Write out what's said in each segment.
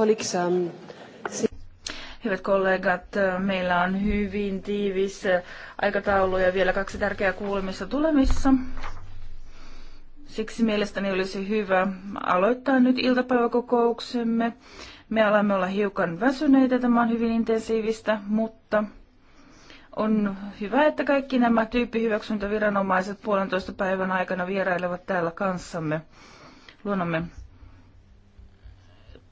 Um, Hyvät kollegat, meillä on hyvin tiivis aikataulu ja vielä kaksi tärkeää kuulemista tulemissa. Siksi mielestäni olisi hyvä aloittaa nyt iltapäiväkokouksemme. Me alamme olla hiukan väsyneitä, tämä on hyvin intensiivistä, mutta on hyvä, että kaikki nämä tyyppihyväksyntäviranomaiset puolentoista päivän aikana vierailevat täällä kanssamme, luonamme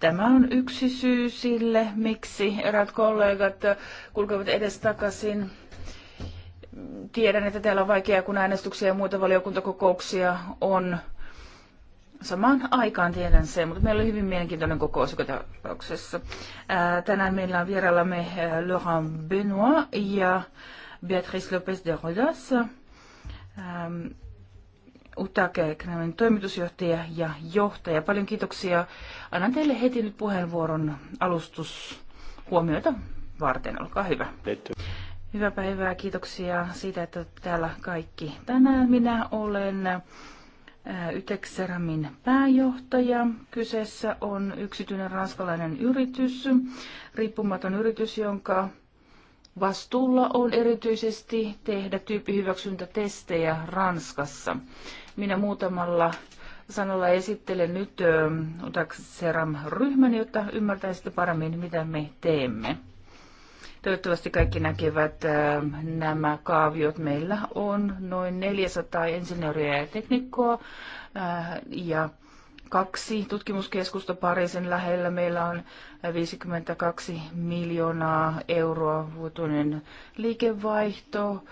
Tämä on yksi syy sille, miksi eräät kollegat kulkevat edestakaisin. Tiedän, että täällä on vaikeaa, kun äänestyksiä ja muita valiokuntakokouksia on samaan aikaan, tiedän sen, mutta meillä oli hyvin mielenkiintoinen kokous joka tapauksessa. tänään meillä on vieraillamme Laurent Benoit ja Beatrice Lopez de Rodas. Utake kremlin toimitusjohtaja ja johtaja. Paljon kiitoksia. Annan teille heti nyt puheenvuoron alustushuomioita varten. Olkaa hyvä. Hyvää päivää. Kiitoksia siitä, että täällä kaikki tänään. Minä olen Ytekseramin äh, pääjohtaja. Kyseessä on yksityinen ranskalainen yritys, riippumaton yritys, jonka vastuulla on erityisesti tehdä tyyppihyväksyntätestejä Ranskassa. Minä muutamalla sanalla esittelen nyt Otakseram ryhmän jotta ymmärtäisitte paremmin, mitä me teemme. Toivottavasti kaikki näkevät nämä kaaviot. Meillä on noin 400 insinööriä ja teknikkoa ja kaksi tutkimuskeskusta Pariisin lähellä. Meillä on 52 miljoonaa euroa vuotuinen liikevaihto,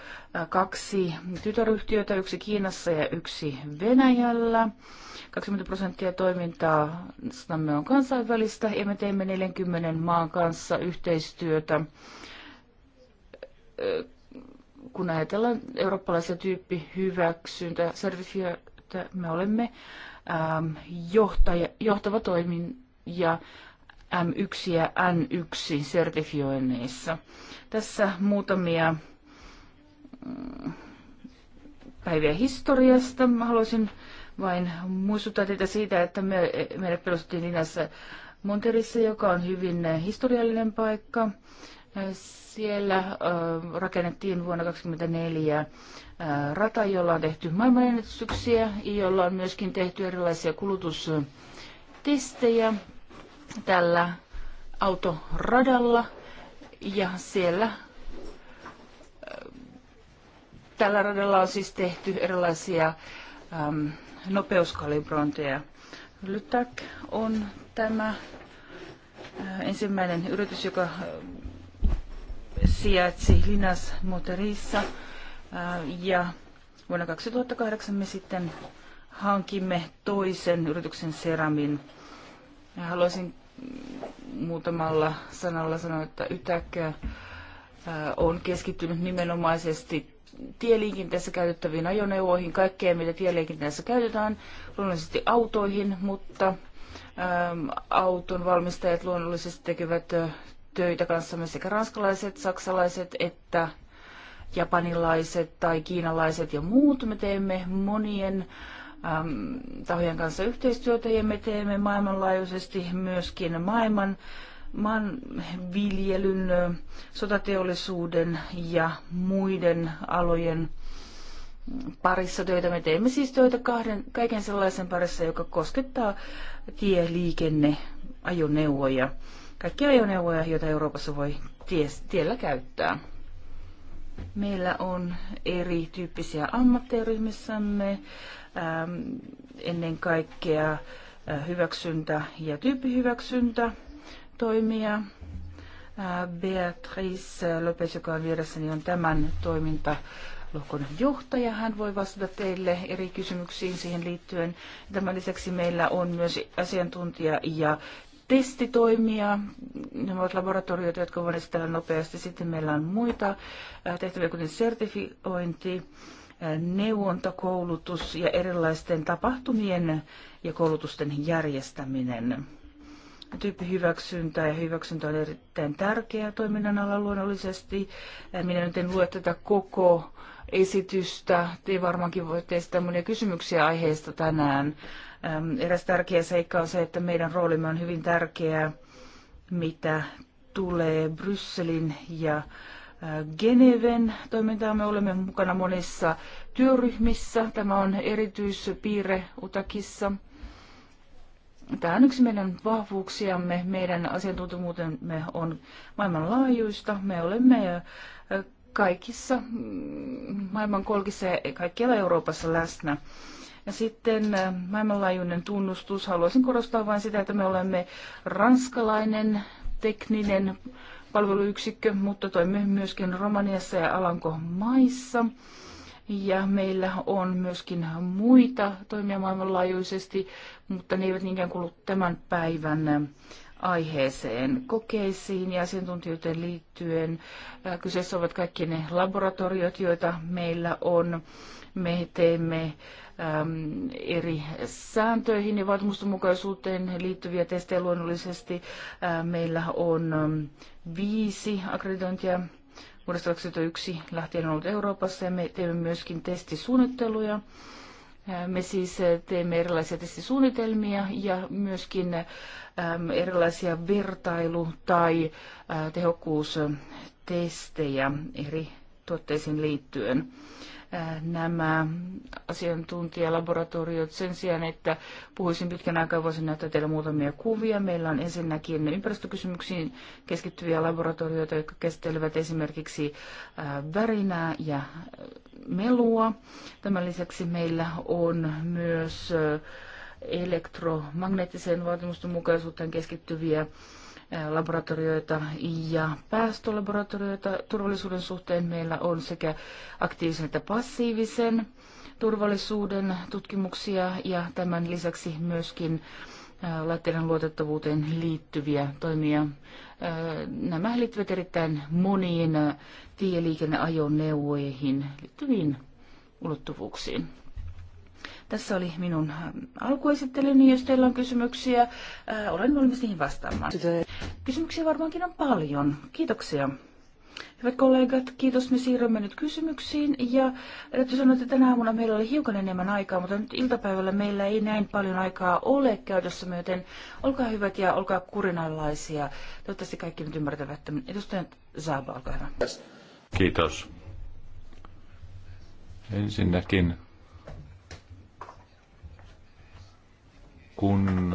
kaksi tytäryhtiötä, yksi Kiinassa ja yksi Venäjällä. 20 prosenttia toimintaa Snamme on kansainvälistä ja me teemme 40 maan kanssa yhteistyötä kun ajatellaan eurooppalaisia tyyppihyväksyntä, sertifioita, me olemme äm, johtaja, johtava toimija M1 ja N1 sertifioinneissa. Tässä muutamia mm, päiviä historiasta. Mä haluaisin vain muistuttaa teitä siitä, että me, meidät perustettiin Linassa Monterissa, joka on hyvin historiallinen paikka. Siellä rakennettiin vuonna 1924 rata, jolla on tehty maailmanennätyksiä, jolla on myöskin tehty erilaisia kulutustestejä tällä autoradalla. Ja siellä tällä radalla on siis tehty erilaisia äm, nopeuskalibrointeja. Lytäk on tämä ensimmäinen yritys, joka sijaitsi Linas Motorissa äh, ja vuonna 2008 me sitten hankimme toisen yrityksen Seramin. Haluaisin muutamalla sanalla sanoa, että YTÄK äh, on keskittynyt nimenomaisesti tieliikenteessä käytettäviin ajoneuvoihin, kaikkeen mitä tieliikenteessä käytetään, luonnollisesti autoihin, mutta ähm, auton valmistajat luonnollisesti tekevät äh, töitä kanssamme sekä ranskalaiset, saksalaiset että japanilaiset tai kiinalaiset ja muut. Me teemme monien äm, tahojen kanssa yhteistyötä ja me teemme maailmanlaajuisesti myöskin maailman maanviljelyn, sotateollisuuden ja muiden alojen parissa töitä. Me teemme siis töitä kahden, kaiken sellaisen parissa, joka koskettaa tieliikenne, ajoneuvoja kaikkia ajoneuvoja, joita Euroopassa voi ties, tiellä käyttää. Meillä on erityyppisiä ammattiryhmissämme, ryhmissämme, ennen kaikkea äh, hyväksyntä ja tyyppihyväksyntä toimia. Äh, Beatrice Lopes, joka on vieressäni, on tämän toiminta lohkon johtaja. Hän voi vastata teille eri kysymyksiin siihen liittyen. Tämän lisäksi meillä on myös asiantuntija ja testitoimia. Ne ovat laboratorioita, jotka voivat esitellä nopeasti. Sitten meillä on muita äh, tehtäviä, kuten sertifiointi, äh, neuvontakoulutus ja erilaisten tapahtumien ja koulutusten järjestäminen. Tyyppihyväksyntä ja hyväksyntä on erittäin tärkeää toiminnan ala luonnollisesti. Äh, minä nyt en lue tätä koko esitystä. Te varmaankin voitte esittää monia kysymyksiä aiheesta tänään. Eräs tärkeä seikka on se, että meidän roolimme on hyvin tärkeää, mitä tulee Brysselin ja Geneven toimintaa. Me olemme mukana monissa työryhmissä. Tämä on erityispiirre Utakissa. Tämä on yksi meidän vahvuuksiamme. Meidän asiantuntemuutemme on maailmanlaajuista. Me olemme kaikissa mm, maailmankolkissa ja kaikkialla Euroopassa läsnä. Ja sitten äh, maailmanlaajuinen tunnustus. Haluaisin korostaa vain sitä, että me olemme ranskalainen tekninen palveluyksikkö, mutta toimimme myöskin Romaniassa ja Alankomaissa. Ja meillä on myöskin muita toimia maailmanlaajuisesti, mutta ne eivät niinkään kuulu tämän päivän aiheeseen, kokeisiin ja asiantuntijoiden liittyen. Kyseessä ovat kaikki ne laboratoriot, joita meillä on. Me teemme äm, eri sääntöihin ja vaatimustenmukaisuuteen liittyviä testejä luonnollisesti. Ää, meillä on äm, viisi akkreditointia vuodesta 2001 lähtien ollut Euroopassa ja me teemme myöskin testisuunnitteluja. Me siis teemme erilaisia testisuunnitelmia ja myöskin erilaisia vertailu- tai tehokkuustestejä eri tuotteisiin liittyen nämä asiantuntijalaboratoriot sen sijaan, että puhuisin pitkän aikaa, voisin näyttää teille muutamia kuvia. Meillä on ensinnäkin ympäristökysymyksiin keskittyviä laboratorioita, jotka käsittelevät esimerkiksi värinää ja melua. Tämän lisäksi meillä on myös elektromagneettiseen mukaisuuteen keskittyviä laboratorioita ja päästölaboratorioita turvallisuuden suhteen. Meillä on sekä aktiivisen että passiivisen turvallisuuden tutkimuksia ja tämän lisäksi myöskin laitteiden luotettavuuteen liittyviä toimia. Nämä liittyvät erittäin moniin tieliikenneajoneuvoihin liittyviin ulottuvuuksiin. Tässä oli minun ähm, alkuesittelyni. Jos teillä on kysymyksiä, äh, olen valmis niihin vastaamaan. Kysymyksiä varmaankin on paljon. Kiitoksia. Hyvät kollegat, kiitos. Me siirrymme nyt kysymyksiin. Ja äh, täytyy sanoa, että tänä aamuna meillä oli hiukan enemmän aikaa, mutta nyt iltapäivällä meillä ei näin paljon aikaa ole käytössä, joten olkaa hyvät ja olkaa kurinalaisia. Toivottavasti kaikki nyt ymmärtävät tämän. Edustaja Zaba, olkaa hyvä. Kiitos. Ensinnäkin kun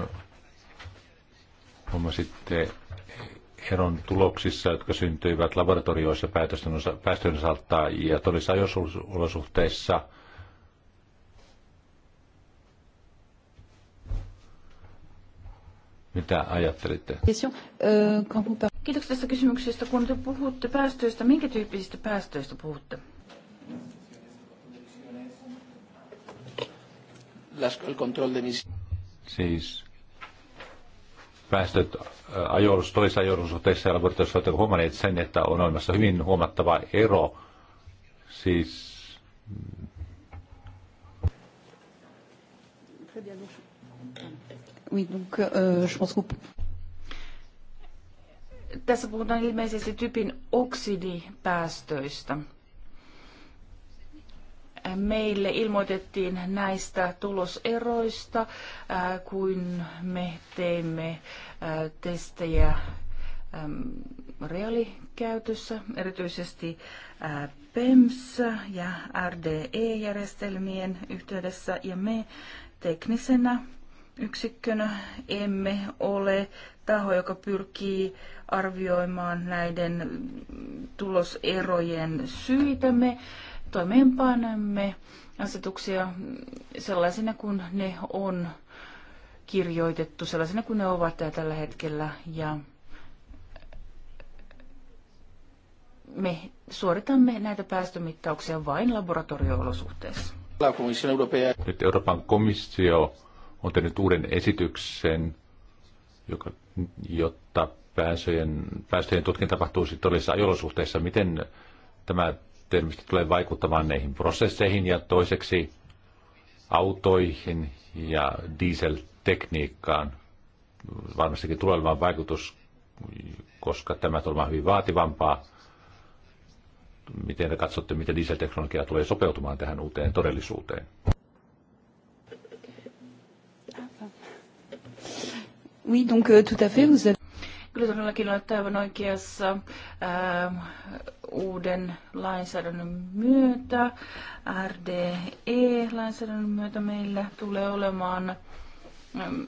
huomasitte eron tuloksissa, jotka syntyivät laboratorioissa päästöjen osalta ja todellisissa ajosolosuhteissa, Mitä ajattelitte? Kiitoksia tästä kysymyksestä. Kun te puhutte päästöistä, minkä tyyppisistä päästöistä puhutte? control de siis päästöt äh, ajoitus, toisissa ajoitussuhteissa ja laboratoriossa olette huomanneet sen, että on olemassa hyvin huomattava ero. Siis... Oui, donc, euh, je pense Tässä puhutaan ilmeisesti typin oksidipäästöistä meille ilmoitettiin näistä tuloseroista, äh, kun me teimme äh, testejä ähm, reaalikäytössä, erityisesti äh, PEMS- ja RDE-järjestelmien yhteydessä, ja me teknisenä yksikkönä emme ole taho, joka pyrkii arvioimaan näiden tuloserojen syitä. Me toimeenpanemme asetuksia sellaisina kuin ne on kirjoitettu, sellaisina kuin ne ovat tällä hetkellä. Ja me suoritamme näitä päästömittauksia vain laboratorioolosuhteissa. Nyt Euroopan komissio on tehnyt uuden esityksen, joka, jotta päästöjen, päästöjen tutkinta tapahtuu todellisissa ajolosuhteissa. Miten tämä termistä tulee vaikuttamaan näihin prosesseihin ja toiseksi autoihin ja dieseltekniikkaan. Varmastikin tulee olemaan vaikutus, koska tämä tulee hyvin vaativampaa. Miten te katsotte, miten dieselteknologia tulee sopeutumaan tähän uuteen todellisuuteen? Oui, donc euh, tout à fait, vous avez... Kyllä todellakin olette aivan oikeassa ää, ähm, uuden lainsäädännön myötä, RDE-lainsäädännön myötä meillä tulee olemaan ää, ähm,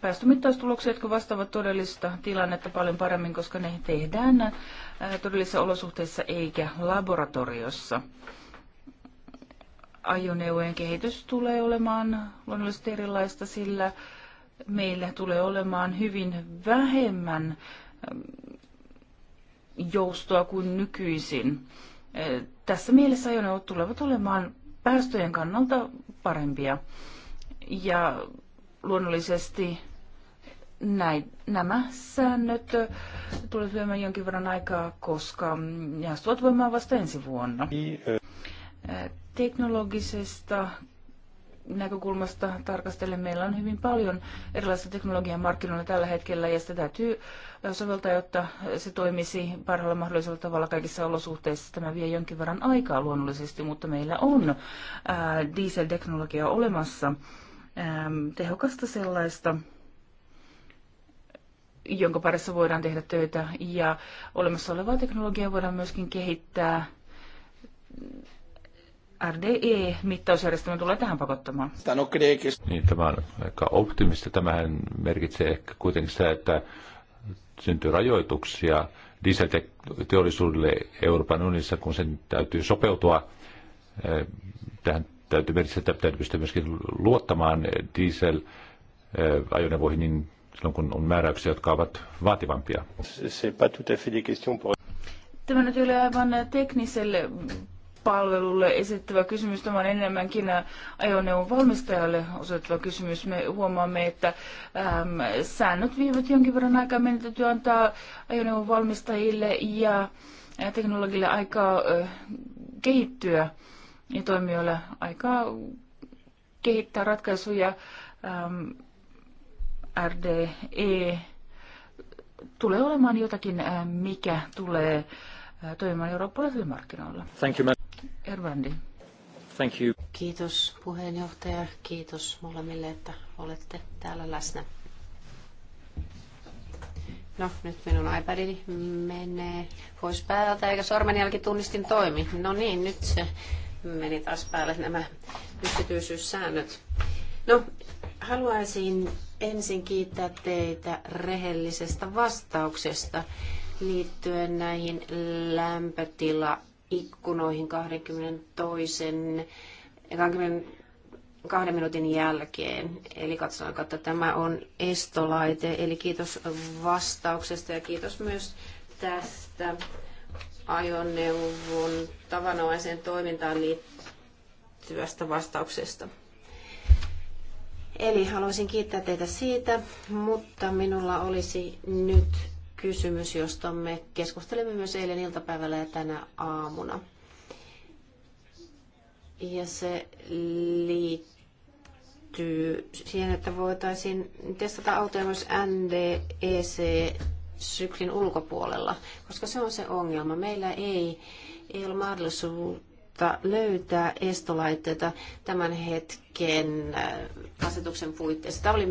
päästömittaustuloksia, jotka vastaavat todellista tilannetta paljon paremmin, koska ne tehdään ää, äh, todellisissa olosuhteissa eikä laboratoriossa ajoneuvojen kehitys tulee olemaan luonnollisesti erilaista, sillä meillä tulee olemaan hyvin vähemmän ähm, joustoa kuin nykyisin. Äh, tässä mielessä ajoneuvot tulevat olemaan päästöjen kannalta parempia. Ja luonnollisesti näin, nämä säännöt äh, tulevat viemään jonkin verran aikaa, koska mm, ne astuvat voimaan vasta ensi vuonna. Niin, äh, teknologisesta näkökulmasta tarkastellen meillä on hyvin paljon erilaista teknologian markkinoilla tällä hetkellä ja sitä täytyy soveltaa, jotta se toimisi parhaalla mahdollisella tavalla kaikissa olosuhteissa. Tämä vie jonkin verran aikaa luonnollisesti, mutta meillä on dieselteknologia olemassa, tehokasta sellaista, jonka parissa voidaan tehdä töitä ja olemassa olevaa teknologiaa voidaan myöskin kehittää RDE-mittausjärjestelmä tulee tähän pakottamaan. Tämä Niin, tämä on aika optimista. Tämähän merkitsee ehkä kuitenkin sitä, että syntyy rajoituksia dieselteollisuudelle Euroopan unionissa, kun sen täytyy sopeutua eh, tähän täytyy merkitä, että täytyy pystyä myöskin luottamaan diesel-ajoneuvoihin niin silloin, kun on määräyksiä, jotka ovat vaativampia. Tämä nyt ei ole aivan tekniselle palvelulle esittävä kysymys. Tämä on enemmänkin äh, ajoneuvon valmistajalle osoittava kysymys. Me huomaamme, että äm, säännöt viivät jonkin verran aikaa. Meidän täytyy antaa ajoneuvon valmistajille ja äh, teknologille aikaa äh, kehittyä ja toimijoille aikaa kehittää ratkaisuja. Ähm, RDE tulee olemaan jotakin, äh, mikä tulee äh, toimimaan eurooppalaisilla markkinoilla. Thank you, Ervandi. Thank you. Kiitos puheenjohtaja, kiitos molemmille, että olette täällä läsnä. No, nyt minun iPadini menee pois päältä, eikä sormenjälkitunnistin toimi. No niin, nyt se meni taas päälle nämä yksityisyyssäännöt. No, haluaisin ensin kiittää teitä rehellisestä vastauksesta liittyen näihin lämpötilaikkunoihin 22, 22 minuutin jälkeen. Eli katsotaan, että tämä on estolaite. Eli kiitos vastauksesta ja kiitos myös tästä ajoneuvon tavanomaiseen toimintaan liittyvästä vastauksesta. Eli haluaisin kiittää teitä siitä, mutta minulla olisi nyt kysymys, josta me keskustelemme myös eilen iltapäivällä ja tänä aamuna. Ja se liittyy siihen, että voitaisiin testata autoja myös NDEC-syklin ulkopuolella, koska se on se ongelma. Meillä ei, ei ole mahdollisuutta löytää estolaitteita tämän hetken äh, asetuksen puitteissa. Tämä oli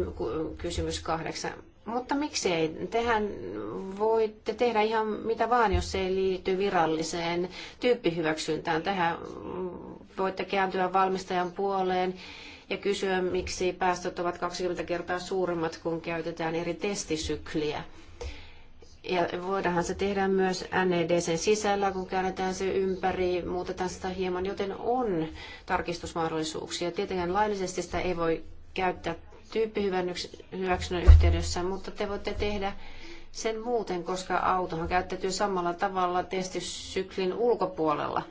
kysymys kahdeksan mutta miksei? Tehän voitte tehdä ihan mitä vaan, jos se ei liity viralliseen tyyppihyväksyntään. Tähän voitte kääntyä valmistajan puoleen ja kysyä, miksi päästöt ovat 20 kertaa suuremmat, kun käytetään eri testisykliä. Ja voidaanhan se tehdä myös NEDCn e sisällä, kun käännetään se ympäri, muutetaan sitä hieman, joten on tarkistusmahdollisuuksia. Tietenkään laillisesti sitä ei voi käyttää tyyppihyväksynnän yhteydessä, mutta te voitte tehdä sen muuten, koska autohan käyttäytyy samalla tavalla testisyklin ulkopuolella.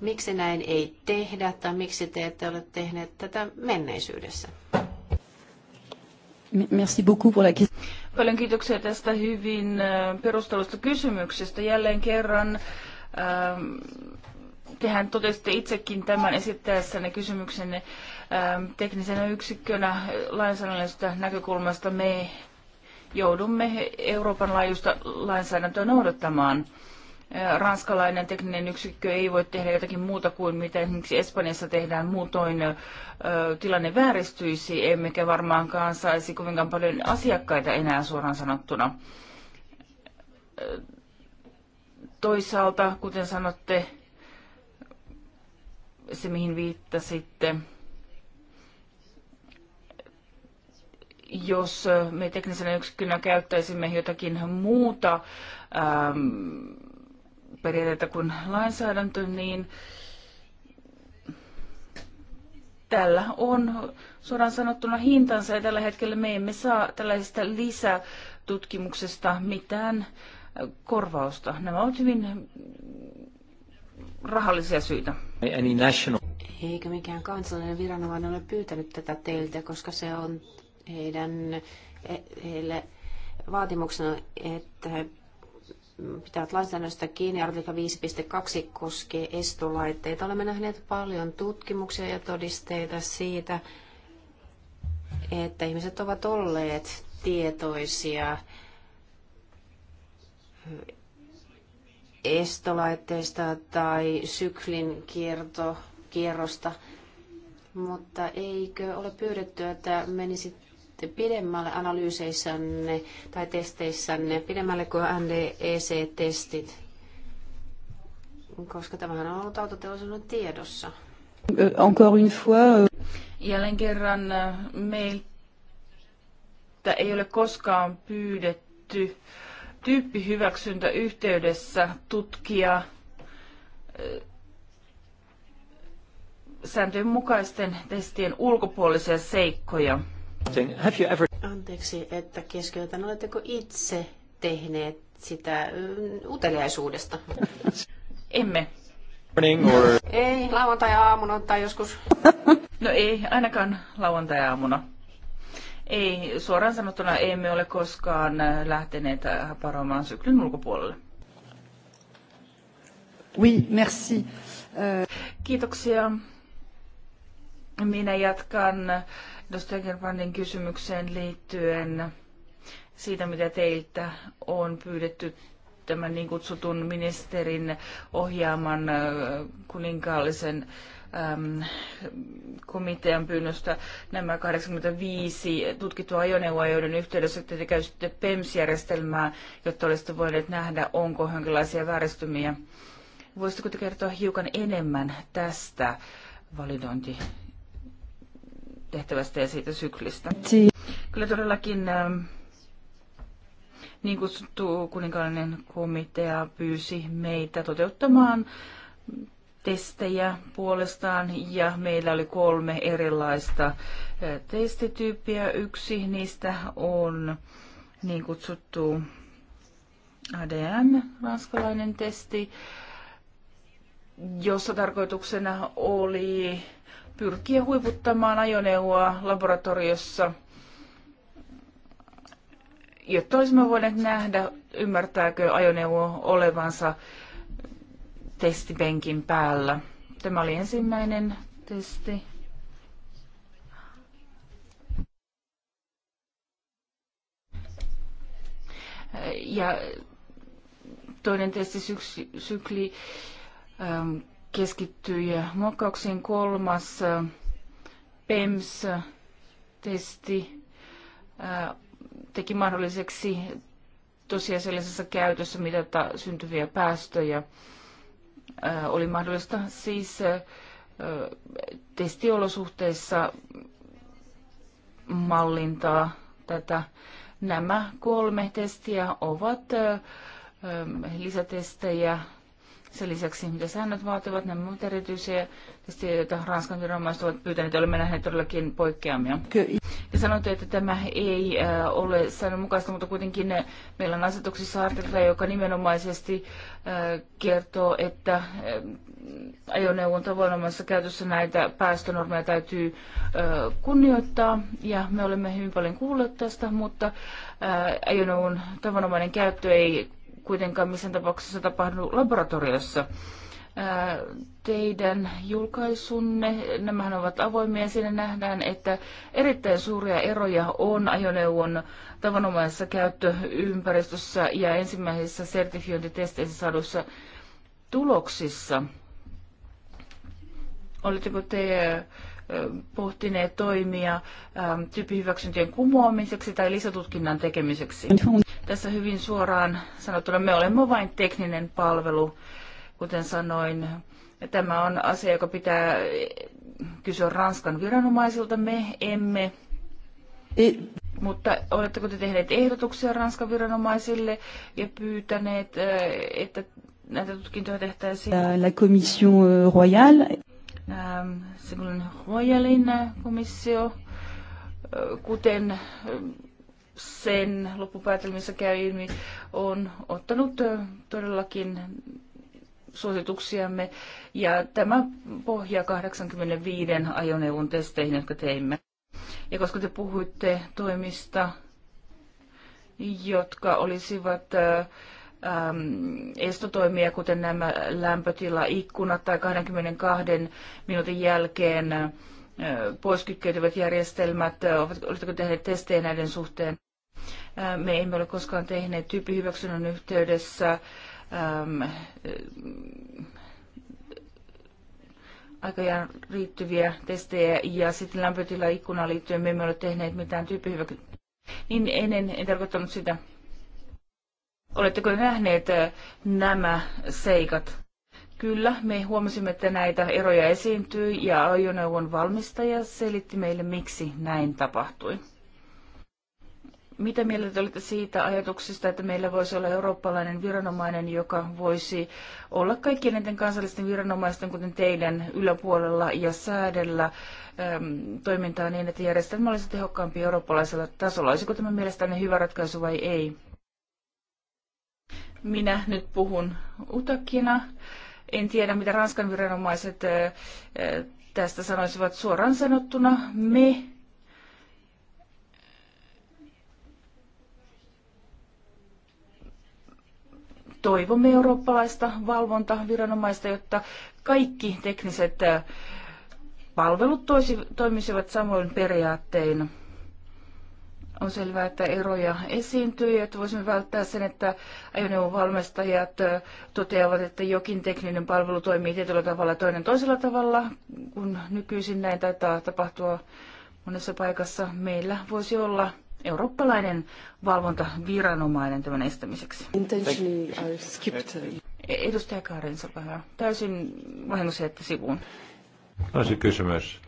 Miksi näin ei tehdä tai miksi te ette ole tehneet tätä menneisyydessä? Merci beaucoup pour la Paljon kiitoksia tästä hyvin äh, perustelusta kysymyksestä. Jälleen kerran ähm, tehän totesitte itsekin tämän esittäessänne kysymyksenne. Äh, teknisenä yksikkönä lainsäädännöllisestä näkökulmasta me joudumme Euroopan laajuista lainsäädäntöä noudattamaan. Ranskalainen tekninen yksikkö ei voi tehdä jotakin muuta kuin mitä esimerkiksi Espanjassa tehdään, muutoin tilanne vääristyisi, emmekä varmaankaan saisi kovinkaan paljon asiakkaita enää suoraan sanottuna. Toisaalta, kuten sanotte, se mihin viittasitte, jos me teknisenä yksikönä käyttäisimme jotakin muuta ähm, periaatetta kuin lainsäädäntö, niin tällä on suoraan sanottuna hintansa ja tällä hetkellä me emme saa tällaisesta lisätutkimuksesta mitään korvausta. Nämä ovat hyvin rahallisia syitä. Eikö mikään kansallinen viranomainen ole pyytänyt tätä teiltä, koska se on heidän, e, heille vaatimuksena, että he pitävät lainsäädännöstä kiinni. Artikla 5.2 koskee estolaitteita. Olemme nähneet paljon tutkimuksia ja todisteita siitä, että ihmiset ovat olleet tietoisia estolaitteista tai syklin kierrosta, mutta eikö ole pyydetty, että menisit pidemmälle analyyseissanne tai testeissanne, pidemmälle kuin NDEC-testit? Koska tämähän on ollut autoteollisuuden tiedossa. Encore une fois. Euh, Jälleen kerran äh, meiltä ei ole koskaan pyydetty tyyppihyväksyntä yhteydessä tutkia äh, sääntöjen mukaisten testien ulkopuolisia seikkoja. Have you ever... Anteeksi, että keskeytän. Oletteko itse tehneet sitä mm, uteliaisuudesta? Emme. Morning or... Ei, lauantai-aamuna tai joskus. no ei, ainakaan lauantai-aamuna. Ei, suoraan sanottuna emme ole koskaan äh, lähteneet äh, paromaan syklin ulkopuolelle. Oui, merci. Äh, Kiitoksia. Minä jatkan Dostegerbrandin kysymykseen liittyen siitä, mitä teiltä on pyydetty tämän niin kutsutun ministerin ohjaaman kuninkaallisen äm, komitean pyynnöstä nämä 85 tutkittua ajoneuvoa, joiden yhteydessä te käysitte PEMS-järjestelmää, jotta olisitte voineet nähdä, onko jonkinlaisia vääristymiä. Voisitteko te kertoa hiukan enemmän tästä validointi tehtävästä ja siitä syklistä. Kyllä todellakin ähm, niin kutsuttu kuninkaallinen komitea pyysi meitä toteuttamaan testejä puolestaan ja meillä oli kolme erilaista äh, testityyppiä. Yksi niistä on niin kutsuttu ADN, ranskalainen testi, jossa tarkoituksena oli pyrkiä huiputtamaan ajoneuvoa laboratoriossa, jotta olisimme voineet nähdä, ymmärtääkö ajoneuvo olevansa testipenkin päällä. Tämä oli ensimmäinen testi. Ja toinen sykli ähm, keskittyi muokkauksiin kolmas äh, PEMS-testi äh, teki mahdolliseksi tosiasiallisessa käytössä mitata syntyviä päästöjä. Äh, oli mahdollista siis testiolosuhteissa mallintaa tätä. Nämä kolme testiä ovat lisätestejä sen lisäksi, mitä säännöt vaativat, nämä muut erityisiä, tietysti, joita Ranskan viranomaiset ovat pyytäneet, olemme nähneet todellakin poikkeamia. Ja sanoitte, että tämä ei äh, ole säännönmukaista, mutta kuitenkin äh, meillä on asetuksissa artikla, joka nimenomaisesti äh, kertoo, että ajoneuvon tavoinomaisessa käytössä näitä päästönormeja täytyy kunnioittaa. Ja me olemme hyvin paljon kuulleet tästä, mutta ajoneuvon tavanomainen käyttö ei kuitenkaan missään tapauksessa tapahdu laboratoriossa. Teidän julkaisunne, nämähän ovat avoimia, siinä nähdään, että erittäin suuria eroja on ajoneuvon tavanomaisessa käyttöympäristössä ja ensimmäisissä sertifiointitesteissä saaduissa tuloksissa. Oletteko te pohtineet toimia tyyppihyväksyntien kumoamiseksi tai lisätutkinnan tekemiseksi. Tässä hyvin suoraan sanottuna me olemme vain tekninen palvelu, kuten sanoin. Tämä on asia, joka pitää kysyä Ranskan viranomaisilta. Me emme mutta oletteko te tehneet ehdotuksia Ranskan viranomaisille ja pyytäneet, että näitä tutkintoja tehtäisiin? La, la Commission royale. Ähm, Sigulin Royalin äh, komissio, äh, kuten äh, sen loppupäätelmissä käy ilmi, on ottanut todellakin suosituksiamme ja tämä pohjaa 85 ajoneuvon testeihin, jotka teimme. Ja koska te puhuitte toimista, jotka olisivat äh, äm, estotoimia, kuten nämä lämpötilaikkunat tai 22 minuutin jälkeen äh, poiskytkeytyvät järjestelmät, äh, oletteko tehneet testejä näiden suhteen? Äh, me emme ole koskaan tehneet tyyppihyväksynnän yhteydessä ähm, aikajaan riittyviä testejä ja sitten lämpötilaikkunaan liittyen me emme ole tehneet mitään tyyppihyväksyntää. Niin en, en, en tarkoittanut sitä Oletteko nähneet nämä seikat? Kyllä, me huomasimme, että näitä eroja esiintyi ja ajoneuvon valmistaja selitti meille, miksi näin tapahtui. Mitä mieltä te olette siitä ajatuksesta, että meillä voisi olla eurooppalainen viranomainen, joka voisi olla kaikkien näiden kansallisten viranomaisten, kuten teidän, yläpuolella ja säädellä äm, toimintaa niin, että järjestelmä olisi tehokkaampi eurooppalaisella tasolla? Olisiko tämä mielestäni hyvä ratkaisu vai ei? Minä nyt puhun utakina. En tiedä, mitä Ranskan viranomaiset eh, eh, tästä sanoisivat suoraan sanottuna. Me toivomme eurooppalaista valvontaviranomaista, jotta kaikki tekniset eh, palvelut toisi, toimisivat samoin periaattein on selvää, että eroja esiintyy ja että voisimme välttää sen, että ajoneuvon valmistajat toteavat, että jokin tekninen palvelu toimii tietyllä tavalla toinen toisella tavalla, kun nykyisin näin taitaa tapahtua monessa paikassa. Meillä voisi olla eurooppalainen valvontaviranomainen tämän estämiseksi. E-, edustaja Kaarinsa vähän täysin vahingossa että sivuun. Olisi kysymys.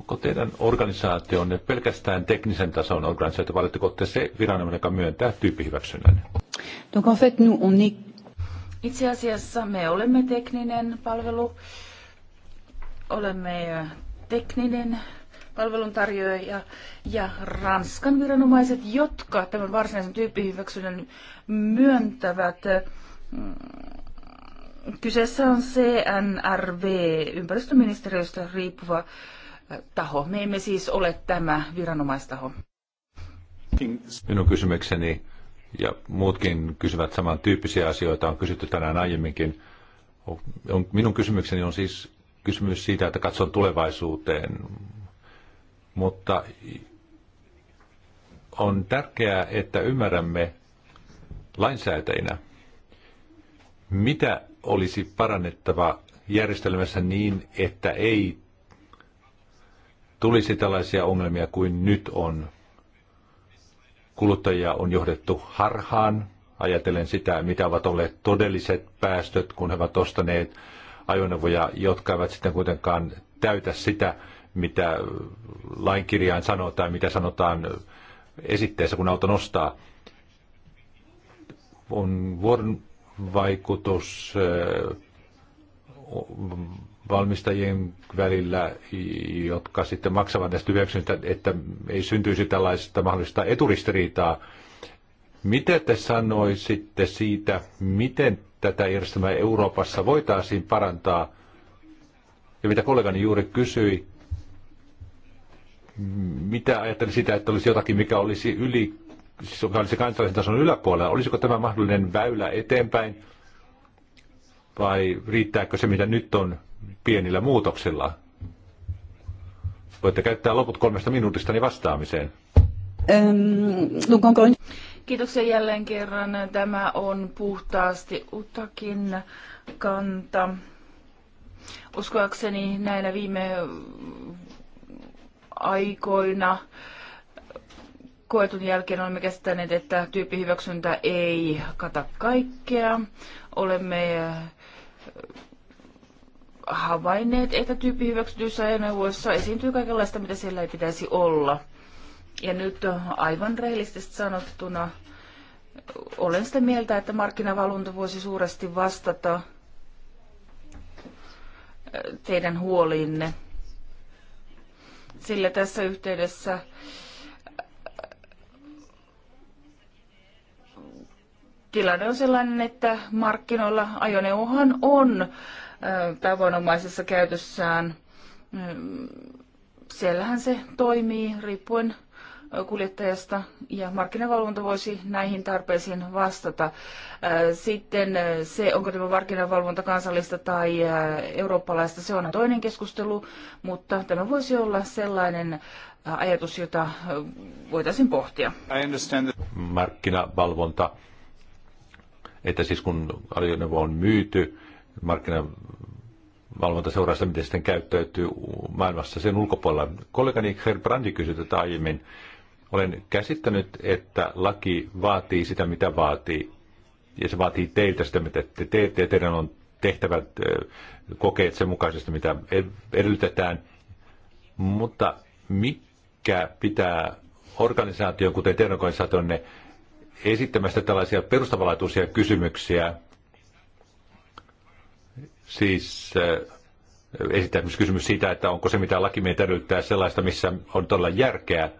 Onko teidän organisaationne pelkästään teknisen tason organisaatio, vai oletteko te se viranomainen, joka myöntää tyyppihyväksynnän? Donc en fait, nous, on est... Itse asiassa me olemme tekninen palvelu, olemme tekninen palveluntarjoaja ja Ranskan viranomaiset, jotka tämän varsinaisen tyyppihyväksynnän myöntävät. Mm, kyseessä on CNRV, ympäristöministeriöstä riippuva äh, taho. Me emme siis ole tämä viranomaistaho. Minun kysymykseni ja muutkin kysyvät samantyyppisiä asioita, on kysytty tänään aiemminkin. minun kysymykseni on siis kysymys siitä, että katson tulevaisuuteen, mutta on tärkeää, että ymmärrämme lainsäätäjinä, mitä olisi parannettava järjestelmässä niin, että ei tulisi tällaisia ongelmia kuin nyt on. Kuluttajia on johdettu harhaan, ajatellen sitä, mitä ovat olleet todelliset päästöt, kun he ovat ostaneet ajoneuvoja, jotka eivät sitten kuitenkaan täytä sitä, mitä lainkirjaan sanotaan, mitä sanotaan esitteessä, kun auto nostaa. On vuoron vaikutus valmistajien välillä, jotka sitten maksavat näistä hyväksynnistä, että ei syntyisi tällaista mahdollista eturistiriitaa. Mitä te sanoisitte siitä, miten tätä järjestelmää Euroopassa voitaisiin parantaa? Ja mitä kollegani juuri kysyi, mitä ajattelin sitä, että olisi jotakin, mikä olisi yli, siis mikä olisi kansallisen tason yläpuolella. Olisiko tämä mahdollinen väylä eteenpäin vai riittääkö se, mitä nyt on pienillä muutoksilla. Voitte käyttää loput kolmesta minuutistani vastaamiseen. Kiitoksia jälleen kerran. Tämä on puhtaasti Utakin kanta. Uskoakseni näinä viime aikoina koetun jälkeen olemme käsittäneet, että tyyppihyväksyntä ei kata kaikkea. Olemme havainneet, että tyyppi hyväksytyissä ajoneuvoissa esiintyy kaikenlaista, mitä siellä ei pitäisi olla. Ja nyt äh, aivan rehellisesti sanottuna olen sitä mieltä, että markkinavalvonta voisi suuresti vastata äh, teidän huoliinne. Sillä tässä yhteydessä äh, tilanne on sellainen, että markkinoilla ajoneuvohan on tavanomaisessa käytössään. Siellähän se toimii riippuen kuljettajasta ja markkinavalvonta voisi näihin tarpeisiin vastata. Sitten se, onko tämä markkinavalvonta kansallista tai eurooppalaista, se on toinen keskustelu, mutta tämä voisi olla sellainen ajatus, jota voitaisiin pohtia. Markkinavalvonta, että siis kun ajoneuvo on myyty, markkinavalvontaseurausta, miten sitten käyttäytyy maailmassa sen ulkopuolella. Kollegani Herr Brandi kysyi tätä aiemmin. Olen käsittänyt, että laki vaatii sitä, mitä vaatii. Ja se vaatii teiltä sitä, mitä te teette, ja teidän on tehtävät kokeet sen mukaisesti, mitä edellytetään. Mutta mikä pitää organisaation, kuten teidän organisaationne, esittämästä tällaisia perustavanlaatuisia kysymyksiä, Siis äh, esittää myös kysymys siitä, että onko se mitä lakimies edellyttää sellaista, missä on todella järkeä.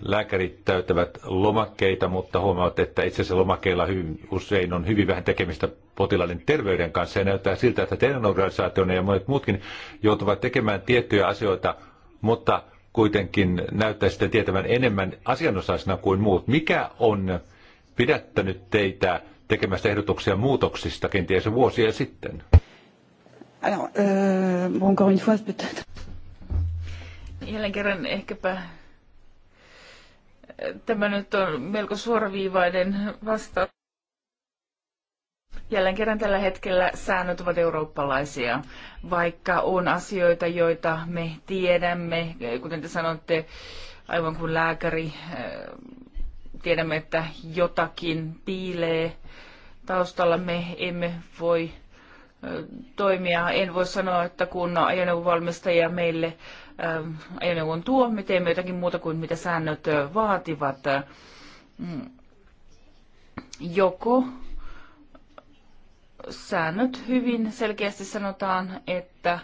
Lääkärit täyttävät lomakkeita, mutta huomaavat, että itse asiassa lomakkeilla hyvin, usein on hyvin vähän tekemistä potilaiden terveyden kanssa. Ja näyttää siltä, että teidän organisaationne ja monet muutkin joutuvat tekemään tiettyjä asioita, mutta kuitenkin näyttää sitä tietävän enemmän asianosaisena kuin muut. Mikä on pidättänyt teitä tekemästä ehdotuksia muutoksista kenties vuosia sitten? Alors, euh, bon, encore une fois, peut-être. Jälleen kerran ehkäpä äh, tämä nyt on melko suoraviivainen vastaus. Jälleen kerran tällä hetkellä säännöt ovat eurooppalaisia, vaikka on asioita, joita me tiedämme, äh, kuten te sanotte, aivan kuin lääkäri, äh, tiedämme, että jotakin piilee taustalla, me emme voi toimia. En voi sanoa, että kun ajoneuvovalmistaja meille ähm, ajoneuvon tuo, me teemme jotakin muuta kuin mitä säännöt äh, vaativat. Mm. Joko säännöt hyvin selkeästi sanotaan, että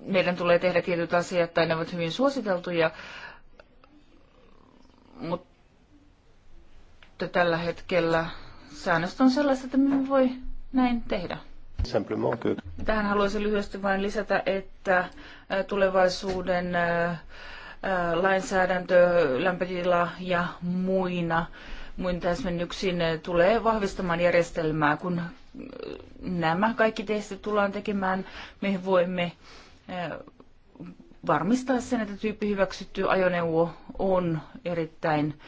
meidän tulee tehdä tietyt asiat, tai ne ovat hyvin suositeltuja, mutta tällä hetkellä säännöt on sellaiset, että me voi näin tehdä. Tähän haluaisin lyhyesti vain lisätä, että tulevaisuuden lainsäädäntö lämpötila ja muina muin täsmennyksiin tulee vahvistamaan järjestelmää. Kun nämä kaikki testit tullaan tekemään, me voimme varmistaa sen, että tyyppi hyväksytty ajoneuvo on erittäin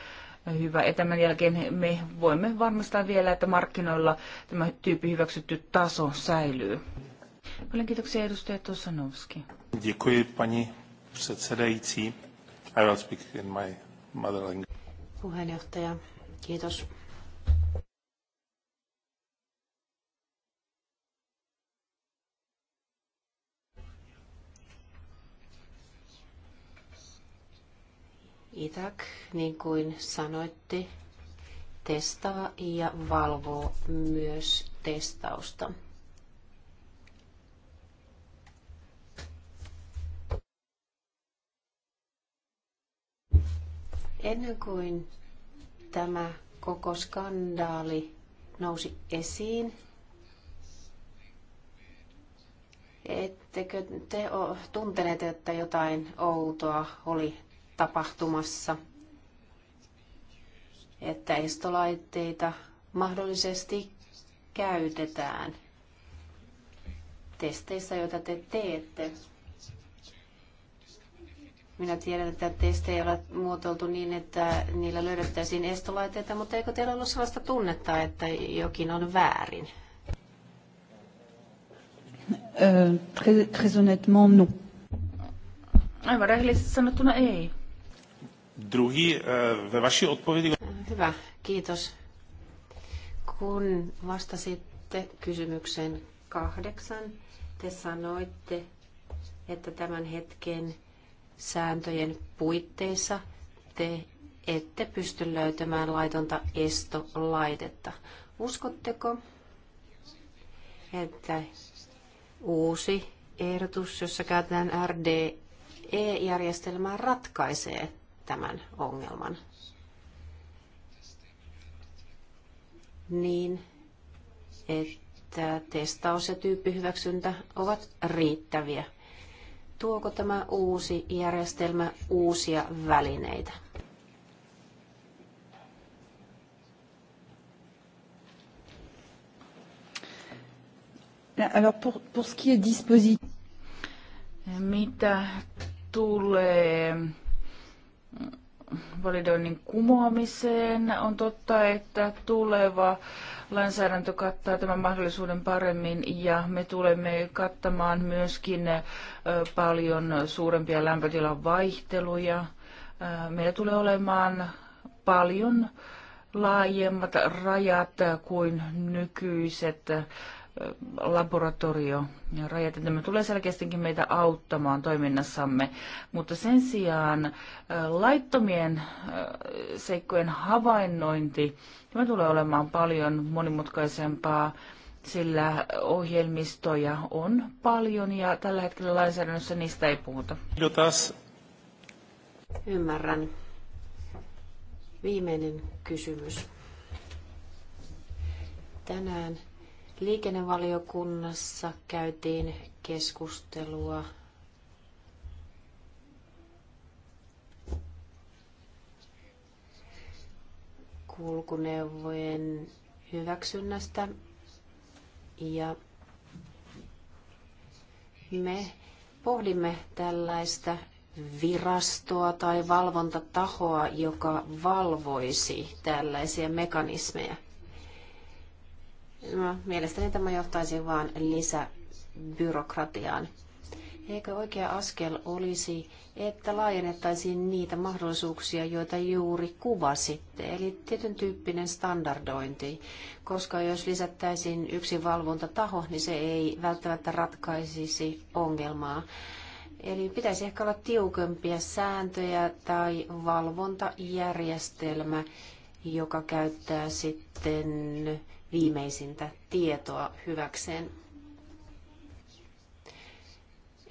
hyvä. Ja tämän jälkeen me voimme varmistaa vielä, että markkinoilla tämä tyyppi hyväksytty taso säilyy. Paljon kiitoksia edustaja Tosanovski. Děkuji pani předsedající. I will speak in my mother language. Puheenjohtaja, kiitos. Itak, niin kuin sanoitte, testaa ja valvoo myös testausta. Ennen kuin tämä koko skandaali nousi esiin, ettekö te tunteneet, että jotain outoa oli tapahtumassa, että estolaitteita mahdollisesti käytetään testeissä, joita te teette. Minä tiedän, että testejä ei ole muotoiltu niin, että niillä löydettäisiin estolaitteita, mutta eikö teillä ollut sellaista tunnetta, että jokin on väärin? Euh, très, très honnêtement, non. Aivan rehellisesti sanottuna ei. Druhý, eh, ve vaší odpovědi... Hyvä, kiitos. Kun vastasitte kysymykseen kahdeksan, te sanoitte, että tämän hetken sääntöjen puitteissa te ette pysty löytämään laitonta estolaitetta. Uskotteko, että uusi ehdotus, jossa käytetään RDE-järjestelmää, ratkaisee tämän ongelman. Niin, että testaus ja tyyppihyväksyntä ovat riittäviä. Tuoko tämä uusi järjestelmä uusia välineitä? Alors pour, pour ce qui est dispositif. Mitä tulee validoinnin kumoamiseen. On totta, että tuleva lainsäädäntö kattaa tämän mahdollisuuden paremmin ja me tulemme kattamaan myöskin paljon suurempia lämpötilan vaihteluja. Meillä tulee olemaan paljon laajemmat rajat kuin nykyiset laboratorio ja rajat. Tämä tulee selkeästikin meitä auttamaan toiminnassamme, mutta sen sijaan laittomien seikkojen havainnointi, tämä tulee olemaan paljon monimutkaisempaa, sillä ohjelmistoja on paljon ja tällä hetkellä lainsäädännössä niistä ei puhuta. Ymmärrän. Viimeinen kysymys. Tänään Liikennevaliokunnassa käytiin keskustelua kulkuneuvojen hyväksynnästä ja me pohdimme tällaista virastoa tai valvontatahoa, joka valvoisi tällaisia mekanismeja. No, mielestäni tämä johtaisi vain lisäbyrokratiaan. Eikö oikea askel olisi, että laajennettaisiin niitä mahdollisuuksia, joita juuri kuvasitte, eli tietyn tyyppinen standardointi, koska jos lisättäisiin yksi valvontataho, niin se ei välttämättä ratkaisisi ongelmaa. Eli pitäisi ehkä olla tiukempia sääntöjä tai valvontajärjestelmä, joka käyttää sitten viimeisintä tietoa hyväkseen.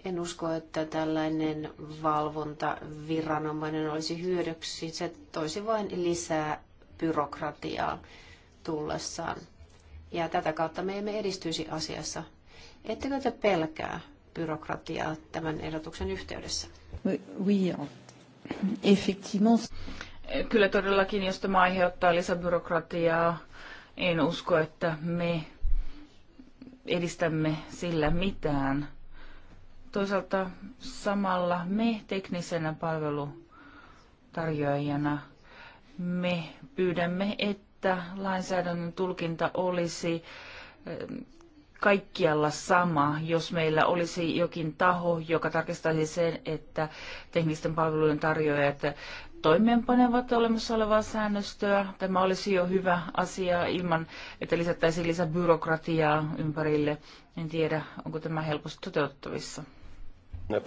En usko, että tällainen valvontaviranomainen olisi hyödyksi. Se toisi vain lisää byrokratiaa tullessaan. Ja tätä kautta me emme edistyisi asiassa. Ettekö te pelkää byrokratiaa tämän ehdotuksen yhteydessä? Kyllä todellakin, jos tämä aiheuttaa lisäbyrokratiaa, en usko, että me edistämme sillä mitään. Toisaalta samalla me teknisenä palvelutarjoajana me pyydämme, että lainsäädännön tulkinta olisi eh, kaikkialla sama, jos meillä olisi jokin taho, joka tarkistaisi sen, että teknisten palvelujen tarjoajat toimeenpanevat olemassa olevaa säännöstöä. Tämä olisi jo hyvä asia ilman, että lisättäisiin byrokratiaa ympärille. En tiedä, onko tämä helposti toteuttavissa. No,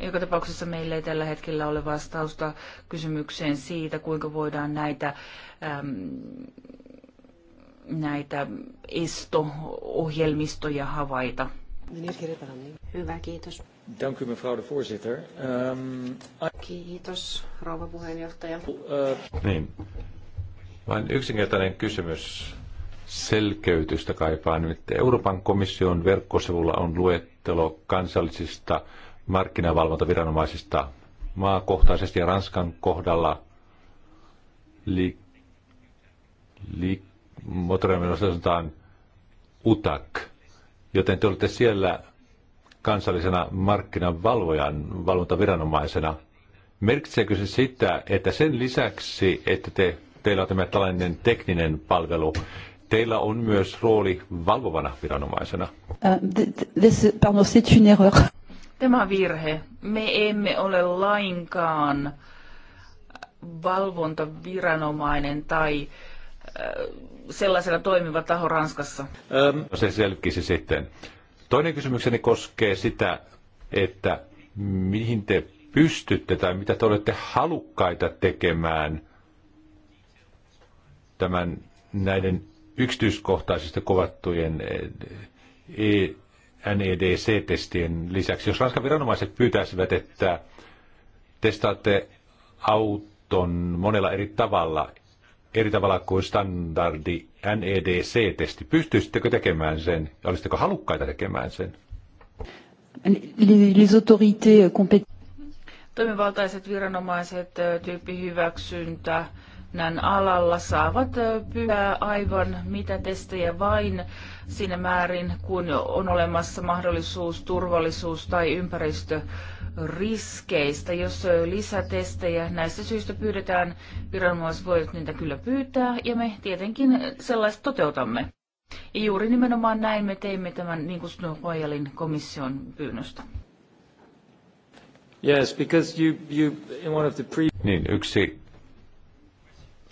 Joka tapauksessa meillä ei tällä hetkellä ole vastausta kysymykseen siitä, kuinka voidaan näitä, äm, näitä esto-ohjelmistoja havaita. Hyvä, kiitos. Dank u mevrouw de voorzitter. Um, Kiitos rouva puheenjohtaja. Uh, niin. Vain yksinkertainen kysymys selkeytystä kaipaan, Nimittäin Euroopan komission verkkosivulla on luettelo kansallisista markkinavalvontaviranomaisista maakohtaisesti ja Ranskan kohdalla li, li, sanotaan UTAC, joten te olette siellä kansallisena markkinavalvojan valvontaviranomaisena. Merkitseekö se sitä, että sen lisäksi, että te, teillä on tämä tällainen tekninen palvelu, teillä on myös rooli valvovana viranomaisena? Äh, tämä on virhe. Me emme ole lainkaan valvontaviranomainen tai äh, sellaisena toimiva taho Ranskassa? No, se selkisi sitten. Toinen kysymykseni koskee sitä, että mihin te pystytte tai mitä te olette halukkaita tekemään tämän näiden yksityiskohtaisesti kuvattujen eh, e- NEDC-testien lisäksi. Jos Ranskan viranomaiset pyytäisivät, että testaatte auton monella eri tavalla, eri tavalla kuin standardi NEDC-testi. Pystyisittekö tekemään sen ja olisitteko halukkaita tekemään sen? Les autorités euh, Toimivaltaiset viranomaiset, tyyppihyväksyntä, viestinnän alalla saavat pyytää aivan mitä testejä vain siinä määrin, kun on olemassa mahdollisuus turvallisuus- tai ympäristöriskeistä. Jos lisätestejä näistä syistä pyydetään, viranomaiset voivat niitä kyllä pyytää ja me tietenkin sellaiset toteutamme. Ja juuri nimenomaan näin me teimme tämän niin kutsutun Royalin komission pyynnöstä. Yes, because you, you, in one of the pre- niin, yksi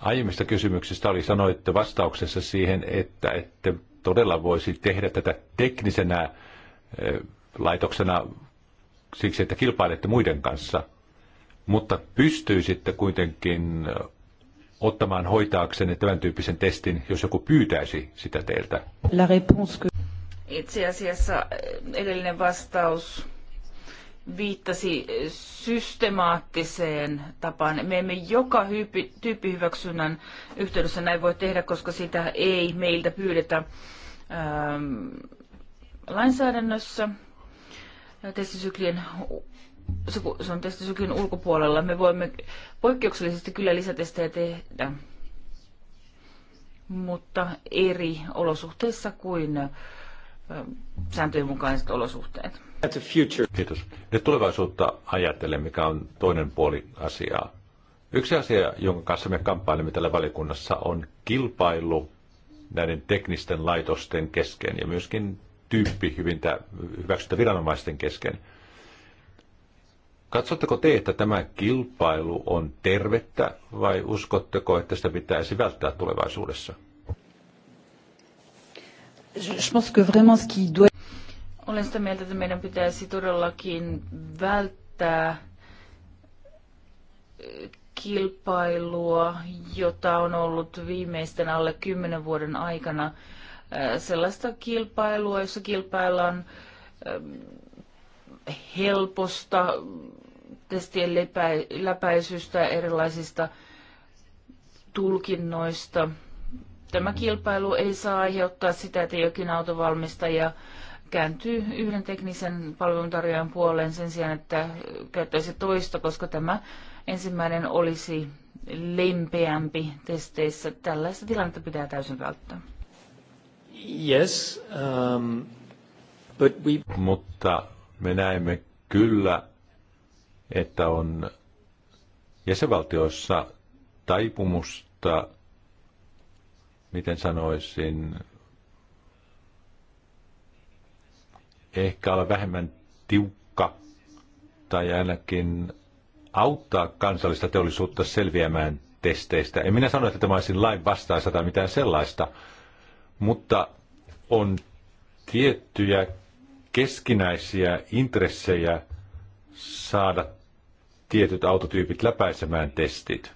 aiemmista kysymyksistä oli, sanoitte vastauksessa siihen, että ette todella voisi tehdä tätä teknisenä laitoksena siksi, että kilpailette muiden kanssa, mutta pystyisitte kuitenkin ottamaan hoitaaksenne tämän tyyppisen testin, jos joku pyytäisi sitä teiltä? La réponse Itse asiassa edellinen vastaus viittasi systemaattiseen tapaan. Me emme joka hyypi, tyyppihyväksynnän yhteydessä näin voi tehdä, koska sitä ei meiltä pyydetä ähm, lainsäädännössä. Testisyklien, se on testisyklin ulkopuolella. Me voimme poikkeuksellisesti kyllä lisätestejä tehdä, mutta eri olosuhteissa kuin äh, sääntöjen mukaiset olosuhteet. Kiitos. Nyt tulevaisuutta ajattelen, mikä on toinen puoli asiaa. Yksi asia, jonka kanssa me kamppailemme tällä valikunnassa, on kilpailu näiden teknisten laitosten kesken ja myöskin tyyppi hyvintä, hyväksyttä viranomaisten kesken. Katsotteko te, että tämä kilpailu on tervettä vai uskotteko, että sitä pitäisi välttää tulevaisuudessa? Je pense que vraiment ce qui doit... Olen sitä mieltä, että meidän pitäisi todellakin välttää eh, kilpailua, jota on ollut viimeisten alle kymmenen vuoden aikana. Eh, sellaista kilpailua, jossa kilpaillaan eh, helposta testien läpäisystä, erilaisista tulkinnoista – tämä kilpailu ei saa aiheuttaa sitä, että jokin autovalmistaja kääntyy yhden teknisen palveluntarjoajan puoleen sen sijaan, että käyttäisi toista, koska tämä ensimmäinen olisi lempeämpi testeissä. Tällaista tilannetta pitää täysin välttää. Yes, um, but we... Mutta me näemme kyllä, että on jäsenvaltioissa taipumusta miten sanoisin, ehkä olla vähemmän tiukka tai ainakin auttaa kansallista teollisuutta selviämään testeistä. En minä sano, että tämä olisi lain vastaista tai mitään sellaista, mutta on tiettyjä keskinäisiä intressejä saada tietyt autotyypit läpäisemään testit.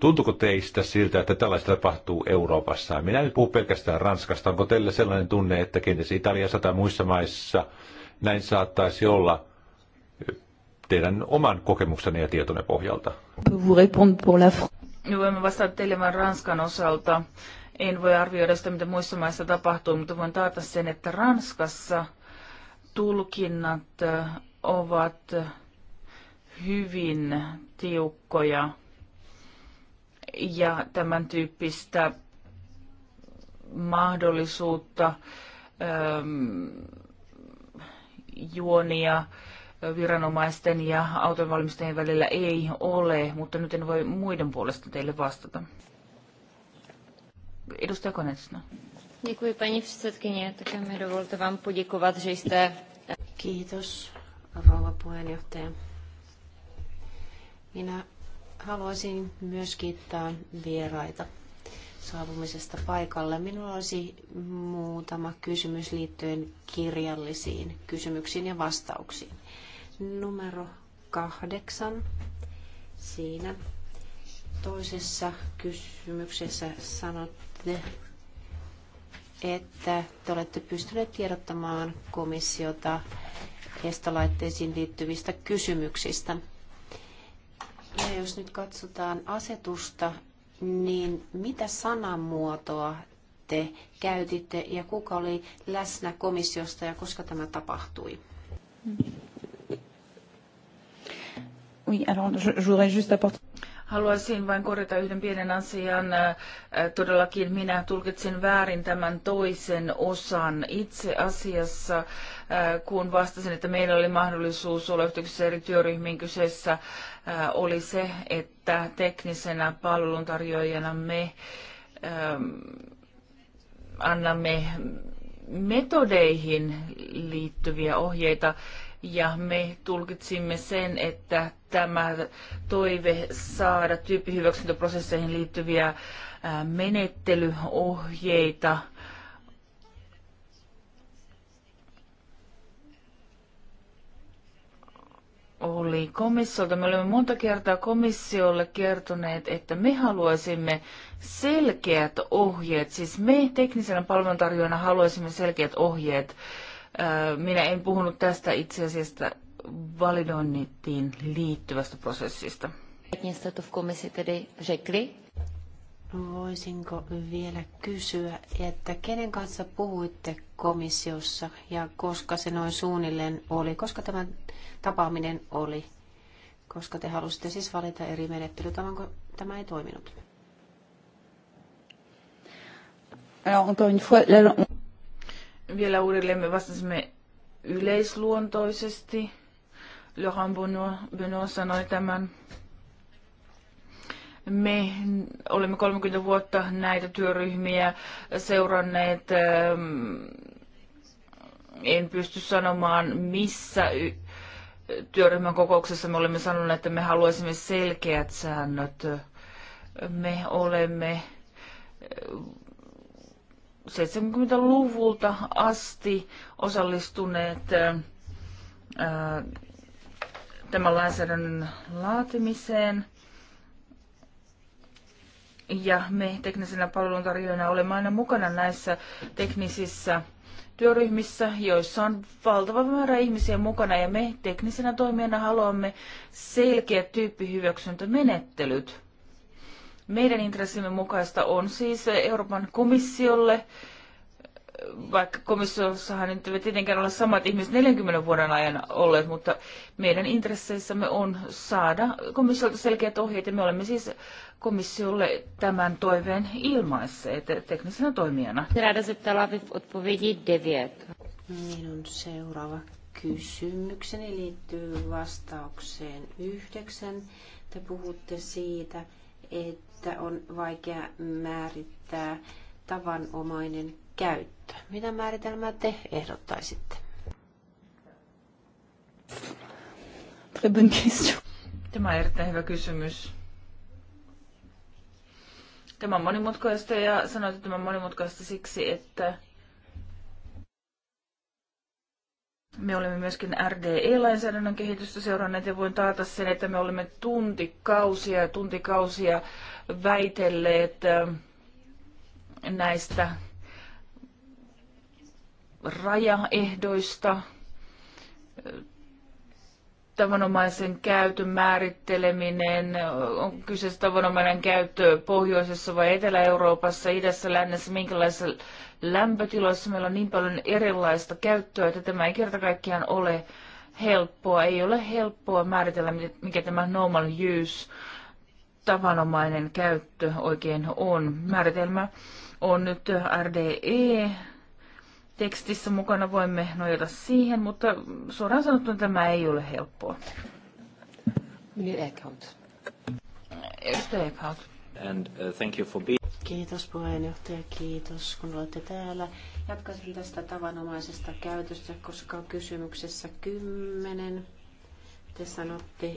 Tuntuuko teistä siltä, että tällaista tapahtuu Euroopassa? Minä en puhu pelkästään Ranskasta. Onko teillä sellainen tunne, että kenties Italiassa tai muissa maissa näin saattaisi olla teidän oman kokemuksenne ja tietonne pohjalta? Voimme vastata teille vain Ranskan osalta. En voi arvioida sitä, mitä muissa maissa tapahtuu, mutta voin taata sen, että Ranskassa tulkinnat ovat hyvin tiukkoja ja tämän tyyppistä mahdollisuutta äm, juonia viranomaisten ja autonvalmistajien välillä ei ole, mutta nyt en voi muiden puolesta teille vastata. Edustaja Konecna. Děkuji, paní předsedkyně. Také mi dovolte vám poděkovat, že jste... Kiitos, rouva puheenjohtaja. Minä Haluaisin myös kiittää vieraita saapumisesta paikalle. Minulla olisi muutama kysymys liittyen kirjallisiin kysymyksiin ja vastauksiin. Numero kahdeksan. Siinä toisessa kysymyksessä sanotte, että te olette pystyneet tiedottamaan komissiota estolaitteisiin liittyvistä kysymyksistä. Ja jos nyt katsotaan asetusta, niin mitä sanamuotoa te käytitte ja kuka oli läsnä komissiosta ja koska tämä tapahtui? Oui, alors je, je voudrais juste apporter... Haluaisin vain korjata yhden pienen asian. Äh, todellakin minä tulkitsin väärin tämän toisen osan. Itse asiassa, äh, kun vastasin, että meillä oli mahdollisuus olla yhteyksissä eri työryhmiin kyseessä, äh, oli se, että teknisenä palveluntarjoajana me ähm, annamme metodeihin liittyviä ohjeita ja me tulkitsimme sen, että tämä toive saada tyyppihyväksyntäprosesseihin liittyviä menettelyohjeita oli komissiolta. Me olemme monta kertaa komissiolle kertoneet, että me haluaisimme selkeät ohjeet. Siis me teknisenä palveluntarjoajana haluaisimme selkeät ohjeet minä en puhunut tästä itse asiassa validointiin liittyvästä prosessista. Voisinko vielä kysyä, että kenen kanssa puhuitte komissiossa ja koska se noin suunnilleen oli, koska tämä tapaaminen oli, koska te halusitte siis valita eri menettelyt, onko tämä ei toiminut? Alors, encore une fois, la vielä uudelleen me vastasimme yleisluontoisesti. Johan Bono, Bono sanoi tämän. Me olemme 30 vuotta näitä työryhmiä seuranneet. Ähm, en pysty sanomaan, missä työryhmän kokouksessa me olemme sanoneet, että me haluaisimme selkeät säännöt. Me olemme 70-luvulta asti osallistuneet ää, tämän lainsäädännön laatimiseen. Ja me teknisenä palveluntarjoajana olemme aina mukana näissä teknisissä työryhmissä, joissa on valtava määrä ihmisiä mukana ja me teknisenä toimijana haluamme selkeät tyyppihyväksyntämenettelyt meidän intressimme mukaista on siis Euroopan komissiolle, vaikka komissiossahan nyt ei tietenkään ole samat ihmiset 40 vuoden ajan olleet, mutta meidän intresseissämme on saada komissiolta selkeät ohjeet, ja me olemme siis komissiolle tämän toiveen ilmaisseet teknisenä toimijana. Minun seuraava kysymykseni liittyy vastaukseen yhdeksän. Te puhutte siitä, että että on vaikea määrittää tavanomainen käyttö. Mitä määritelmää te ehdottaisitte? Tämä on erittäin hyvä kysymys. Tämä on monimutkaista ja sanoit, että tämä on monimutkaista siksi, että Me olemme myöskin RDE-lainsäädännön kehitystä seuranneet ja voin taata sen, että me olemme tuntikausia ja tuntikausia väitelleet ähm, näistä rajaehdoista, tavanomaisen käytön määritteleminen, on kyseessä tavanomainen käyttö pohjoisessa vai Etelä-Euroopassa, idässä, lännessä, minkälaisissa lämpötiloissa meillä on niin paljon erilaista käyttöä, että tämä ei kerta kaikkiaan ole helppoa. Ei ole helppoa määritellä, mikä tämä normal use, tavanomainen käyttö oikein on. Määritelmä on nyt RDE tekstissä mukana voimme nojata siihen, mutta suoraan sanottuna tämä ei ole helppoa. Edustaja Eckhout. And, uh, thank you for being... Kiitos puheenjohtaja, kiitos kun olette täällä. Jatkaisin tästä tavanomaisesta käytöstä, koska on kysymyksessä kymmenen. Te sanotte,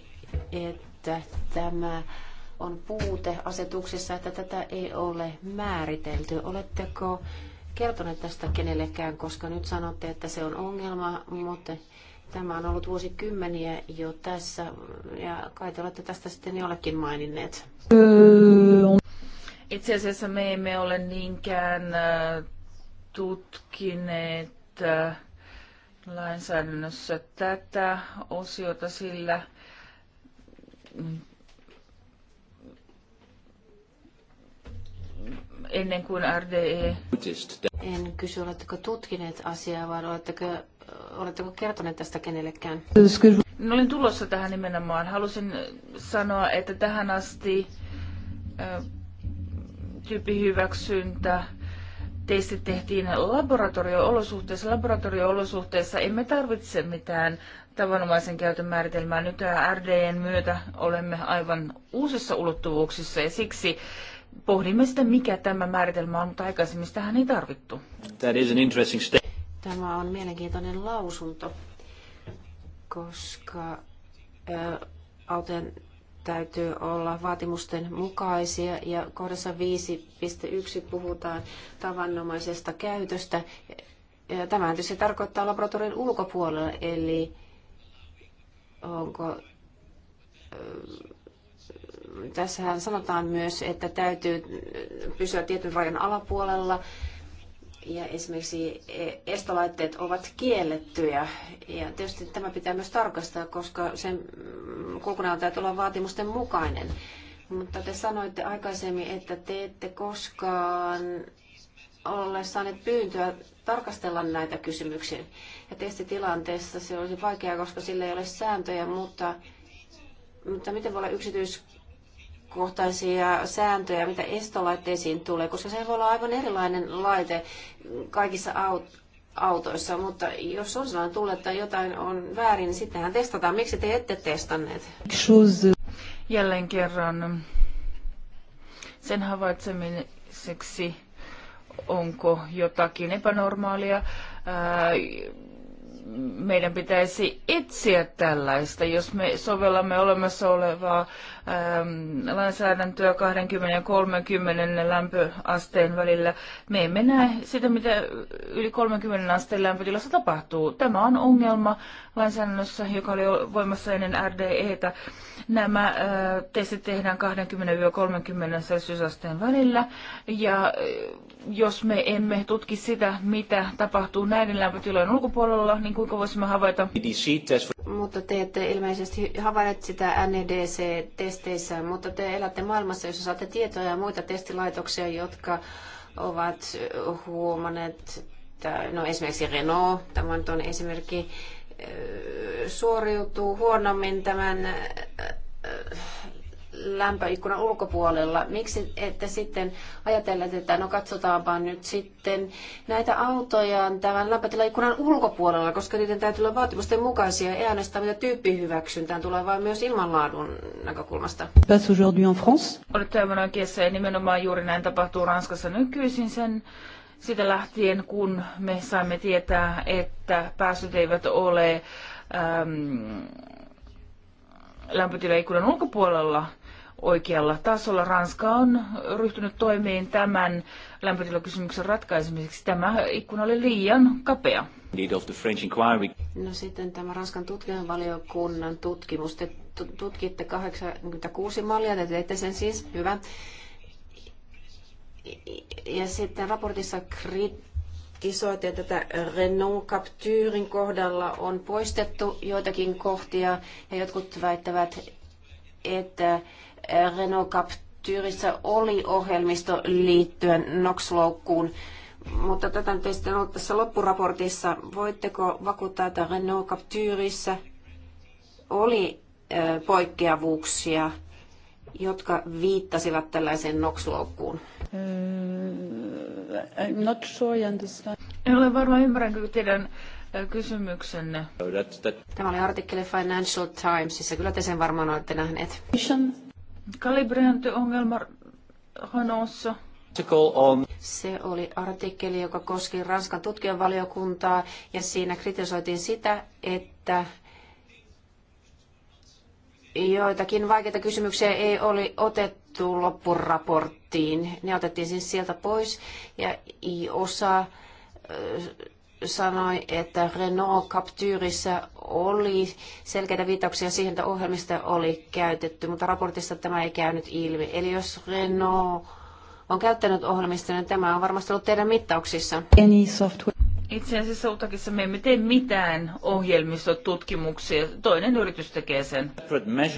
että tämä on puute asetuksessa, että tätä ei ole määritelty. Oletteko kertoneet tästä kenellekään, koska nyt sanotte, että se on ongelma, mutta tämä on ollut vuosikymmeniä jo tässä, ja kai te olette tästä sitten jollekin maininneet. Itse asiassa me emme ole niinkään äh, tutkineet äh, lainsäädännössä tätä osiota, sillä ennen kuin RDE. En kysy, oletteko tutkineet asiaa, vaan oletteko, oletteko kertoneet tästä kenellekään? No, olin tulossa tähän nimenomaan. Halusin sanoa, että tähän asti tyyppihyväksyntä testit tehtiin laboratorio-olosuhteissa. Laboratorio-olosuhteissa emme tarvitse mitään tavanomaisen käytön määritelmää. Nyt RDN myötä olemme aivan uusissa ulottuvuuksissa ja siksi pohdimme sitä, mikä tämä määritelmä on, mutta aikaisemmin sitä ei tarvittu. That is an interesting Tämä on mielenkiintoinen lausunto, koska äh, autojen täytyy olla vaatimusten mukaisia ja kohdassa 5.1 puhutaan tavannomaisesta käytöstä. Tämä tietysti tarkoittaa laboratorion ulkopuolella, eli onko tässähän sanotaan myös, että täytyy pysyä tietyn rajan alapuolella. Ja esimerkiksi estolaitteet ovat kiellettyjä. Ja tietysti tämä pitää myös tarkastaa, koska sen kulkuneuvo täytyy olla vaatimusten mukainen. Mutta te sanoitte aikaisemmin, että te ette koskaan ole saaneet pyyntöä tarkastella näitä kysymyksiä. Ja testitilanteessa se olisi vaikeaa, koska sillä ei ole sääntöjä, mutta, mutta miten voi olla yksityis kohtaisia sääntöjä, mitä estolaitteisiin tulee, koska se voi olla aivan erilainen laite kaikissa aut- autoissa, mutta jos on sellainen tulle, että jotain on väärin, niin sittenhän testataan. Miksi te ette testanneet? Jälleen kerran sen havaitsemiseksi, onko jotakin epänormaalia. Ää, meidän pitäisi etsiä tällaista, jos me sovellamme olemassa olevaa Ähm, lainsäädäntöä 20 ja 30 lämpöasteen välillä. Me emme näe sitä, mitä yli 30 asteen lämpötilassa tapahtuu. Tämä on ongelma lainsäädännössä, joka oli voimassa ennen RDEtä. Nämä äh, testit tehdään 20-30 celsiusasteen välillä ja äh, jos me emme tutki sitä, mitä tapahtuu näiden lämpötilojen ulkopuolella, niin kuinka voisimme havaita? Mutta te ette ilmeisesti havaita sitä NEDC-testiä testeissä, mutta te elätte maailmassa, jossa saatte tietoja ja muita testilaitoksia, jotka ovat huomanneet, no esimerkiksi Renault, tämä on esimerkki, äh, suoriutuu huonommin tämän äh, lämpöikkunan ulkopuolella. Miksi ette sitten ajatelleet, että no katsotaanpa nyt sitten näitä autoja tämän lämpötilaikkunan ulkopuolella, koska niiden täytyy olla vaatimusten mukaisia, ei ainoastaan mitä tyyppihyväksyntään tulee, vaan myös ilmanlaadun näkökulmasta. Pas aujourd'hui en France. Olet työmönön kiessä ja nimenomaan juuri näin tapahtuu Ranskassa nykyisin sen sitä lähtien, kun me saimme tietää, että päästöt eivät ole ähm, lämpötilaikkunan ulkopuolella oikealla tasolla. Ranska on ryhtynyt toimiin tämän lämpötilakysymyksen ratkaisemiseksi. Tämä ikkuna oli liian kapea. No sitten tämä Ranskan tutkimusvaliokunnan tutkimus. Te tutkitte 86 mallia, te teette sen siis, hyvä. Ja sitten raportissa kritisoitte, että tätä Renault Capturin kohdalla on poistettu joitakin kohtia ja jotkut väittävät, että Renault Capturissa oli ohjelmisto liittyen NOx-loukkuun, mutta tätä nyt ei sitten ollut tässä loppuraportissa. Voitteko vakuuttaa, että Renault Capturissa oli poikkeavuuksia, jotka viittasivat tällaiseen NOx-loukkuun? I'm not sure I understand. En ole varma ymmärränkö teidän kysymyksenne. Tämä oli artikkeli Financial Timesissa. Kyllä te sen varmaan olette nähneet. Kalibrointiongelma Hanossa. Se oli artikkeli, joka koski Ranskan tutkijavaliokuntaa ja siinä kritisoitiin sitä, että joitakin vaikeita kysymyksiä ei oli otettu loppuraporttiin. Ne otettiin siis sieltä pois ja osa sanoi, että Renault Captureissa oli selkeitä viittauksia siihen, että ohjelmista oli käytetty, mutta raportista tämä ei käynyt ilmi. Eli jos Renault on käyttänyt ohjelmista, niin tämä on varmasti ollut teidän mittauksissa. Any software. Itse asiassa Utakissa me emme tee mitään ohjelmistotutkimuksia. Toinen yritys tekee sen.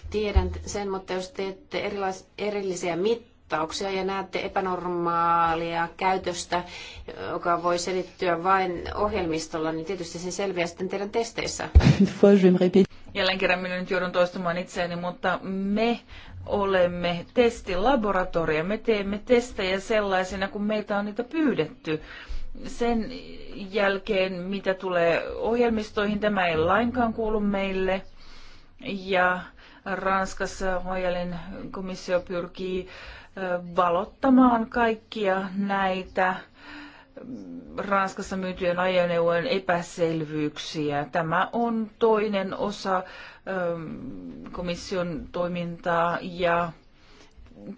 Tiedän sen, mutta jos teette erilais- erillisiä mittauksia, kohtauksia ja näette epänormaalia käytöstä, joka voi selittyä vain ohjelmistolla, niin tietysti se selviää sitten teidän testeissä. Jälleen kerran minä nyt joudun toistamaan itseäni, mutta me olemme testilaboratoria. Me teemme testejä sellaisena kun meitä on niitä pyydetty. Sen jälkeen, mitä tulee ohjelmistoihin, tämä ei lainkaan kuulu meille. Ja Ranskassa Hojalin komissio pyrkii valottamaan kaikkia näitä Ranskassa myytyjen ajoneuvojen epäselvyyksiä. Tämä on toinen osa komission toimintaa ja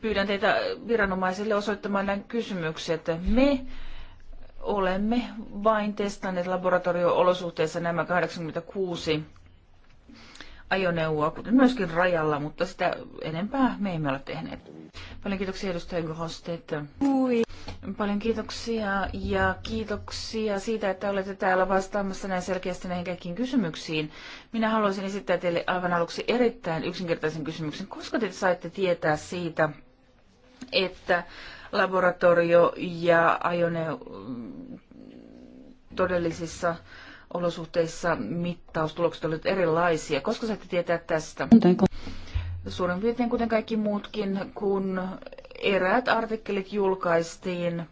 pyydän teitä viranomaisille osoittamaan nämä kysymykset. Me olemme vain testanneet laboratorio-olosuhteissa nämä 86 ajoneuvoa, kuten myöskin rajalla, mutta sitä enempää me emme ole tehneet. Paljon kiitoksia edustaja Grosteet. Paljon kiitoksia ja kiitoksia siitä, että olette täällä vastaamassa näin selkeästi näihin kaikkiin kysymyksiin. Minä haluaisin esittää teille aivan aluksi erittäin yksinkertaisen kysymyksen. Koska te saitte tietää siitä, että laboratorio ja ajoneuvo todellisissa olosuhteissa mittaustulokset olivat erilaisia. Koska saitte tietää tästä? Suurin piirtein kuten kaikki muutkin, kun eräät artikkelit julkaistiin,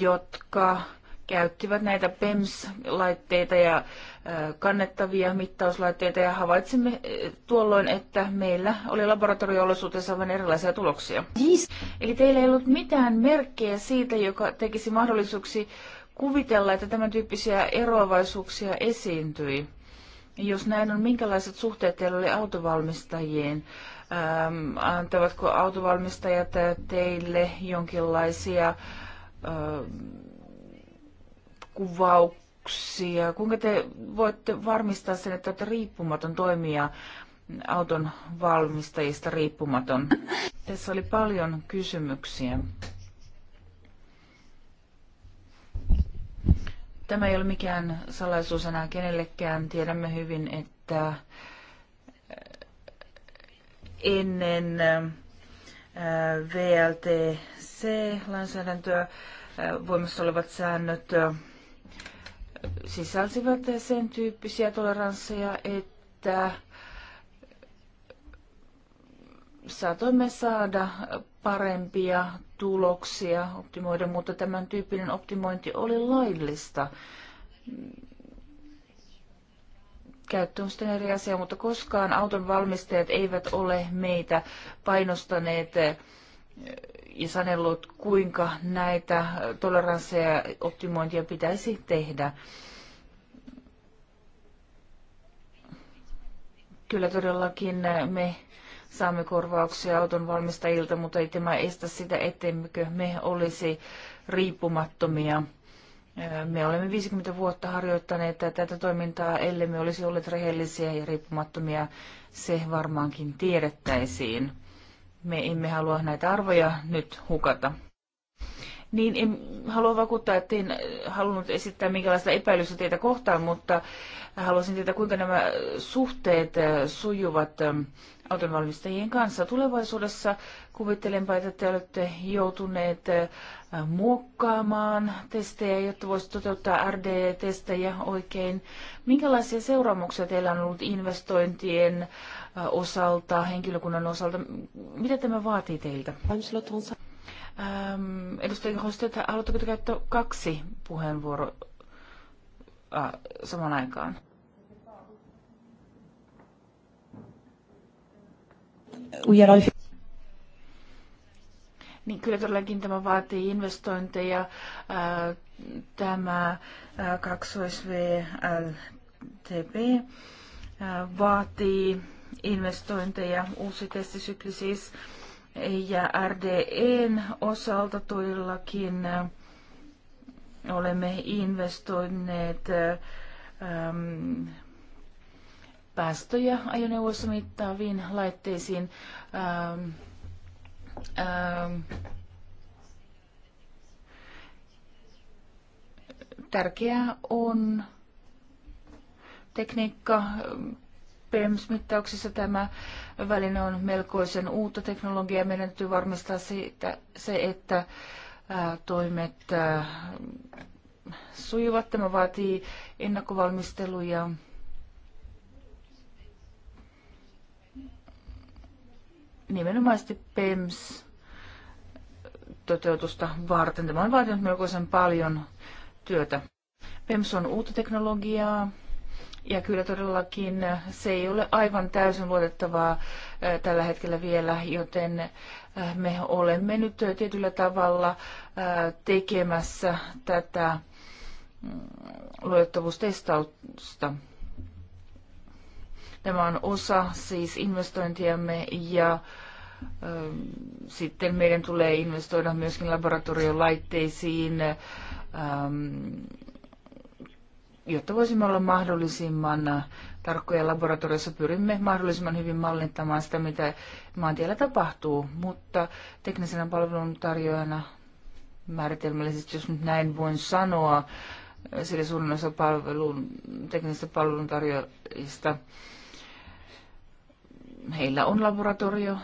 jotka käyttivät näitä PEMS-laitteita ja kannettavia mittauslaitteita ja havaitsimme tuolloin, että meillä oli laboratorio-olosuhteissa vain erilaisia tuloksia. Siis- Eli teillä ei ollut mitään merkkejä siitä, joka tekisi mahdollisuuksia kuvitella, että tämän tyyppisiä eroavaisuuksia esiintyi. Jos näin on, minkälaiset suhteet teillä oli autovalmistajiin? Ähm, antavatko autovalmistajat teille jonkinlaisia äh, kuvauksia? Kuinka te voitte varmistaa sen, että olette riippumaton toimija auton valmistajista riippumaton? Tässä oli paljon kysymyksiä. Tämä ei ole mikään salaisuus enää kenellekään. Tiedämme hyvin, että äh, ennen äh, VLTC-lainsäädäntöä äh, voimassa olevat säännöt sisälsivät sen tyyppisiä toleransseja, että saatoimme saada parempia tuloksia optimoida, mutta tämän tyyppinen optimointi oli laillista. Käyttö on sitten eri asia, mutta koskaan auton valmistajat eivät ole meitä painostaneet eh, ja sanellut, kuinka näitä toleransseja ja optimointia pitäisi tehdä. Kyllä todellakin eh, me saamme korvauksia auton valmistajilta, mutta ei tämä estä sitä, ettemmekö me olisi riippumattomia. Me olemme 50 vuotta harjoittaneet tätä toimintaa, ellei me olisi olleet rehellisiä ja riippumattomia. Se varmaankin tiedettäisiin. Me emme halua näitä arvoja nyt hukata. Niin en halua vakuuttaa, että en halunnut esittää minkälaista epäilystä teitä kohtaan, mutta haluaisin tietää, kuinka nämä suhteet sujuvat autonvalmistajien kanssa. Tulevaisuudessa kuvittelenpa, että te olette joutuneet äh, muokkaamaan testejä, jotta voisi toteuttaa rd testejä oikein. Minkälaisia seuraamuksia teillä on ollut investointien äh, osalta, henkilökunnan osalta? Mitä tämä vaatii teiltä? Ähm, edustaja Hostet, haluatteko käyttää kaksi puheenvuoroa äh, samaan aikaan? Niin kyllä todellakin tämä vaatii investointeja. Tämä 2VLTP vaatii investointeja, uusi testisykli siis, ja RDEn osalta todellakin olemme investoineet päästöjä ajoneuvoissa mittaaviin laitteisiin. Ähm, ähm, tärkeää on tekniikka. PEMS-mittauksissa tämä väline on melkoisen uutta teknologiaa. Meidän täytyy varmistaa siitä, se, että toimet sujuvat. Tämä vaatii ennakkovalmisteluja nimenomaisesti PEMS toteutusta varten. Tämä on vaatinut melkoisen paljon työtä. PEMS on uutta teknologiaa, ja kyllä todellakin se ei ole aivan täysin luotettavaa äh, tällä hetkellä vielä, joten äh, me olemme nyt tietyllä tavalla äh, tekemässä tätä mm, luotettavuustestausta. Tämä on osa siis investointiamme ja ähm, sitten meidän tulee investoida myöskin laboratoriolaitteisiin, ähm, jotta voisimme olla mahdollisimman tarkkoja laboratoriossa. Pyrimme mahdollisimman hyvin mallintamaan sitä, mitä maantiellä tapahtuu, mutta teknisenä palvelun tarjoajana määritelmällisesti, jos nyt näin voin sanoa, sillä suurin osa palvelun, teknisestä palveluntarjoajista tarjoajista heillä on laboratorio.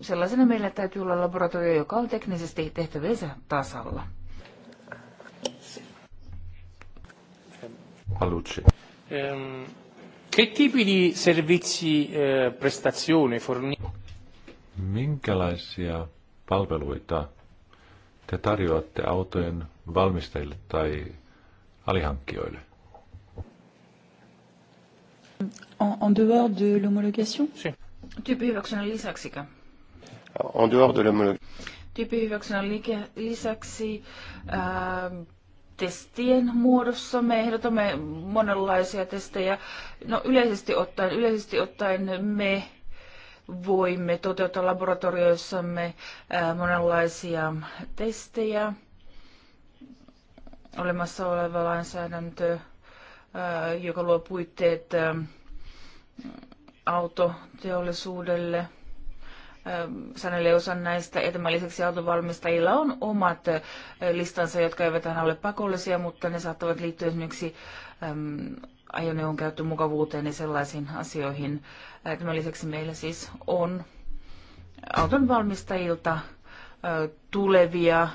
Sellaisena meillä täytyy olla laboratorio, joka on teknisesti tehtävänsä tasalla. Palucci. Ehm, che tipi di servizi eh, prestazione forni? Minkälaisia palveluita te tarjoatte autojen valmistajille tai alihankkijoille? En, en dehors de l'homologation? Si. En dehors de l'homologation. lisäksi euh, testien muodossa. Me ehdotamme monenlaisia testejä. No yleisesti ottaen, yleisesti ottaen me voimme toteuttaa laboratorioissamme äh, monenlaisia testejä. Olemassa oleva lainsäädäntö, äh, joka luo puitteet äh, autoteollisuudelle. Sanelle osan näistä ja tämän lisäksi autovalmistajilla on omat listansa, jotka eivät aina ole pakollisia, mutta ne saattavat liittyä esimerkiksi ajoneuvon käyttömukavuuteen ja sellaisiin asioihin. Tämän lisäksi meillä siis on auton valmistajilta tulevia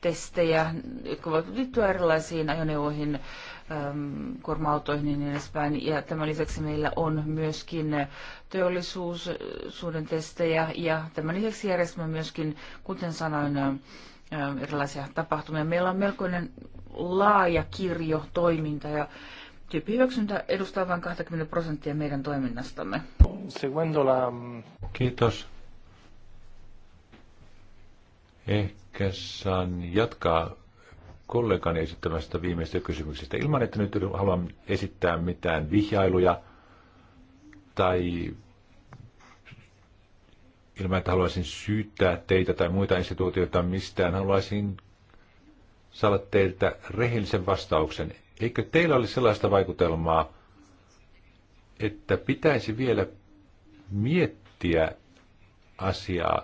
testejä, jotka voivat liittyä erilaisiin ajoneuvoihin, Ähm, kuorma-autoihin ja niin edespäin. Ja tämän lisäksi meillä on myöskin äh, teollisuuden testejä ja tämän lisäksi järjestämme myöskin, kuten sanoin, äh, äh, erilaisia tapahtumia. Meillä on melkoinen laaja kirjo toiminta ja tyyppihyväksyntä edustaa vain 20 prosenttia meidän toiminnastamme. Mm, Kiitos. Ehkä saan jatkaa kollegani esittämästä viimeisestä kysymyksestä. Ilman, että nyt haluan esittää mitään vihjailuja tai ilman, että haluaisin syyttää teitä tai muita instituutioita mistään, haluaisin saada teiltä rehellisen vastauksen. Eikö teillä ole sellaista vaikutelmaa, että pitäisi vielä miettiä asiaa,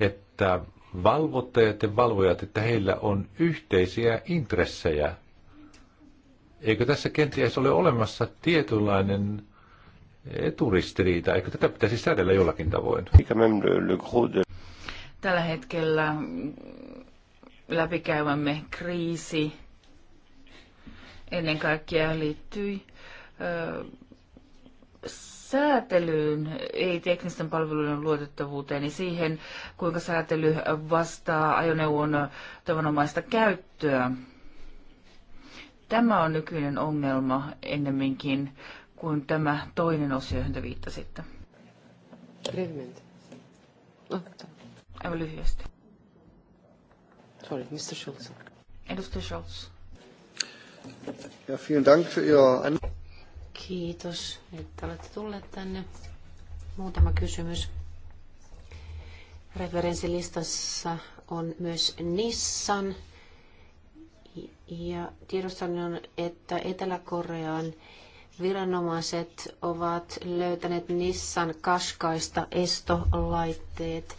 että valvottajat ja valvojat, että heillä on yhteisiä intressejä. Eikö tässä kenties ole olemassa tietynlainen eturistiriita? Eikö tätä pitäisi säädellä jollakin tavoin? Tällä hetkellä läpikäymämme kriisi ennen kaikkea liittyi säätelyyn, ei teknisten palveluiden luotettavuuteen niin siihen, kuinka säätely vastaa ajoneuvon tavanomaista käyttöä. Tämä on nykyinen ongelma ennemminkin kuin tämä toinen osio, johon te viittasitte. Ah, Aivan lyhyesti. Sorry, Mr. Schultz. Edustaja Schultz. Ja, vielen Dank für Ihre Kiitos, että olette tulleet tänne. Muutama kysymys. Referenssilistassa on myös Nissan. Ja tiedostan on, että Etelä-Korean viranomaiset ovat löytäneet Nissan Kaskaista estolaitteet,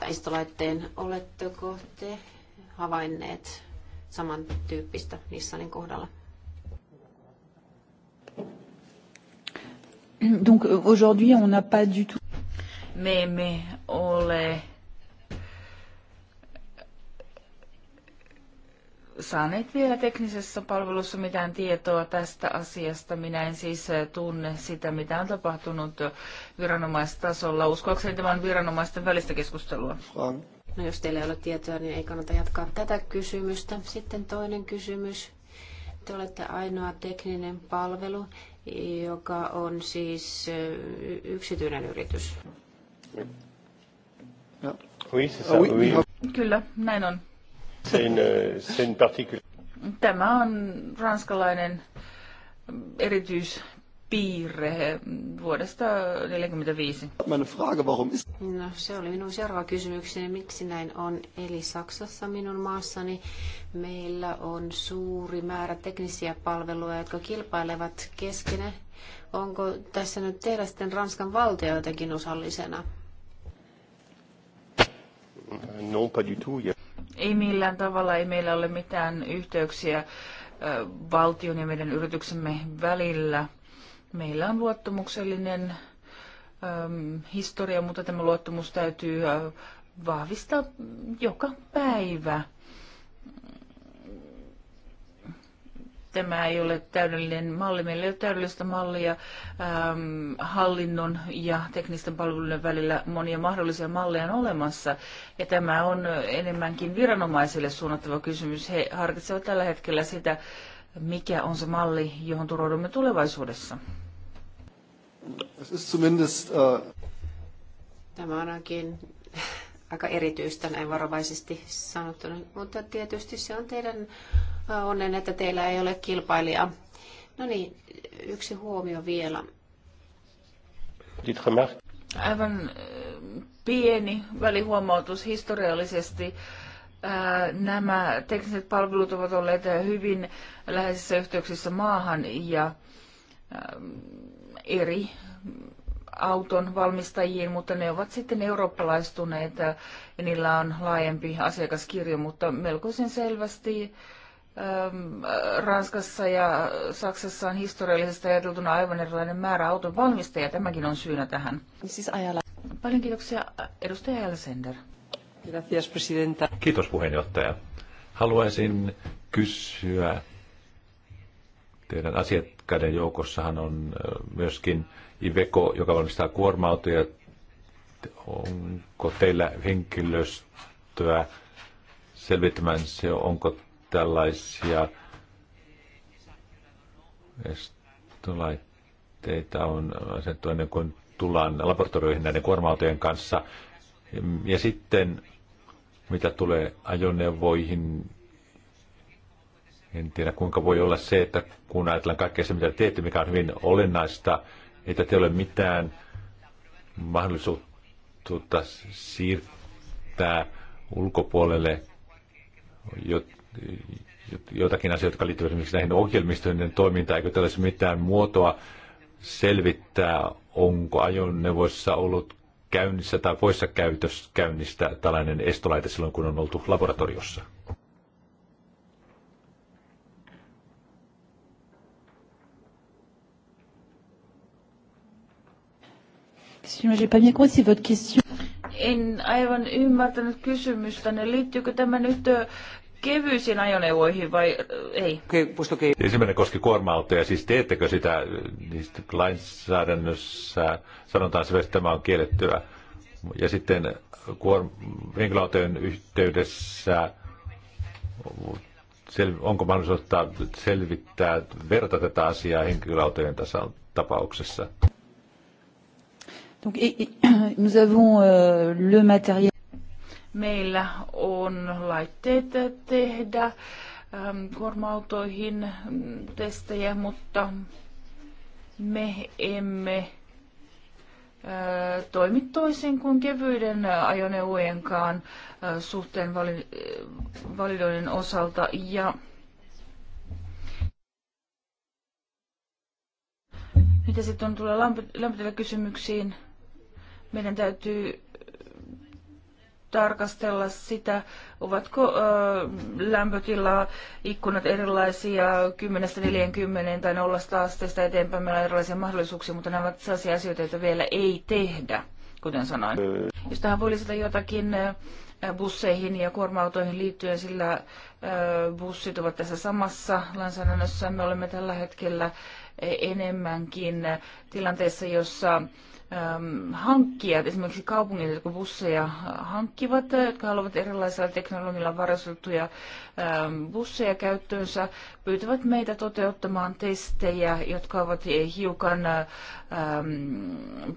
tai estolaitteen. Oletteko te havainneet samantyyppistä Nissanin kohdalla? Donc euh, aujourd'hui, on n'a pas du tout. Mais, emme ole saaneet vielä teknisessä palvelussa mitään tietoa tästä asiasta. Minä en siis äh, tunne sitä, mitä on tapahtunut viranomaistasolla. Uskoakseni tämä on viranomaisten välistä keskustelua. No jos teillä ei ole tietoa, niin ei kannata jatkaa tätä kysymystä. Sitten toinen kysymys. Te olette ainoa tekninen palvelu, joka on siis eh, yksityinen yritys. Ah, Kyllä, näin on. Tämä on ranskalainen erityis piirre vuodesta 1945. No, se oli minun seuraava kysymykseni, miksi näin on. Eli Saksassa minun maassani meillä on suuri määrä teknisiä palveluja, jotka kilpailevat keskenään. Onko tässä nyt tehdä sitten Ranskan valtio jotenkin osallisena? No, pas du tout. Ei millään tavalla, ei meillä ole mitään yhteyksiä valtion ja meidän yrityksemme välillä Meillä on luottamuksellinen äm, historia, mutta tämä luottamus täytyy äh, vahvistaa joka päivä. Tämä ei ole täydellinen malli. Meillä ei ole täydellistä mallia äm, hallinnon ja teknisten palveluiden välillä. Monia mahdollisia malleja on olemassa. Ja tämä on enemmänkin viranomaisille suunnattava kysymys. He harkitsevat tällä hetkellä sitä, mikä on se malli, johon turvaudumme tulevaisuudessa. Es ist zumindest, äh... Tämä on ainakin aika erityistä näin varovaisesti sanottuna, mutta tietysti se on teidän äh, onnen, että teillä ei ole kilpailija. No niin, yksi huomio vielä. Aivan äh, pieni välihuomautus historiallisesti. Äh, nämä tekniset palvelut ovat olleet hyvin läheisissä yhteyksissä maahan ja ähm, eri auton valmistajiin, mutta ne ovat sitten eurooppalaistuneet ja niillä on laajempi asiakaskirjo, mutta melkoisen selvästi ähm, Ranskassa ja Saksassa on historiallisesti ajateltuna aivan erilainen määrä auton valmistajia. Tämäkin on syynä tähän. Siis ajalla. Paljon kiitoksia. Edustaja Jälsender. Kiitos puheenjohtaja. Haluaisin kysyä teidän asiat asiakkaiden joukossahan on myöskin Iveco, joka valmistaa kuorma-autoja. Onko teillä henkilöstöä selvittämään se, onko tällaisia estolaitteita on asettu ennen kuin tullaan laboratorioihin näiden kuorma kanssa. Ja sitten mitä tulee ajoneuvoihin, en tiedä, kuinka voi olla se, että kun ajatellaan kaikkea se, mitä teette, mikä on hyvin olennaista, että te ole mitään mahdollisuutta siirtää ulkopuolelle jotakin asioita, jotka liittyvät esimerkiksi näihin ohjelmistojen toimintaan, eikö tällaisi mitään muotoa selvittää, onko ajoneuvoissa ollut käynnissä tai poissa käytössä käynnistä tällainen estolaite silloin, kun on oltu laboratoriossa? En aivan ymmärtänyt kysymystä, ne Liittyykö tämän nyt kevyisiin ajoneuvoihin vai ei? Siis ensimmäinen koski kuorma-autoja. Siis teettekö sitä niistä lainsäädännössä? Sanotaan se, että tämä on kiellettyä. Ja sitten henkilöautojen yhteydessä onko mahdollisuutta selvittää, verta tätä asiaa henkilöautojen tapauksessa? Donc, et, et, nous avons euh, le matériel. Meillä on laitteet tehdä ähm, kuorma-autoihin mm, testejä, mutta me emme äh, toimi toisin kuin kevyiden ajoneuvojenkaan äh, suhteen vali, äh, validoiden osalta. Ja mitä sitten tulee lämpötilakysymyksiin? kysymyksiin? Meidän täytyy tarkastella sitä, ovatko ö, lämpötila, ikkunat erilaisia 10-40 tai 0 asteesta eteenpäin. Meillä on erilaisia mahdollisuuksia, mutta nämä ovat sellaisia asioita, joita vielä ei tehdä, kuten sanoin. Jos tähän voi lisätä jotakin busseihin ja kuorma-autoihin liittyen, sillä bussit ovat tässä samassa lainsäädännössä. Me olemme tällä hetkellä enemmänkin tilanteessa, jossa Ähm, hankkijat, esimerkiksi kaupungit, jotka busseja äh, hankkivat, äh, jotka haluavat erilaisilla teknologilla varastettuja ähm, busseja käyttöönsä, pyytävät meitä toteuttamaan testejä, jotka ovat hiukan äh, ähm,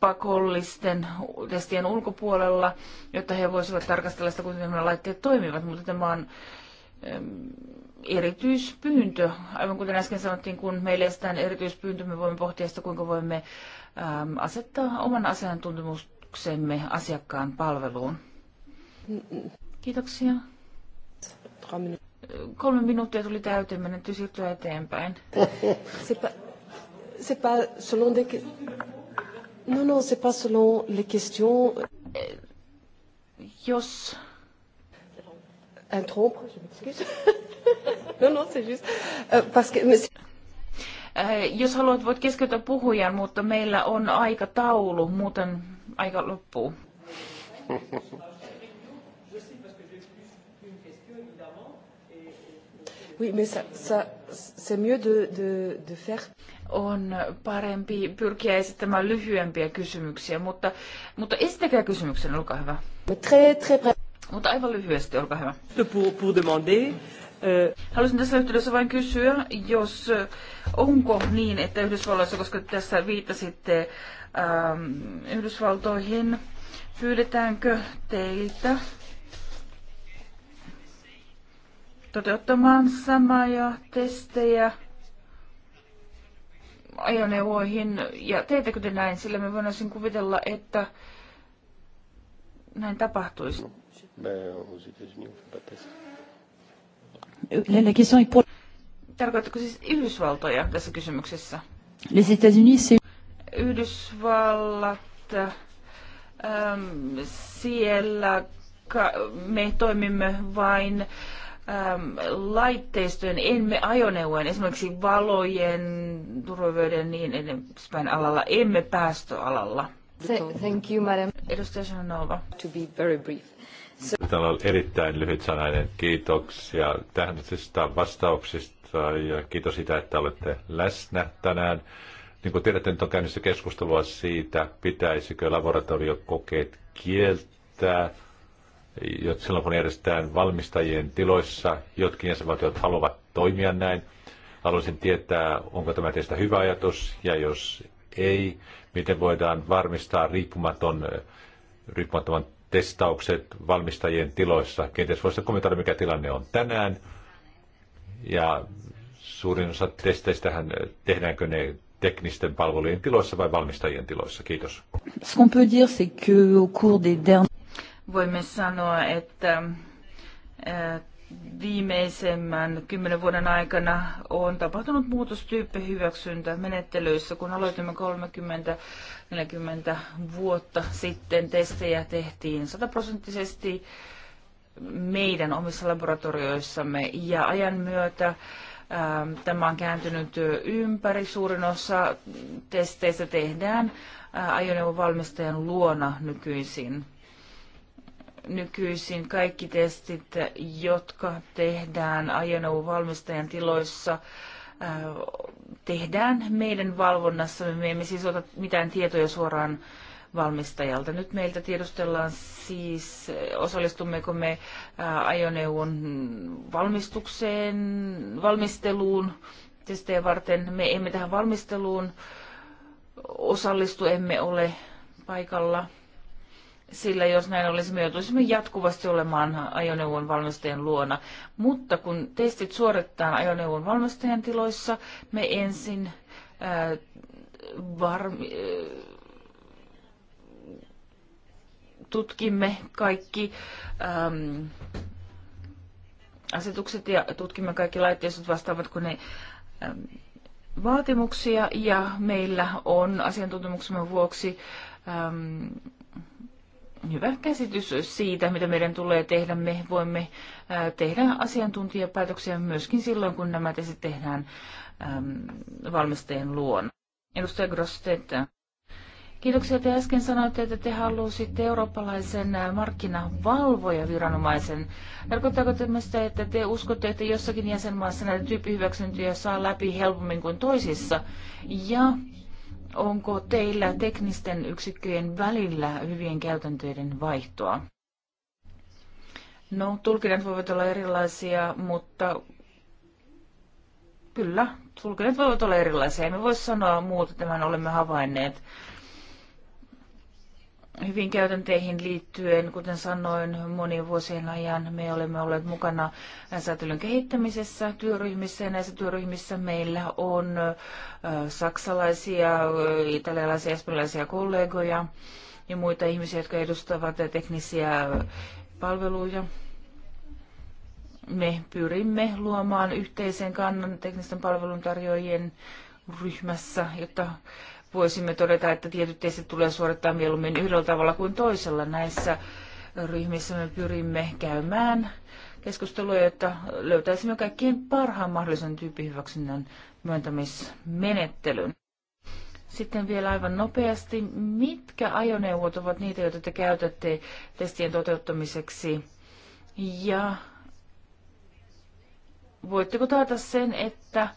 pakollisten testien ulkopuolella, jotta he voisivat tarkastella sitä, kuinka nämä laitteet toimivat, mutta tämä on erityispyyntö. Aivan kuten äsken sanottiin, kun meille estetään erityispyyntö, me voimme pohtia sitä, kuinka voimme äm, asettaa oman asiantuntemuksemme asiakkaan palveluun. Kiitoksia. Kolme minuuttia tuli täyteen, meidän siirtyä eteenpäin. C'est pas selon des... Non, non, c'est pas selon les questions. Jos interrompre, je m'excuse. non, non, c'est juste. Euh, parce que, mais... Äh, jos haluat, voit keskeyttää puhujan, mutta meillä on aika taulu, muuten aika loppuu. Oui, mais ça, ça, c'est mieux de, de, de faire. On parempi pyrkiä esittämään lyhyempiä kysymyksiä, mutta, mutta esittäkää kysymyksen, olkaa hyvä. Très, très mutta aivan lyhyesti, olkaa hyvä. Euh, Haluaisin tässä yhteydessä vain kysyä, jos äh, onko niin, että Yhdysvalloissa, koska tässä viittasitte ähm, Yhdysvaltoihin, pyydetäänkö teiltä toteuttamaan samoja testejä ajoneuvoihin, ja teettekö te näin, sillä me voisin kuvitella, että näin tapahtuisi. Ben, aux États-Unis, on fait pas de test. La, la question est pour... Tarkoitatko siis Yhdysvaltoja tässä kysymyksessä? Les États-Unis, c'est... Yhdysvallat, Ähm, siellä ka- me toimimme vain ähm, laitteistojen, emme ajoneuvojen, esimerkiksi valojen, turvavöiden niin edespäin alalla, emme päästöalalla. Thank you, madam. Edustaja Sanova. To be very brief. Täällä on erittäin lyhyt sanainen. Kiitoksia tähdellisistä vastauksista ja kiitos sitä, että olette läsnä tänään. Niin kuin tiedätte, nyt on käynnissä keskustelua siitä, pitäisikö laboratoriokokeet kieltää silloin kun järjestetään valmistajien tiloissa, jotkin jäsenvaltiot haluavat toimia näin. Haluaisin tietää, onko tämä teistä hyvä ajatus, ja jos ei, miten voidaan varmistaa riippumaton, riippumattoman testaukset valmistajien tiloissa. Kenties voisi kommentoida, mikä tilanne on tänään. Ja suurin osa testeistähän eh, tehdäänkö ne teknisten palvelujen tiloissa vai valmistajien tiloissa? Kiitos. Voimme sanoa, että eh, viimeisemmän kymmenen vuoden aikana on tapahtunut muutostyyppi hyväksyntä menettelyissä. Kun aloitimme 30 40 vuotta sitten testejä tehtiin sataprosenttisesti meidän omissa laboratorioissamme ja ajan myötä ähm, Tämä on kääntynyt ympäri. Suurin osa testeistä tehdään äh, ajoneuvovalmistajan luona nykyisin. Nykyisin kaikki testit, jotka tehdään ajoneuvovalmistajan tiloissa, Äh, tehdään meidän valvonnassamme. Me emme siis ota mitään tietoja suoraan valmistajalta. Nyt meiltä tiedustellaan siis, osallistummeko me äh, ajoneuvon valmistukseen, valmisteluun testejä varten. Me emme tähän valmisteluun osallistu, emme ole paikalla sillä jos näin olisi, me joutuisimme jatkuvasti olemaan ajoneuvon valmistajan luona. Mutta kun testit suoritetaan ajoneuvon valmistajan tiloissa, me ensin ää, äh, varmi, ää, äh, tutkimme kaikki äm, asetukset ja tutkimme kaikki laitteistot vastaavatko ne äm, vaatimuksia ja meillä on asiantuntemuksemme vuoksi äm, hyvä käsitys siitä, mitä meidän tulee tehdä. Me voimme tehdä asiantuntijapäätöksiä myöskin silloin, kun nämä testit tehdään valmistajien luon. Edustaja Grostet, kiitoksia. Te äsken sanoitte, että te haluaisitte eurooppalaisen markkinavalvojaviranomaisen. Tarkoittaako tämä sitä, että te uskotte, että jossakin jäsenmaassa näitä tyyppihyväksyntöjä saa läpi helpommin kuin toisissa? Ja Onko teillä teknisten yksikköjen välillä hyvien käytäntöiden vaihtoa? No, tulkinnat voivat olla erilaisia, mutta kyllä, tulkinnat voivat olla erilaisia. Emme voi sanoa muuta, tämän olemme havainneet hyvin käytänteihin liittyen, kuten sanoin, monien vuosien ajan me olemme olleet mukana säätelyn kehittämisessä työryhmissä ja näissä työryhmissä meillä on saksalaisia, italialaisia, espanjalaisia kollegoja ja muita ihmisiä, jotka edustavat teknisiä palveluja. Me pyrimme luomaan yhteisen kannan teknisten palveluntarjoajien ryhmässä, jotta voisimme todeta, että tietyt testit tulee suorittaa mieluummin yhdellä tavalla kuin toisella. Näissä ryhmissä me pyrimme käymään keskustelua, jotta löytäisimme kaikkien parhaan mahdollisen tyyppihyväksynnän myöntämismenettelyn. Sitten vielä aivan nopeasti, mitkä ajoneuvot ovat niitä, joita te käytätte testien toteuttamiseksi? Ja voitteko taata sen, että,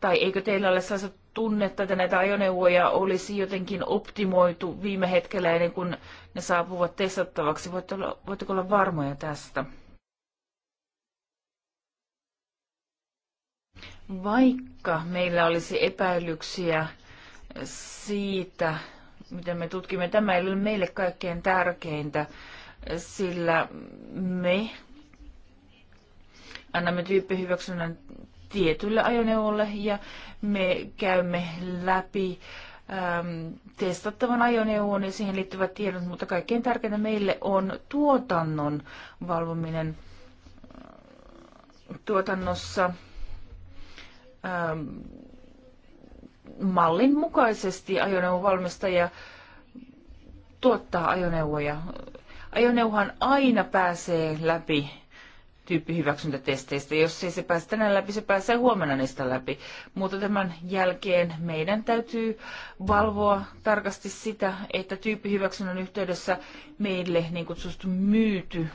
tai eikö teillä ole sellaiset tunnetta, että näitä ajoneuvoja olisi jotenkin optimoitu viime hetkellä ennen kuin ne saapuvat testattavaksi. Voitte olla, voitteko olla varmoja tästä? Vaikka meillä olisi epäilyksiä siitä, mitä me tutkimme, tämä ei ole meille kaikkein tärkeintä, sillä me annamme tyyppihyväksynnän tietylle ajoneuvolle ja me käymme läpi äm, testattavan ajoneuvon ja siihen liittyvät tiedot, mutta kaikkein tärkeintä meille on tuotannon valvominen äh, tuotannossa äm, mallin mukaisesti valmistaja tuottaa ajoneuvoja. Ajoneuhan aina pääsee läpi tyyppihyväksyntätesteistä. Jos ei se pääse tänään läpi, se pääsee huomenna niistä läpi. Mutta tämän jälkeen meidän täytyy valvoa tarkasti sitä, että tyyppihyväksynnän yhteydessä meille niin kutsuttu myyty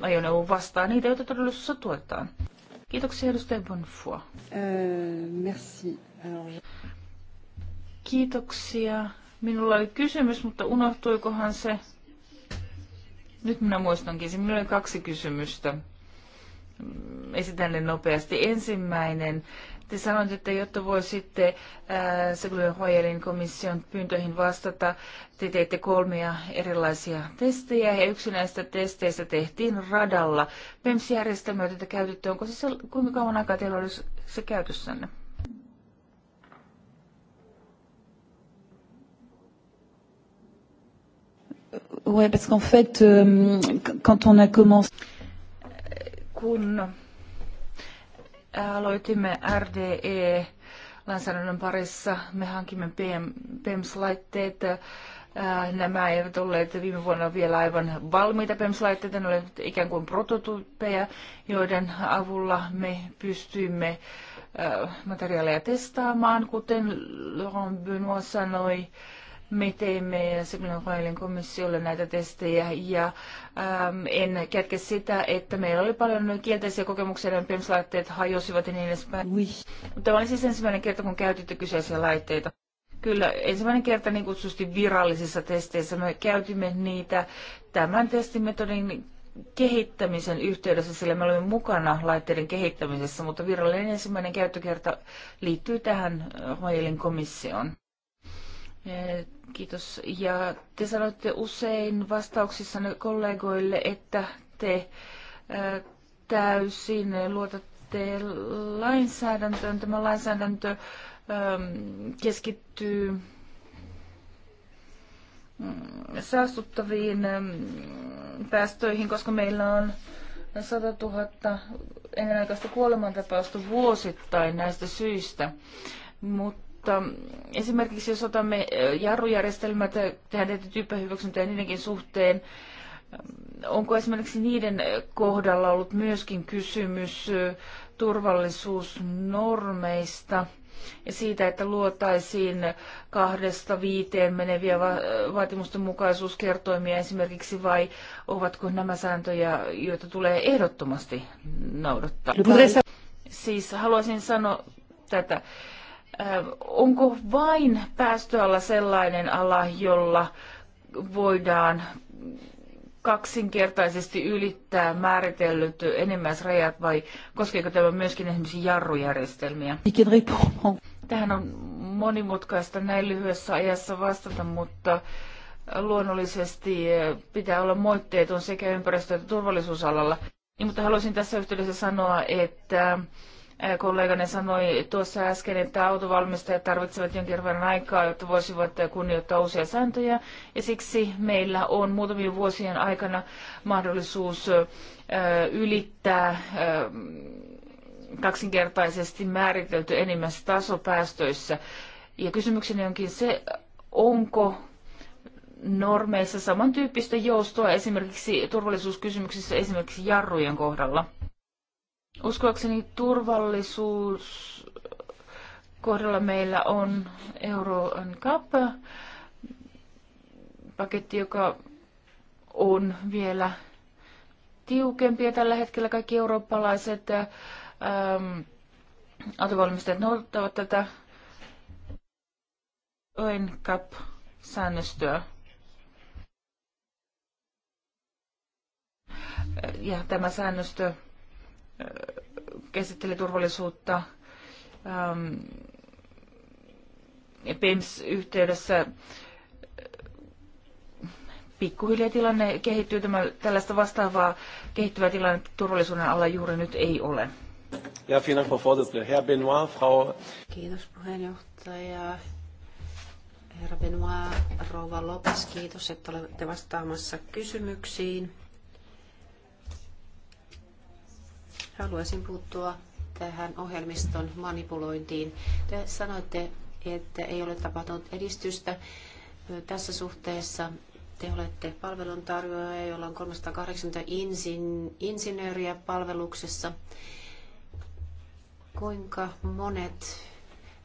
ajoneuvo vastaa niitä, joita todellisuudessa tuetaan. Kiitoksia edustaja Bonfoy. Äh, merci. Kiitoksia. Minulla oli kysymys, mutta unohtuikohan se? Nyt minä muistankin, se minulla oli kaksi kysymystä esitän ne nopeasti. Ensimmäinen, te sanoitte, että jotta voisitte äh, Segulen Hoyelin komission pyyntöihin vastata, te teitte kolmea erilaisia testejä ja yksi näistä testeistä tehtiin radalla. PEMS-järjestelmä, jota te käytitte, onko se, kuinka kauan aikaa teillä olisi se käytössänne? Oui, parce qu'en fait, euh, quand on a commencé kun äh, aloitimme RDE lainsäädännön parissa, me hankimme PM, PEMS-laitteet. Äh, nämä eivät olleet viime vuonna vielä aivan valmiita PEMS-laitteita, ne olivat ikään kuin prototyyppejä, joiden avulla me pystyimme äh, materiaaleja testaamaan, kuten Laurent Benoit sanoi me teemme Signalfailin komissiolle näitä testejä ja äm, en kätke sitä, että meillä oli paljon kielteisiä kokemuksia, että PIMS-laitteet hajosivat ja niin edespäin. Oui. Tämä oli siis ensimmäinen kerta, kun käytitte kyseisiä laitteita. Kyllä, ensimmäinen kerta niin kutsusti virallisissa testeissä me käytimme niitä tämän testimetodin kehittämisen yhteydessä, sillä me olemme mukana laitteiden kehittämisessä, mutta virallinen ensimmäinen käyttökerta liittyy tähän Hoyelin äh, komissioon. Kiitos. Ja te sanoitte usein vastauksissanne kollegoille, että te täysin luotatte lainsäädäntöön. Tämä lainsäädäntö keskittyy mm, saastuttaviin päästöihin, koska meillä on 100 000 ennenaikaista kuolemantapausta vuosittain näistä syistä. Mutta mutta esimerkiksi jos otamme jarrujärjestelmät, tehdään tyyppähyväksyntä ja niidenkin suhteen, onko esimerkiksi niiden kohdalla ollut myöskin kysymys turvallisuusnormeista ja siitä, että luotaisiin kahdesta viiteen meneviä vaatimusten mukaisuuskertoimia esimerkiksi, vai ovatko nämä sääntöjä, joita tulee ehdottomasti noudattaa? Siis haluaisin sanoa tätä onko vain päästöala sellainen ala, jolla voidaan kaksinkertaisesti ylittää määritellyt enimmäisrajat vai koskeeko tämä myöskin esimerkiksi jarrujärjestelmiä? Tähän on monimutkaista näin lyhyessä ajassa vastata, mutta luonnollisesti pitää olla moitteeton sekä ympäristö- että turvallisuusalalla. Niin, mutta haluaisin tässä yhteydessä sanoa, että kollegani sanoi tuossa äsken, että autovalmistajat tarvitsevat jonkin verran aikaa, jotta voisivat kunnioittaa uusia sääntöjä. Ja siksi meillä on muutamien vuosien aikana mahdollisuus ylittää kaksinkertaisesti määritelty enimmäistaso päästöissä. Ja kysymykseni onkin se, onko normeissa samantyyppistä joustoa esimerkiksi turvallisuuskysymyksissä esimerkiksi jarrujen kohdalla? Uskoakseni turvallisuus eh, kohdalla meillä on Euro NCAP paketti, joka on vielä tiukempia tällä hetkellä. Kaikki eurooppalaiset eh, ähm, autovalmistajat noudattavat tätä OENCAP-säännöstöä. Ja tämä säännöstö käsitteli turvallisuutta ähm, PIMS-yhteydessä äh, pikkuhiljaa tilanne kehittyy. Tämä, tällaista vastaavaa kehittyvää tilannetta turvallisuuden alla juuri nyt ei ole. Ja, vielen Frau Vorsitzende. Herr Benoit, Frau... Kiitos puheenjohtaja. Herra Benoit, Rouva Lopes, kiitos, että olette vastaamassa kysymyksiin. Haluaisin puuttua tähän ohjelmiston manipulointiin. Te sanoitte, että ei ole tapahtunut edistystä tässä suhteessa. Te olette palveluntarjoaja, jolla on 380 insinööriä palveluksessa. Kuinka monet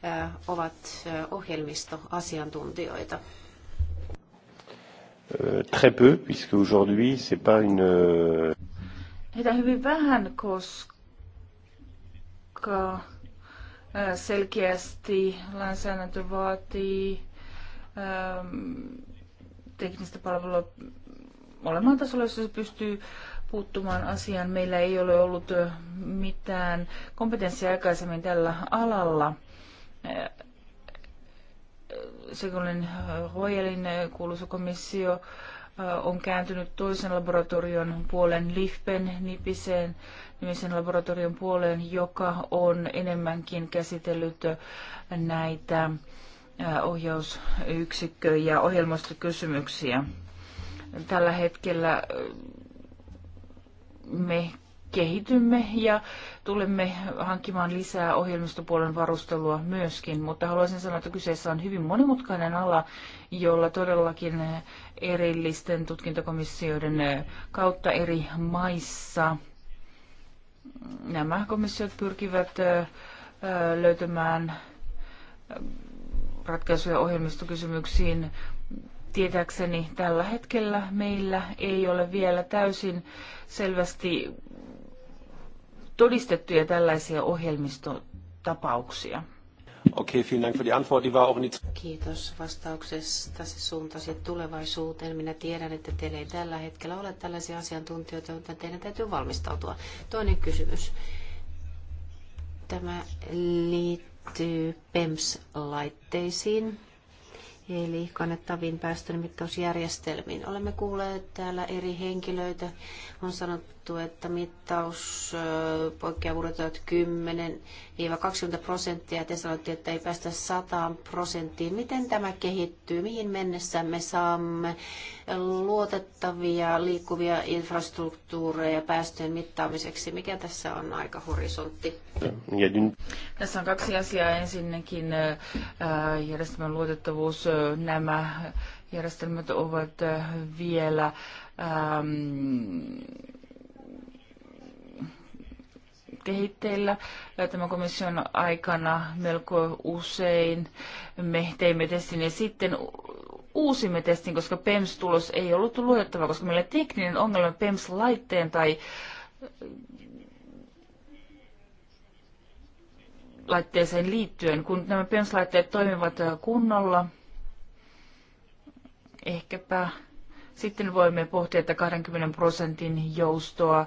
äh, ovat äh, ohjelmistoasiantuntijoita? Äh, très peu, puisque aujourd'hui, c'est pas une heitä hyvin vähän, koska selkeästi lainsäädäntö vaatii teknistä palvelua olemaan tasolla, jossa se pystyy puuttumaan asiaan. Meillä ei ole ollut mitään kompetenssia aikaisemmin tällä alalla. Sekunnin Royalin kuuluisa komissio on kääntynyt toisen laboratorion puolen LIFPEN nipiseen nimisen laboratorion puoleen, joka on enemmänkin käsitellyt näitä ohjausyksikkö- ja ohjelmastokysymyksiä. Tällä hetkellä me kehitymme ja tulemme hankkimaan lisää ohjelmistopuolen varustelua myöskin, mutta haluaisin sanoa, että kyseessä on hyvin monimutkainen ala, jolla todellakin erillisten tutkintokomissioiden eh, kautta eri maissa. Nämä komissiot pyrkivät eh, eh, löytämään ratkaisuja ohjelmistokysymyksiin. Tietääkseni tällä hetkellä meillä ei ole vielä täysin selvästi todistettuja tällaisia ohjelmistotapauksia. Okay, Dank für die Antwort. Die war auch nicht... Kiitos vastauksesta. Se siis suuntasi tulevaisuuteen. Minä tiedän, että teillä ei tällä hetkellä ole tällaisia asiantuntijoita, mutta teidän täytyy valmistautua. Toinen kysymys. Tämä liittyy PEMS-laitteisiin eli kannettaviin päästönmittausjärjestelmiin. Olemme kuulleet täällä eri henkilöitä. On sanottu, todettu, että mittaus, poikkeaa ovat 10-20 prosenttia, ja te sanoitte, että ei päästä 100 prosenttiin. Miten tämä kehittyy? Mihin mennessä me saamme luotettavia liikkuvia infrastruktuureja päästöjen mittaamiseksi? Mikä tässä on aika horisontti? Tässä on kaksi asiaa. Ensinnäkin järjestelmän luotettavuus. Nämä järjestelmät ovat vielä ähm, kehitteillä. Tämän komission aikana melko usein me teimme testin ja sitten uusimme testin, koska PEMS-tulos ei ollut luotettava, koska meillä tekninen ongelma PEMS-laitteen tai laitteeseen liittyen, kun nämä PEMS-laitteet toimivat kunnolla, ehkäpä sitten voimme pohtia, että 20 prosentin joustoa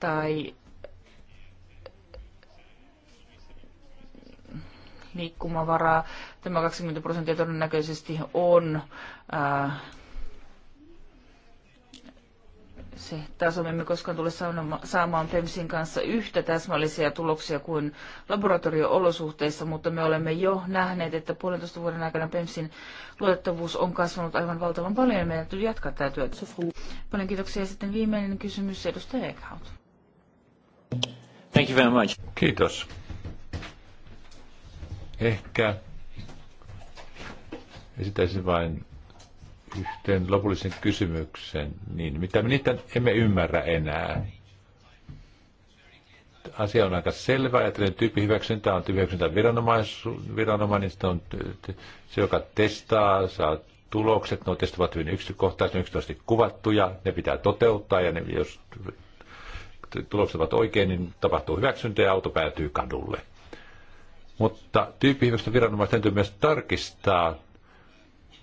tai liikkumavaraa. Tämä 20 prosenttia todennäköisesti on ää, se taso, me emme koskaan tule saamaan PEMSin kanssa yhtä täsmällisiä tuloksia kuin laboratorio olosuhteissa, mutta me olemme jo nähneet, että puolentoista vuoden aikana PEMSin luotettavuus on kasvanut aivan valtavan paljon ja meidän täytyy jatkaa tätä työtä. Paljon kiitoksia. Ja sitten viimeinen kysymys, edustaja Eckhout. Thank you very much. Kiitos. Ehkä esittäisin vain yhteen lopullisen kysymyksen, niin, mitä me niitä emme ymmärrä enää. Asia on aika selvä, että tyyppi hyväksyntä on hyväksyntä viranomainen, on se, joka testaa, saa tulokset, ne no, testit ovat hyvin yksityiskohtaisesti, yksityisesti kuvattuja, ne pitää toteuttaa, ja ne, jos tulokset ovat oikein, niin tapahtuu hyväksyntä ja auto päätyy kadulle. Mutta tyyppihyvästä viranomaista täytyy myös tarkistaa,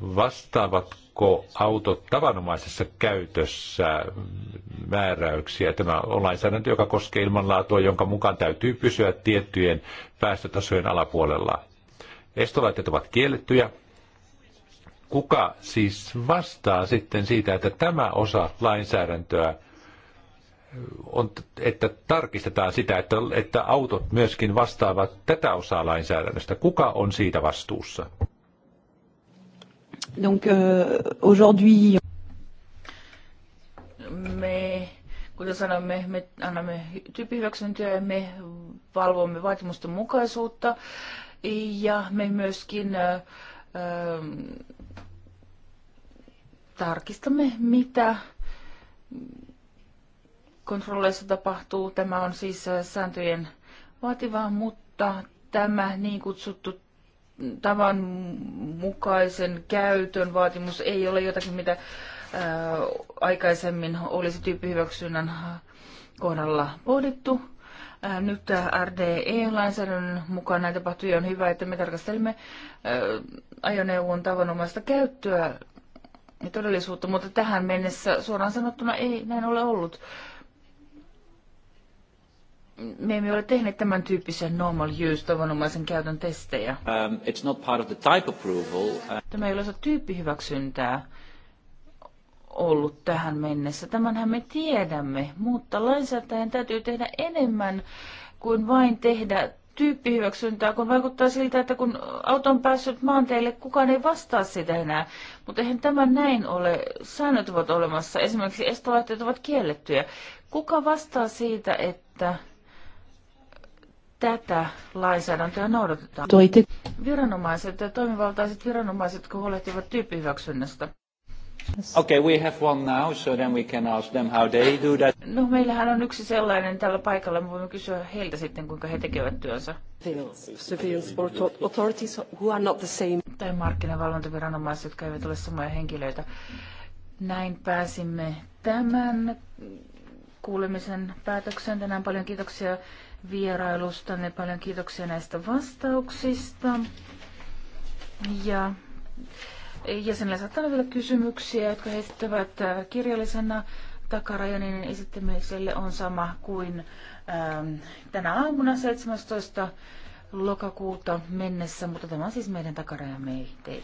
vastaavatko autot tavanomaisessa käytössä määräyksiä. Tämä on lainsäädäntö, joka koskee ilmanlaatua, jonka mukaan täytyy pysyä tiettyjen päästötasojen alapuolella. Estolaitteet ovat kiellettyjä. Kuka siis vastaa sitten siitä, että tämä osa lainsäädäntöä – on, että tarkistetaan sitä, että, että autot myöskin vastaavat tätä osaa lainsäädännöstä. Kuka on siitä vastuussa? Donc, euh, aujourd'hui... Me, kuten sanoimme, me annamme tyyppihyväksyntöä ja me valvomme vaatimusten mukaisuutta ja me myöskin äh, tarkistamme, mitä kontrolleissa tapahtuu. Tämä on siis äh, sääntöjen vaativaa, mutta tämä niin kutsuttu tavan mukaisen käytön vaatimus ei ole jotakin, mitä ää, äh, aikaisemmin olisi tyyppihyväksynnän kohdalla pohdittu. Ää, äh, nyt RDE-lainsäädännön mukaan näitä tapahtuja on hyvä, että me tarkastelemme ää, ajoneuvon tavanomaista käyttöä ja todellisuutta, mutta tähän mennessä suoraan sanottuna ei näin ole ollut me emme ole tehneet tämän tyyppisiä normal use tavanomaisen käytön testejä. Um, it's not part of the type approval. Uh, tämä ei ole osa tyyppihyväksyntää ollut tähän mennessä. Tämänhän me tiedämme, mutta lainsäätäjän täytyy tehdä enemmän kuin vain tehdä tyyppihyväksyntää, kun vaikuttaa siltä, että kun auto on päässyt maanteille, kukaan ei vastaa sitä enää. Mutta eihän tämä näin ole. Säännöt ovat olemassa. Esimerkiksi estolaitteet ovat kiellettyjä. Kuka vastaa siitä, että tätä lainsäädäntöä noudatetaan. Toite. Viranomaiset ja toimivaltaiset viranomaiset, jotka huolehtivat tyyppihyväksynnästä. Okay, we have one now, so then we can ask them how they do that. No, meillähän on yksi sellainen tällä paikalla, me voimme kysyä heiltä sitten, kuinka he tekevät työnsä. Civils, authorities who are not the same. Tai markkinavalvontaviranomaiset, jotka eivät ole samoja henkilöitä. Näin pääsimme tämän kuulemisen päätökseen. Tänään paljon kiitoksia vierailustanne. Paljon kiitoksia näistä vastauksista. Ja jäsenillä saattaa olla vielä kysymyksiä, jotka he esittävät äh, kirjallisena. Takarajaninen niin esittämiselle on sama kuin ähm, tänä aamuna 17. lokakuuta mennessä, mutta tämä on siis meidän takarajamme, ei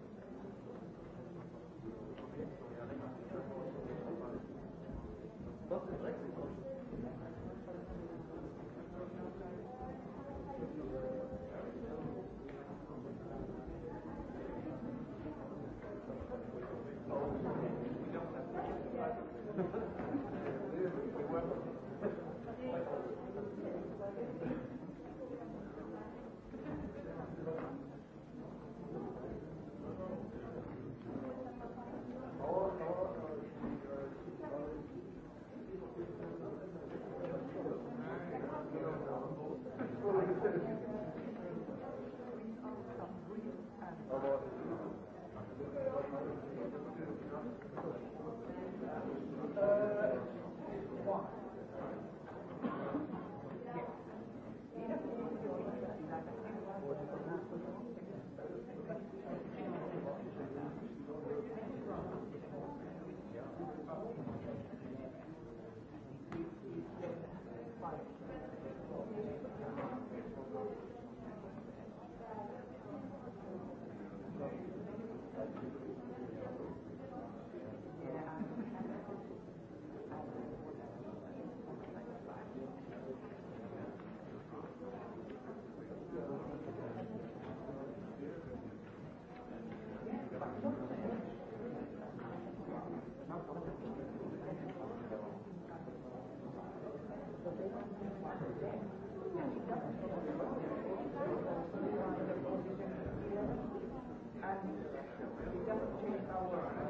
It doesn't change our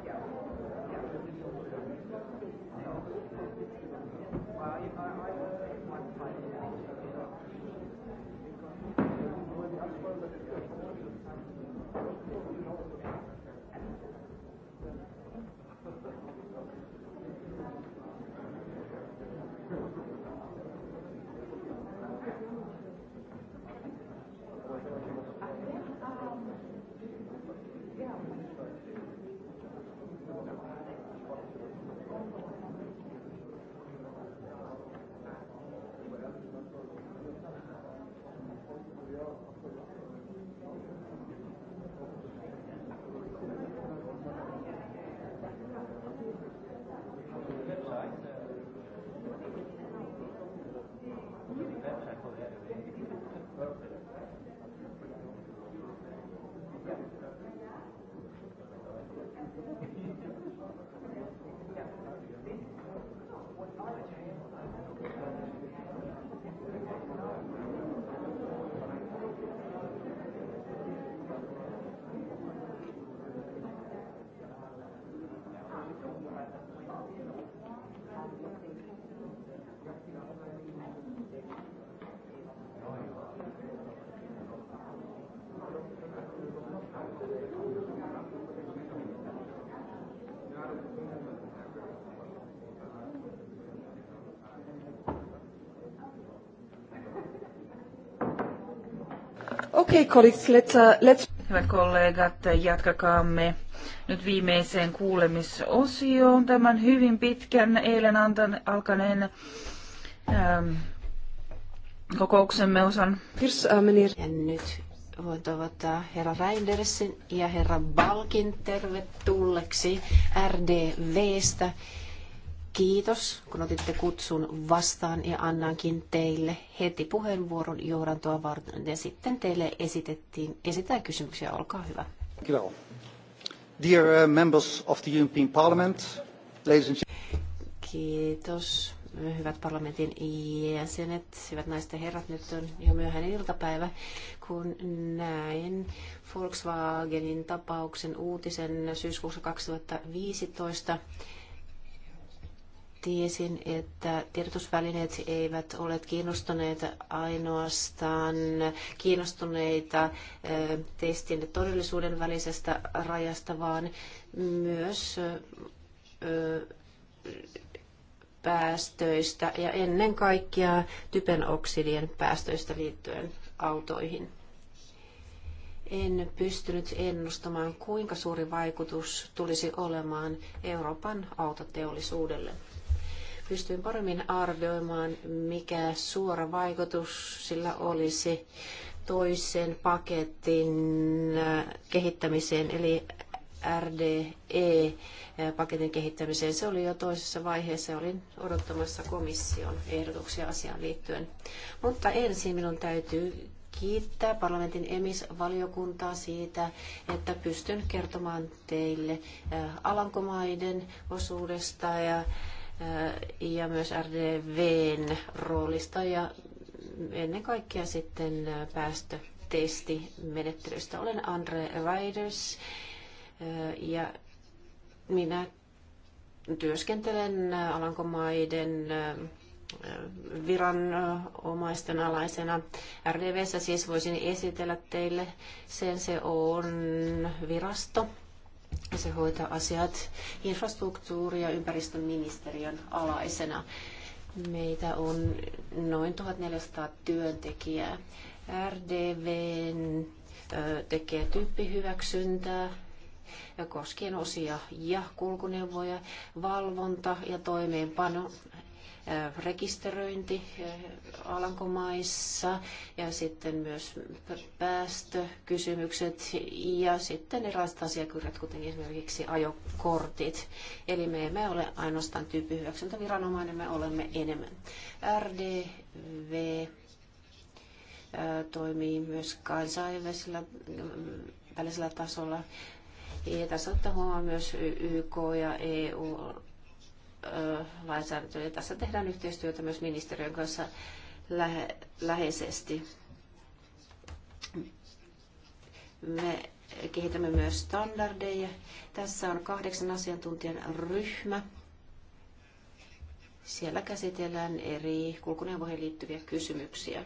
Okay, colleagues, let's, uh, let's... Hyvät kollegat, jatkakaamme nyt viimeiseen kuulemisosioon tämän hyvin pitkän eilen antan, alkaneen ähm, kokouksemme osan. Uh, ja nyt voin toivottaa herra Reindersin ja herra Balkin tervetulleeksi RDVstä Kiitos, kun otitte kutsun vastaan ja annankin teille heti puheenvuoron johdantoa varten. Ja sitten teille esitettiin, esitään kysymyksiä, olkaa hyvä. Dear uh, members of the European Parliament, ladies and Kiitos, hyvät parlamentin jäsenet, hyvät naiset ja herrat. Nyt on jo myöhäinen iltapäivä, kun näin Volkswagenin tapauksen uutisen syyskuussa 2015 tiesin, että tiedotusvälineet eivät ole kiinnostuneita ainoastaan kiinnostuneita testin ja todellisuuden välisestä rajasta, vaan myös päästöistä ja ennen kaikkea typenoksidien päästöistä liittyen autoihin. En pystynyt ennustamaan, kuinka suuri vaikutus tulisi olemaan Euroopan autoteollisuudelle pystyin paremmin arvioimaan, mikä suora vaikutus sillä olisi toisen paketin kehittämiseen, eli RDE-paketin kehittämiseen. Se oli jo toisessa vaiheessa. Olin odottamassa komission ehdotuksia asiaan liittyen. Mutta ensin minun täytyy kiittää parlamentin emisvaliokuntaa siitä, että pystyn kertomaan teille Alankomaiden osuudesta ja ja myös RDVn roolista ja ennen kaikkea sitten päästötestimenettelystä. Olen Andre Riders ja minä työskentelen Alankomaiden viranomaisten alaisena. RDVssä siis voisin esitellä teille sen, se on virasto, se hoitaa asiat infrastruktuuri- ja ympäristöministeriön alaisena. Meitä on noin 1400 työntekijää. RDV tekee tyyppihyväksyntää koskien osia ja kulkuneuvoja, valvonta ja toimeenpano rekisteröinti Alankomaissa ja sitten myös päästökysymykset ja sitten erilaiset asiakirjat, kuten esimerkiksi ajokortit. Eli me emme ole ainoastaan tyyppihyväksyntäviranomainen, me olemme enemmän. RDV toimii myös kansainvälisellä mm, välisellä tasolla. Ja tässä ottaa huomioon myös YK ja EU lainsäädäntöön. Ja tässä tehdään yhteistyötä myös ministeriön kanssa lähe, läheisesti. Me kehitämme myös standardeja. Tässä on kahdeksan asiantuntijan ryhmä. Siellä käsitellään eri kulkuneuvoihin liittyviä kysymyksiä.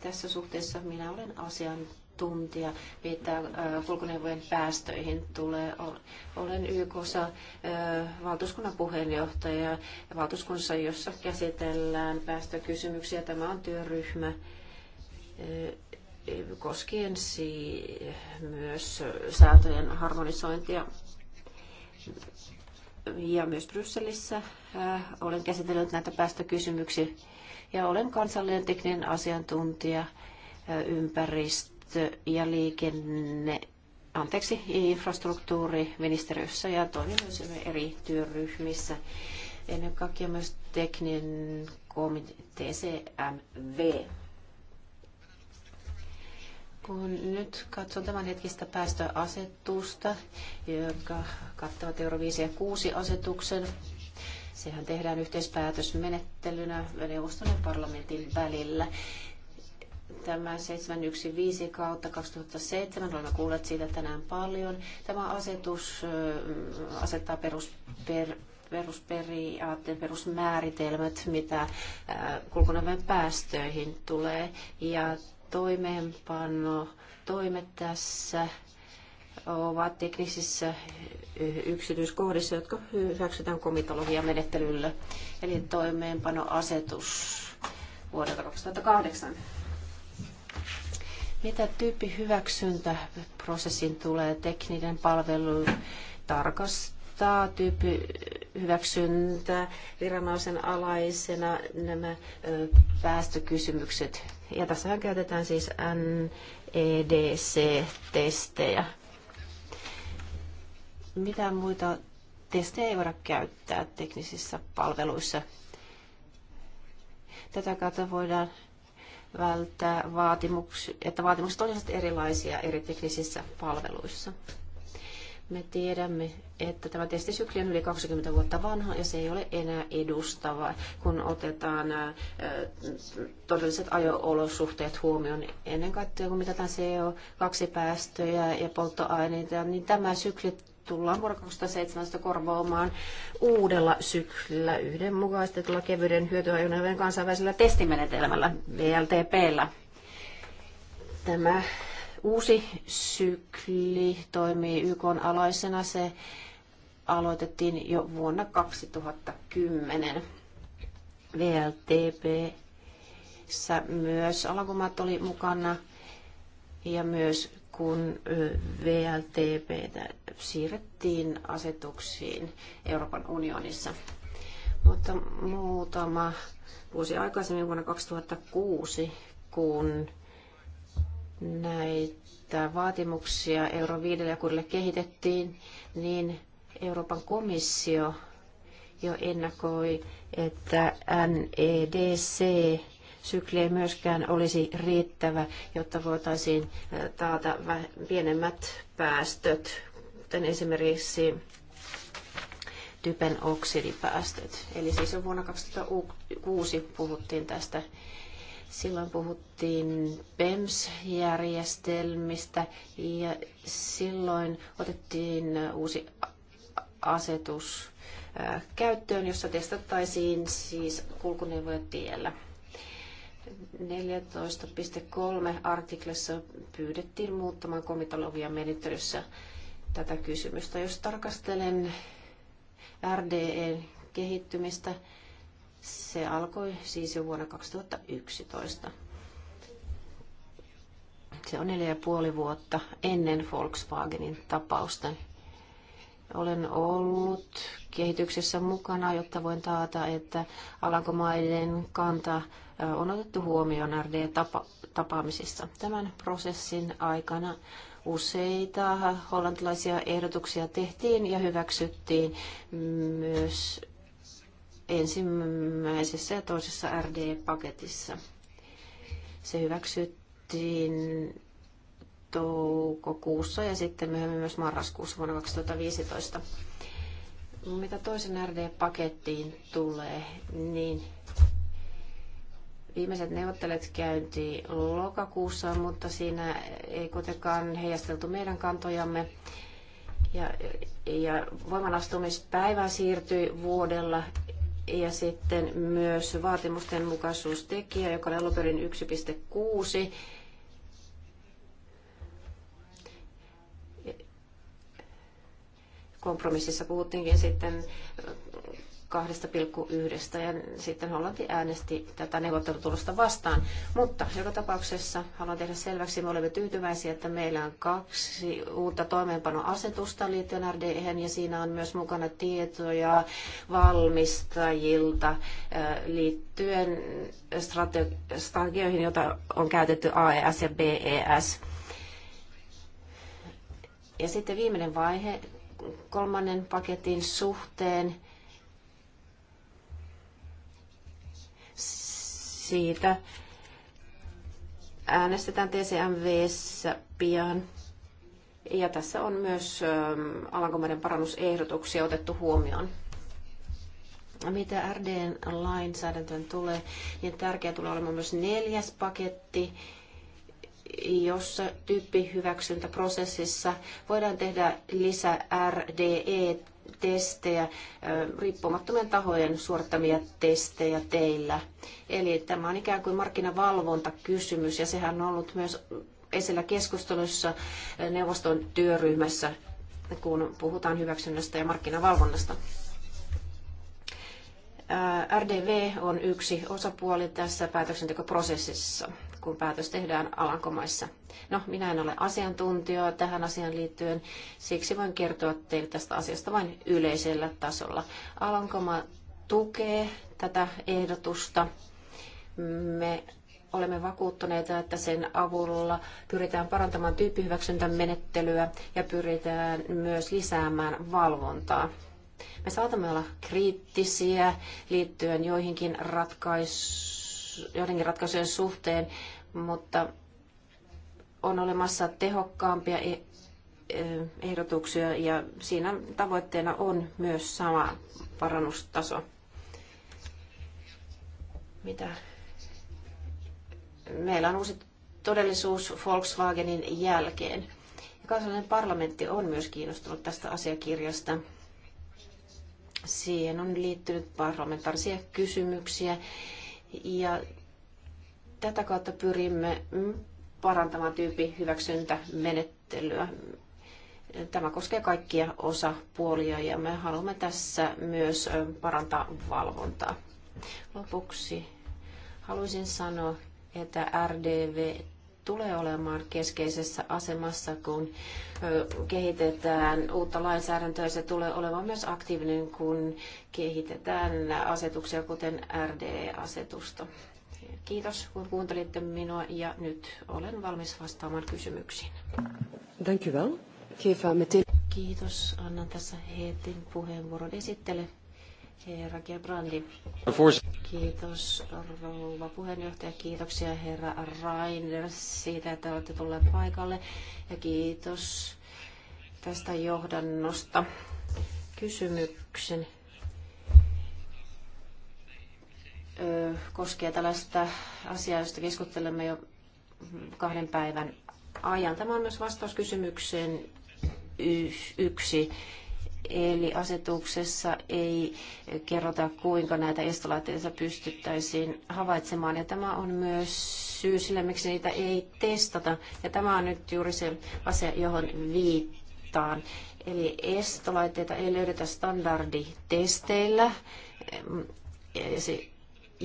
Tässä suhteessa minä olen asiantuntija tuntia, mitä kulkuneuvojen päästöihin tulee. Olen YKssa valtuuskunnan puheenjohtaja valtuuskunnassa, jossa käsitellään päästökysymyksiä. Tämä on työryhmä koskien myös säätöjen harmonisointia. Ja myös Brysselissä olen käsitellyt näitä päästökysymyksiä ja olen kansallinen tekninen asiantuntija ympäristö ympäristö- ja liikenne, anteeksi, infrastruktuuriministeriössä ja toimin myös eri työryhmissä. Ennen kaikkea myös tekninen komitea CMV. Kun nyt katson tämän hetkistä päästöasetusta, joka kattavat euro 5 ja 6 asetuksen, sehän tehdään yhteispäätösmenettelynä neuvoston ja parlamentin välillä tämä 715 kautta 2007, olemme kuulleet siitä tänään paljon. Tämä asetus asettaa perusper, perusperiaatteen, perusmääritelmät, mitä kulkuneuvojen päästöihin tulee. Ja toimeenpano, toimet tässä ovat teknisissä yksityiskohdissa, jotka hyväksytään menettelyllä Eli toimeenpanoasetus vuodelta 2008. Mitä tyyppi hyväksyntäprosessin tulee, tekninen palvelu tarkastaa tyyppi hyväksyntä viranomaisen alaisena nämä ö, päästökysymykset. Ja tässähän käytetään siis NEDC-testejä. Mitä muita testejä ei voida käyttää teknisissä palveluissa? Tätä kautta voidaan välttää, vaatimuksia, että vaatimukset olisivat erilaisia eri teknisissä palveluissa. Me tiedämme, että tämä testisykli on yli 20 vuotta vanha ja se ei ole enää edustava, kun otetaan todelliset ajo-olosuhteet huomioon. Ennen kaikkea kun mitataan CO2-päästöjä ja polttoaineita, niin tämä sykli tullaan vuonna 2017 korvaamaan uudella syklillä yhdenmukaistetulla kevyiden hyötyajoneuvojen kansainvälisellä testimenetelmällä VLTPllä. Tämä uusi sykli toimii YK alaisena. Se aloitettiin jo vuonna 2010. VLTP myös Alankomaat oli mukana ja myös kun VLTP siirrettiin asetuksiin Euroopan unionissa. Mutta muutama vuosi aikaisemmin, vuonna 2006, kun näitä vaatimuksia euro 5 ja 6 kehitettiin, niin Euroopan komissio jo ennakoi, että NEDC-sykli ei myöskään olisi riittävä, jotta voitaisiin taata pienemmät päästöt sitten esimerkiksi typen oksidipäästöt. Eli siis jo vuonna 2006 puhuttiin tästä. Silloin puhuttiin PEMS-järjestelmistä ja silloin otettiin uusi asetus käyttöön, jossa testattaisiin siis kulkuneuvoja tiellä. 14.3 artiklassa pyydettiin muuttamaan komitologian menettelyssä tätä kysymystä. Jos tarkastelen RDEn kehittymistä, se alkoi siis jo vuonna 2011. Se on neljä ja puoli vuotta ennen Volkswagenin tapausta. Olen ollut kehityksessä mukana, jotta voin taata, että Alankomaiden kanta on otettu huomioon RD-tapaamisissa. E Tämän prosessin aikana Useita hollantilaisia ehdotuksia tehtiin ja hyväksyttiin myös ensimmäisessä ja toisessa RD-paketissa. Se hyväksyttiin toukokuussa ja sitten myöhemmin myös marraskuussa vuonna 2015. Mitä toisen RD-pakettiin tulee, niin Viimeiset neuvottelut käynti lokakuussa, mutta siinä ei kuitenkaan heijasteltu meidän kantojamme. Ja, ja voimanastumispäivä siirtyi vuodella ja sitten myös vaatimusten mukaisuustekijä, joka oli alun perin 1,6. Kompromississa puhuttiinkin sitten 2,1 ja sitten Hollanti äänesti tätä neuvottelutulosta vastaan. Mutta joka tapauksessa haluan tehdä selväksi, me olemme tyytyväisiä, että meillä on kaksi uutta toimeenpanoasetusta liittyen RDEhän ja siinä on myös mukana tietoja valmistajilta äh, liittyen strategioihin, joita on käytetty AES ja BES. Ja sitten viimeinen vaihe kolmannen paketin suhteen siitä äänestetään TCMVssä pian. Ja tässä on myös ähm, Alankomaiden parannusehdotuksia otettu huomioon. Mitä RDn lainsäädäntöön tulee, niin tärkeä tulee olemaan myös neljäs paketti, jossa tyyppihyväksyntäprosessissa voidaan tehdä lisä RDE testejä, riippumattomien tahojen suorittamia testejä teillä. Eli tämä on ikään kuin markkinavalvontakysymys ja sehän on ollut myös esillä keskustelussa neuvoston työryhmässä, kun puhutaan hyväksynnästä ja markkinavalvonnasta. RDV on yksi osapuoli tässä päätöksentekoprosessissa kun päätös tehdään Alankomaissa. No, minä en ole asiantuntija tähän asiaan liittyen, siksi voin kertoa teille tästä asiasta vain yleisellä tasolla. Alankoma tukee tätä ehdotusta. Me olemme vakuuttuneita, että sen avulla pyritään parantamaan tyyppihyväksyntämenettelyä ja pyritään myös lisäämään valvontaa. Me saatamme olla kriittisiä liittyen joihinkin, ratkaisu, joidenkin ratkaisujen suhteen, mutta on olemassa tehokkaampia e- e- ehdotuksia ja siinä tavoitteena on myös sama parannustaso. Mitä? Meillä on uusi todellisuus Volkswagenin jälkeen. Kansallinen parlamentti on myös kiinnostunut tästä asiakirjasta. Siihen on liittynyt parlamentaarisia kysymyksiä ja Tätä kautta pyrimme mm, parantamaan tyypin hyväksyntämenettelyä. Tämä koskee kaikkia osapuolia ja me haluamme tässä myös parantaa valvontaa. Lopuksi haluaisin sanoa, että RDV tulee olemaan keskeisessä asemassa, kun kehitetään uutta lainsäädäntöä. Se tulee olemaan myös aktiivinen, kun kehitetään asetuksia, kuten RDE-asetusta. Kiitos, kun kuuntelitte minua ja nyt olen valmis vastaamaan kysymyksiin. Thank you well. Kiitos. Annan tässä heti puheenvuoron esittele. Herra Gebrandi. Kiitos rouva puheenjohtaja. Kiitoksia herra Rainer siitä, että olette tulleet paikalle. Ja kiitos tästä johdannosta. Kysymyksen koskee tällaista asiaa, josta keskustelemme jo kahden päivän ajan. Tämä on myös vastaus kysymykseen yksi. Eli asetuksessa ei kerrota, kuinka näitä estolaitteita pystyttäisiin havaitsemaan. Ja tämä on myös syy sille, miksi niitä ei testata. Ja tämä on nyt juuri se asia, johon viittaan. Eli estolaitteita ei löydetä standarditesteillä. Ja se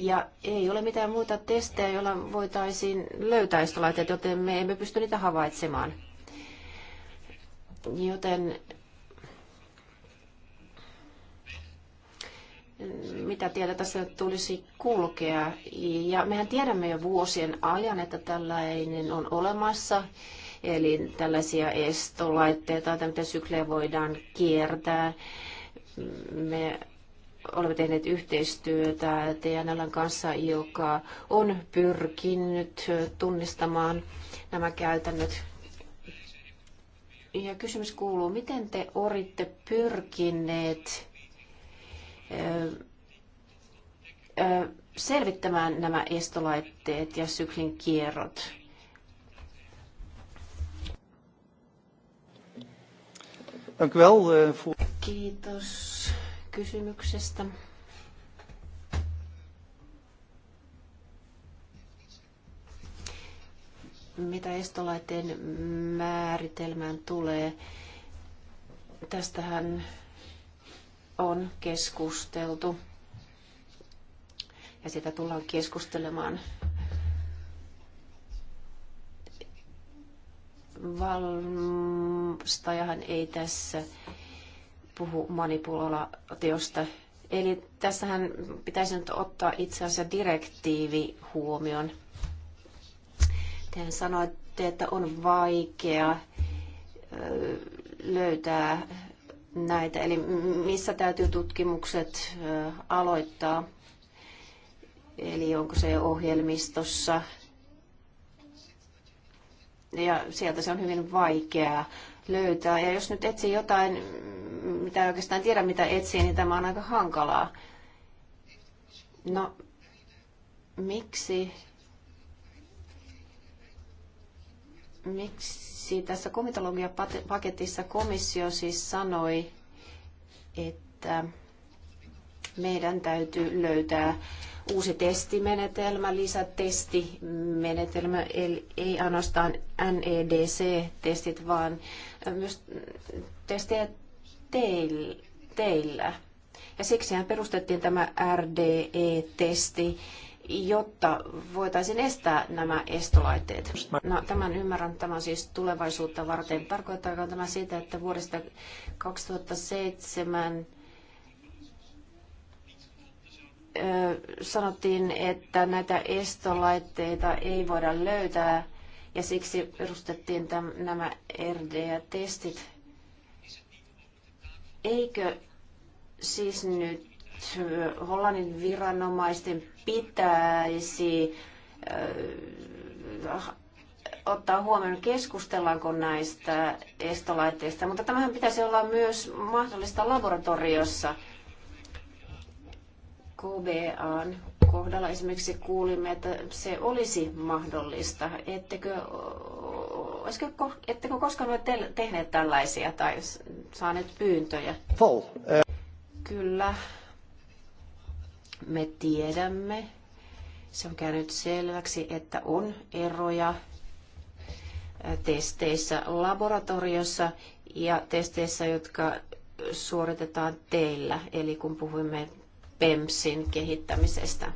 ja ei ole mitään muita testejä, joilla voitaisiin löytää istolaitteet, joten me emme pysty niitä havaitsemaan. Joten mitä tietä tässä tulisi kulkea. Ja mehän tiedämme jo vuosien ajan, että tällainen on olemassa. Eli tällaisia estolaitteita tai miten syklejä voidaan kiertää. Me olemme tehneet yhteistyötä TNLn kanssa, joka on pyrkinyt tunnistamaan nämä käytännöt. Ja kysymys kuuluu, miten te oritte pyrkineet selvittämään nämä estolaitteet ja syklin kierrot? Eh, Kiitos kysymyksestä. Mitä estolaitteen määritelmään tulee, tästähän on keskusteltu ja sitä tullaan keskustelemaan valmistajahan ei tässä puhu manipulaatiosta. Eli tässähän pitäisi nyt ottaa itse asiassa direktiivi huomioon. Tehän sanoitte, että on vaikea löytää näitä, eli missä täytyy tutkimukset aloittaa. Eli onko se ohjelmistossa. Ja sieltä se on hyvin vaikeaa löytää. Ja jos nyt etsii jotain, mitä ei oikeastaan tiedä, mitä etsii, niin tämä on aika hankalaa. No, miksi, miksi tässä komitologiapaketissa komissio siis sanoi, että meidän täytyy löytää uusi testimenetelmä, lisätestimenetelmä, eli ei ainoastaan NEDC-testit, vaan myös testejä teillä. Ja siksihän perustettiin tämä RDE-testi, jotta voitaisiin estää nämä estolaitteet. No, tämän ymmärrän, tämä on siis tulevaisuutta varten. Tarkoittaako tämä sitä, että vuodesta 2007 sanottiin, että näitä estolaitteita ei voida löytää ja siksi perustettiin täm, nämä RDA-testit. Eikö siis nyt Hollannin viranomaisten pitäisi äh, ottaa huomioon, keskustellaanko näistä estolaitteista, mutta tämähän pitäisi olla myös mahdollista laboratoriossa KBAn kohdalla esimerkiksi kuulimme, että se olisi mahdollista. Ettekö, olisiko, ettekö koskaan ole tehneet tällaisia tai saaneet pyyntöjä? Paul, äh. Kyllä, me tiedämme. Se on käynyt selväksi, että on eroja äh, testeissä laboratoriossa ja testeissä, jotka suoritetaan teillä. Eli kun puhuimme PEMSin kehittämisestä.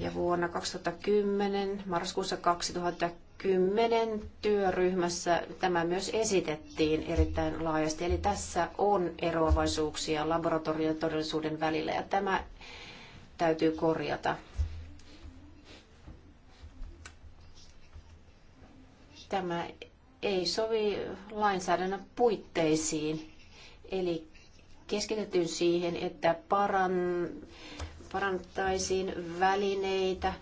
Ja vuonna 2010, marraskuussa 2010 työryhmässä tämä myös esitettiin erittäin laajasti. Eli tässä on eroavaisuuksia laboratorion todellisuuden välillä ja tämä täytyy korjata. Tämä ei sovi lainsäädännön puitteisiin. Eli keskitetty siihen, että paran, parantaisiin välineitä,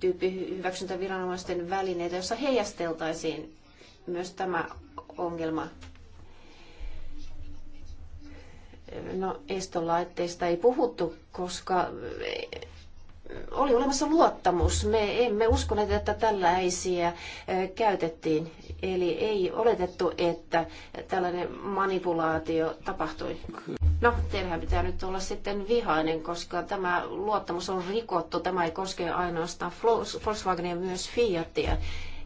tyyppihyväksyntäviranomaisten välineitä, jossa heijasteltaisiin myös tämä ongelma. No, estolaitteista ei puhuttu, koska oli olemassa luottamus. Me emme uskoneet, että tällaisia käytettiin. Eli ei oletettu, että tällainen manipulaatio tapahtui. No, teillähän pitää nyt olla sitten vihainen, koska tämä luottamus on rikottu. Tämä ei koske ainoastaan Volkswagenia, myös Fiatia.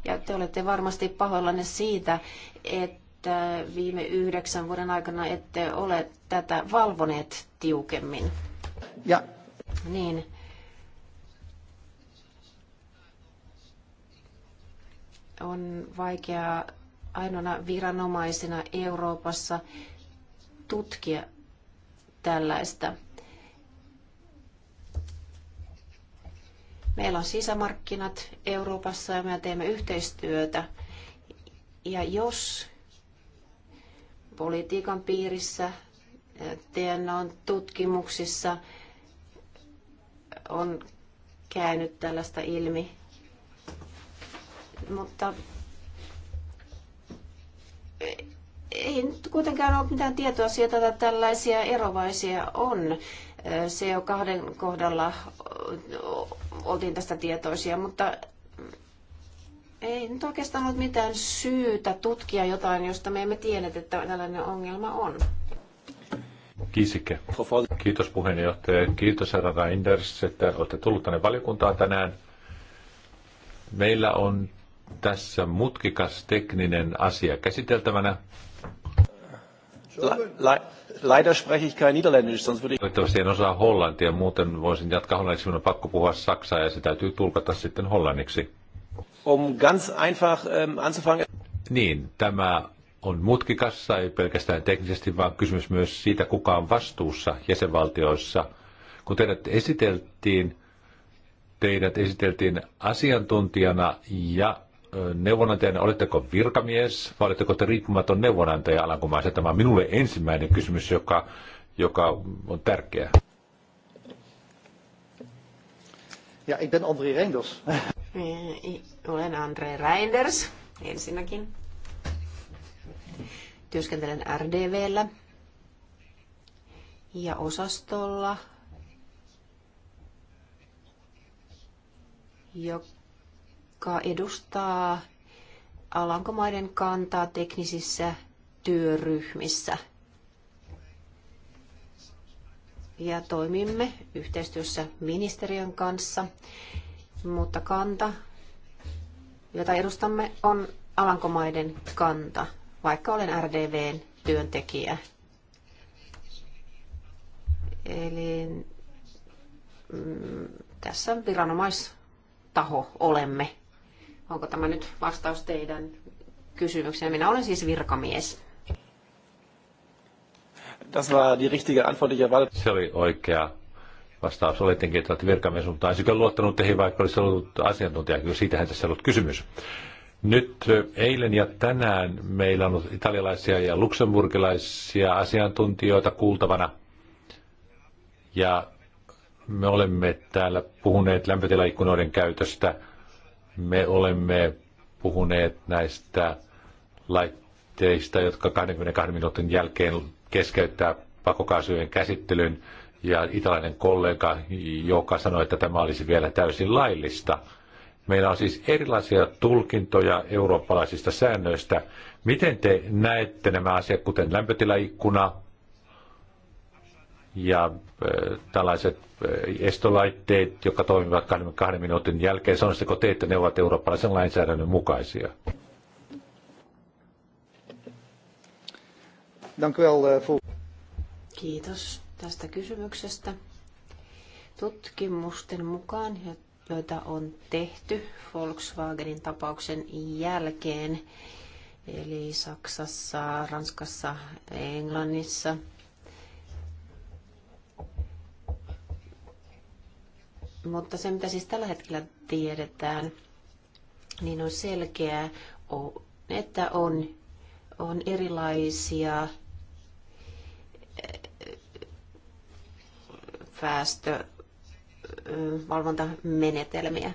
Ja te olette varmasti pahoillanne siitä, että viime yhdeksän vuoden aikana ette ole tätä valvoneet tiukemmin. Ja. Niin. on vaikeaa ainoana viranomaisena Euroopassa tutkia tällaista. Meillä on sisämarkkinat Euroopassa ja me teemme yhteistyötä. Ja jos politiikan piirissä, on tutkimuksissa on käynyt tällaista ilmi, mutta ei nyt kuitenkaan ole mitään tietoa siitä, että tällaisia erovaisia on. CO2 kohdalla oltiin tästä tietoisia, mutta ei nyt oikeastaan ole mitään syytä tutkia jotain, josta me emme tiedä, että tällainen ongelma on. Kiisike. Kiitos puheenjohtaja. Kiitos herra Reinders, että olette tullut tänne valiokuntaan tänään. Meillä on tässä mutkikas tekninen asia käsiteltävänä. Leider spreche ich kein Niederländisch, sonst würde ich... Toivottavasti en osaa hollantia, muuten voisin jatkaa hollanniksi, minun on pakko puhua saksaa ja se täytyy tulkata sitten hollanniksi. Um ganz einfach ähm, anzufangen... Niin, tämä on mutkikassa, ei pelkästään teknisesti, vaan kysymys myös siitä, kuka on vastuussa jäsenvaltioissa. Kun teidät esiteltiin, teidät esiteltiin asiantuntijana ja neuvonantajana, oletteko virkamies vai oletteko te riippumaton neuvonantaja Alankomaissa? Tämä on minulle ensimmäinen kysymys, joka, joka on tärkeä. Ja, ik ben André Reinders. Niin, olen André Reinders ensinnäkin. Työskentelen RDVllä ja osastolla, joka joka edustaa Alankomaiden kantaa teknisissä työryhmissä. Ja toimimme yhteistyössä ministeriön kanssa, mutta kanta, jota edustamme, on Alankomaiden kanta, vaikka olen RDVn työntekijä. Eli mm, tässä viranomaistaho olemme. Onko tämä nyt vastaus teidän kysymykseen? Minä olen siis virkamies. Das war die richtige Antwort, die erwartet. Se oli oikea vastaus. Olittenkin, että olette virkamies, mutta olisikö luottanut teihin, vaikka olisi ollut asiantuntija. Kyllä siitähän tässä ollut kysymys. Nyt eh, eilen ja tänään meillä on ollut italialaisia ja luksemburgilaisia asiantuntijoita kuultavana. Ja me olemme täällä puhuneet lämpötilaikkunoiden käytöstä – me olemme puhuneet näistä laitteista, jotka 22 minuutin jälkeen keskeyttää pakokaasujen käsittelyn. Ja italainen kollega, joka sanoi, että tämä olisi vielä täysin laillista. Meillä on siis erilaisia tulkintoja eurooppalaisista säännöistä. Miten te näette nämä asiat, kuten lämpötilaikkuna, ja tällaiset estolaitteet, jotka toimivat kahden minuutin jälkeen, sanoisitteko te, että ne ovat eurooppalaisen lainsäädännön mukaisia? Eh, Kiitos tästä kysymyksestä. Tutkimusten mukaan, joita on tehty Volkswagenin tapauksen jälkeen, eli Saksassa, Ranskassa, Englannissa – Mutta se, mitä siis tällä hetkellä tiedetään, niin on selkeää, että on, on erilaisia päästövalvontamenetelmiä. Eh, eh,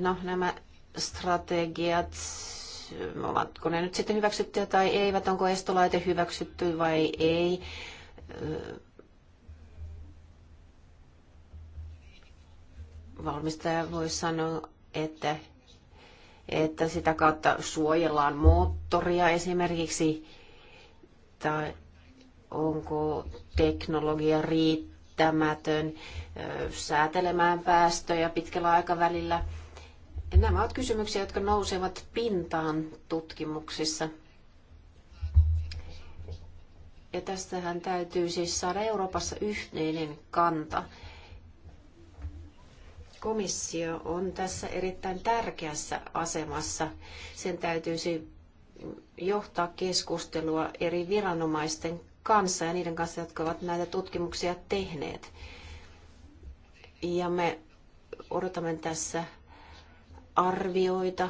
no, nämä strategiat, ovatko ne nyt sitten hyväksyttyjä tai eivät, onko estolaite hyväksytty vai ei. Eh, valmistaja voi sanoa, että, että sitä kautta suojellaan moottoria esimerkiksi, tai onko teknologia riittämätön säätelemään päästöjä pitkällä aikavälillä. Nämä ovat kysymyksiä, jotka nousevat pintaan tutkimuksissa. Ja tästähän täytyy siis saada Euroopassa yhteinen kanta komissio on tässä erittäin tärkeässä asemassa. Sen täytyisi johtaa keskustelua eri viranomaisten kanssa ja niiden kanssa, jotka ovat näitä tutkimuksia tehneet. Ja me odotamme tässä arvioita,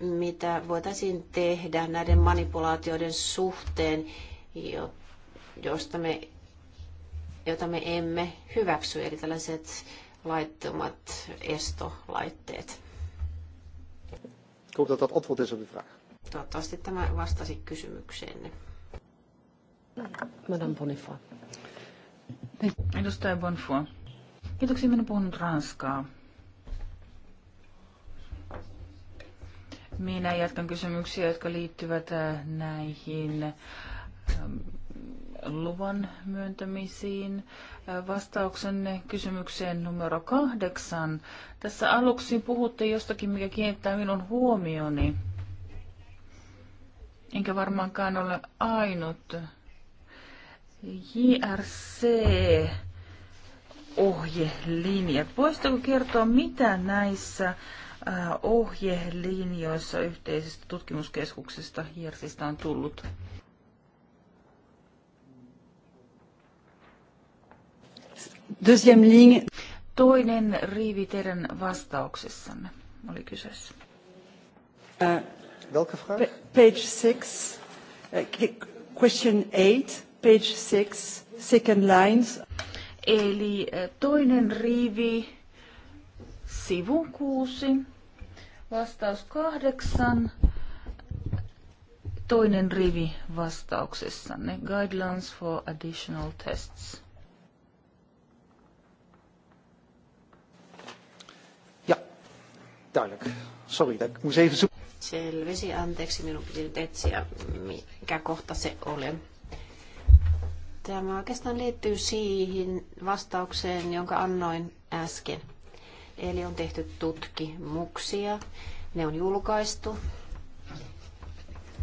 mitä voitaisiin tehdä näiden manipulaatioiden suhteen, josta me, jota me emme hyväksy, eli tällaiset laittomat estolaitteet? Ik hoop dat dat antwoord is op uw vraag. Toivottavasti tämä vastasi kysymykseenne. Madame Bonifa. Edustaja Bonfoy. Kiitoksia, minä puhun ranskaa. Minä jatkan kysymyksiä, jotka liittyvät äh, näihin ähm, luvan myöntämisiin. Vastauksenne kysymykseen numero kahdeksan. Tässä aluksi puhutte jostakin, mikä kiinnittää minun huomioni. Enkä varmaankaan ole ainut. JRC ohjelinjat. Voisitko kertoa, mitä näissä ohjelinjoissa yhteisestä tutkimuskeskuksesta JRCstä on tullut? Deuxième ligne. Toinen riivi teidän vastauksessanne oli kyseessä. Uh, Welke vraag? Page 6, uh, question 8, page 6, second lines. Eli uh, toinen riivi, sivu 6, vastaus 8, toinen rivi vastauksessanne, guidelines for additional tests. Duidelijk. Sorry, dat moest even zoeken. Selvisi, anteeksi, minun piti nyt etsiä, mikä kohta se oli. Tämä oikeastaan liittyy siihen vastaukseen, jonka annoin äsken. Eli on tehty tutkimuksia, ne on julkaistu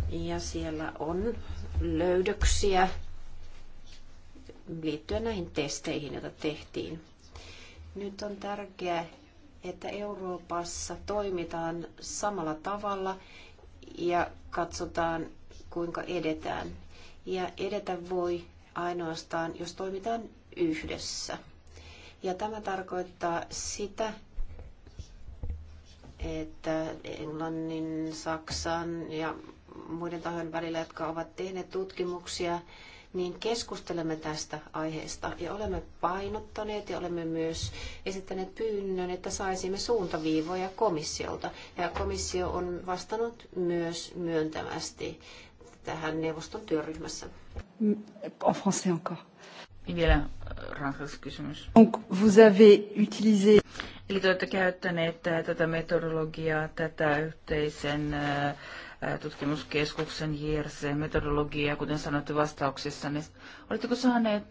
ja siellä on löydöksiä liittyen näihin testeihin, joita tehtiin. Nyt on tärkeää että Euroopassa toimitaan samalla tavalla ja katsotaan, kuinka edetään. Ja edetä voi ainoastaan, jos toimitaan yhdessä. Ja tämä tarkoittaa sitä, että Englannin, Saksan ja muiden tahojen välillä, jotka ovat tehneet tutkimuksia, niin keskustelemme tästä aiheesta ja olemme painottaneet ja olemme myös esittäneet pyynnön, että saisimme suuntaviivoja komissiolta. Ja komissio on vastannut myös myöntävästi tähän neuvoston työryhmässä. En français encore. Vielä äh, ranskaksi kysymys. Donc, vous avez utilisé... Eli te olette käyttäneet äh, tätä metodologiaa, tätä yhteisen äh, tutkimuskeskuksen JRC-metodologiaa, kuten sanoitte vastauksissa, niin oletteko saaneet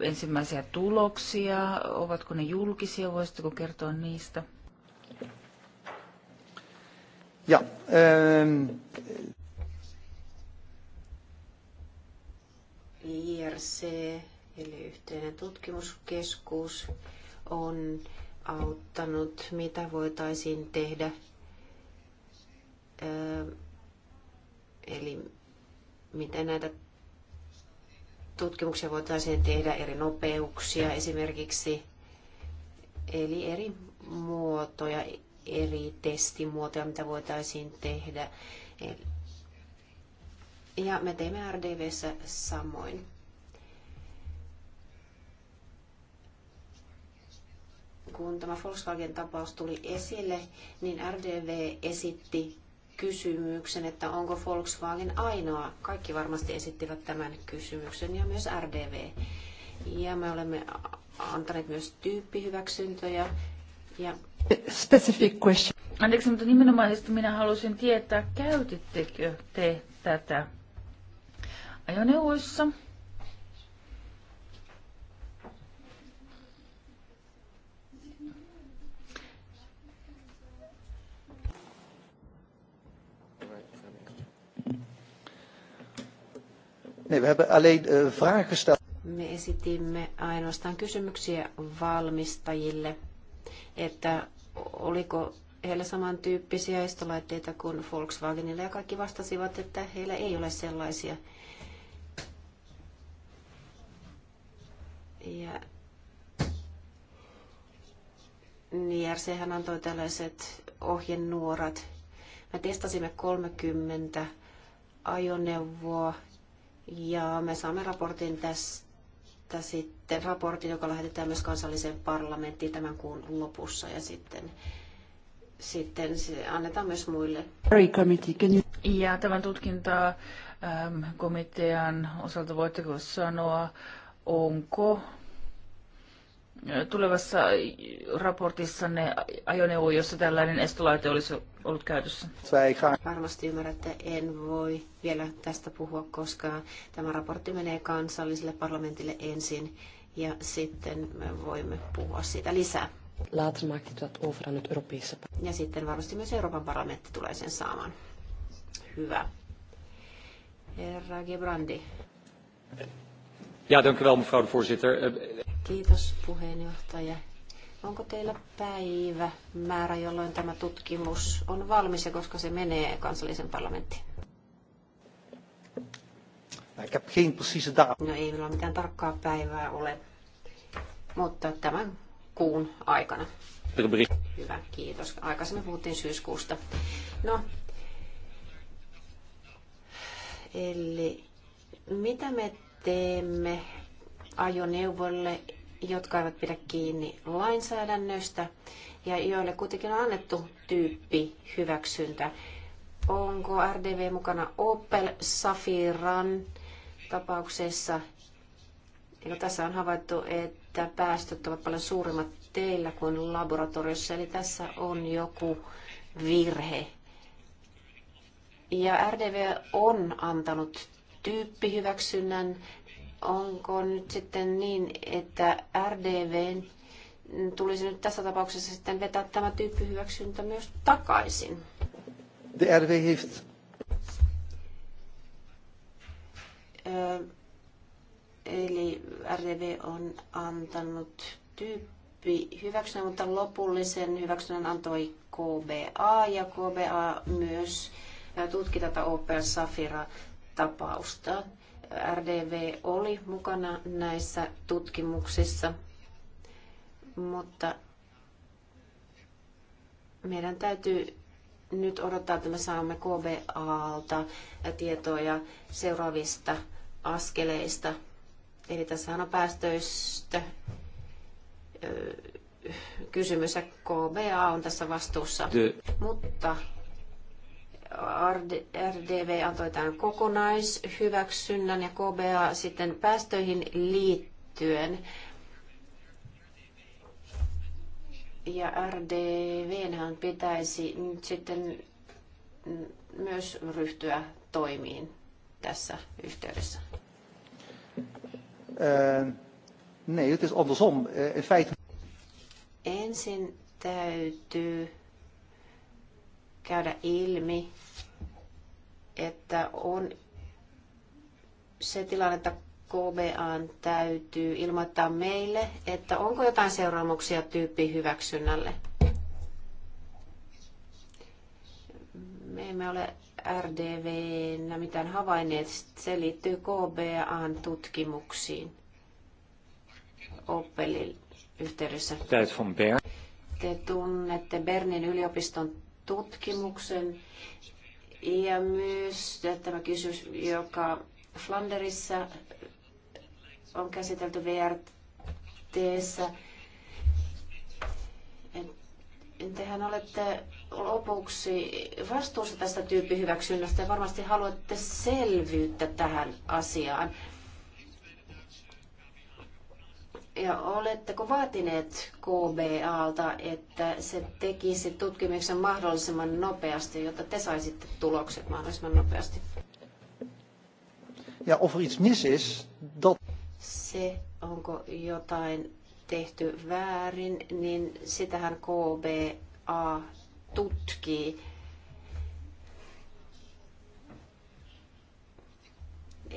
ensimmäisiä tuloksia? Ovatko ne julkisia? Voisitteko kertoa niistä? Ja, ähm. IRC, eli yhteinen tutkimuskeskus, on auttanut, mitä voitaisiin tehdä Eli miten näitä tutkimuksia voitaisiin tehdä, eri nopeuksia esimerkiksi, eli eri muotoja, eri testimuotoja, mitä voitaisiin tehdä. Ja me teemme RDVssä samoin. Kun tämä Volkswagen-tapaus tuli esille, niin RDV esitti kysymyksen, että onko Volkswagen ainoa. Kaikki varmasti esittivät tämän kysymyksen ja myös RDV. Ja me olemme antaneet myös tyyppihyväksyntöjä. Ja... Specific question. Anteeksi, mutta nimenomaisesti minä halusin tietää, käytittekö te tätä ajoneuvoissa? Nee, we hebben alleen uh, vragen gesteld. Me esitimme ainoastaan kysymyksiä valmistajille, että oliko heillä samantyyppisiä estolaitteita kuin Volkswagenilla ja kaikki vastasivat, että heillä ei ole sellaisia. Ja JRC antoi tällaiset ohjenuorat. Me testasimme 30 ajoneuvoa ja me saamme raportin tästä sitten, raportin, joka lähetetään myös kansalliseen parlamenttiin tämän kuun lopussa ja sitten sitten se annetaan myös muille. Ja tämän tutkintaa ähm, komitean osalta voitteko sanoa, onko tulevassa raportissanne ajoneuvo, jossa tällainen estolaite olisi ollut käytössä? Varmasti ymmärrätte, että en voi vielä tästä puhua, koska tämä raportti menee kansalliselle parlamentille ensin ja sitten me voimme puhua siitä lisää. Ja sitten varmasti myös Euroopan parlamentti tulee sen saamaan. Hyvä. Herra Gebrandi. Ja, dank u wel, mevrouw de voorzitter. Eh, kiitos puheenjohtaja. Onko teillä päivä, määrä, jolloin tämä tutkimus on valmis ja koska se menee kansallisen parlamenttiin? Ik heb geen precieze datum. No ei minulla mitään tarkkaa päivää ole, mutta tämän kuun aikana. Hyvä, kiitos. Aikaisemmin puhuttiin syyskuusta. No, eli mitä me teemme ajoneuvoille, jotka eivät pidä kiinni lainsäädännöstä ja joille kuitenkin on annettu tyyppi hyväksyntä. Onko RDV mukana Opel Safiran tapauksessa? Ja tässä on havaittu, että päästöt ovat paljon suuremmat teillä kuin laboratoriossa, eli tässä on joku virhe. Ja RDV on antanut tyyppihyväksynnän, onko nyt sitten niin, että RDV tulisi nyt tässä tapauksessa sitten vetää tämä tyyppihyväksyntä myös takaisin? The RDV heeft... Eli RDV on antanut tyyppihyväksynnän, mutta lopullisen hyväksynnän antoi KBA ja KBA myös tutki tätä Opel Safira tapausta. RDV oli mukana näissä tutkimuksissa, mutta meidän täytyy nyt odottaa, että me saamme KBAlta tietoja seuraavista askeleista. Eli tässä on päästöistä kysymys ja KBA on tässä vastuussa. Mutta RDV antoi tämän kokonaishyväksynnän ja KBA sitten päästöihin liittyen. Ja RDVnhän pitäisi nyt sitten myös ryhtyä toimiin tässä yhteydessä. Uh, nee, het is andersom. Uh, in feite... Ensin täytyy käydä ilmi, että on se tilanne, että KBA täytyy ilmoittaa meille, että onko jotain seuraamuksia tyyppihyväksynnälle. Me emme ole RDVnä mitään havainneet. Se liittyy KBAn tutkimuksiin Oppelin yhteydessä. Te tunnette Bernin yliopiston tutkimuksen ja myös tämä kysymys, joka Flanderissa on käsitelty vrt Tehän olette lopuksi vastuussa tästä tyyppihyväksynnästä ja varmasti haluatte selvyyttä tähän asiaan. Ja oletteko vaatineet KBAlta, että se tekisi tutkimuksen mahdollisimman nopeasti, jotta te saisitte tulokset mahdollisimman nopeasti? Ja of er iets mis is, dat... Se, onko jotain tehty väärin, niin sitähän KBA tutkii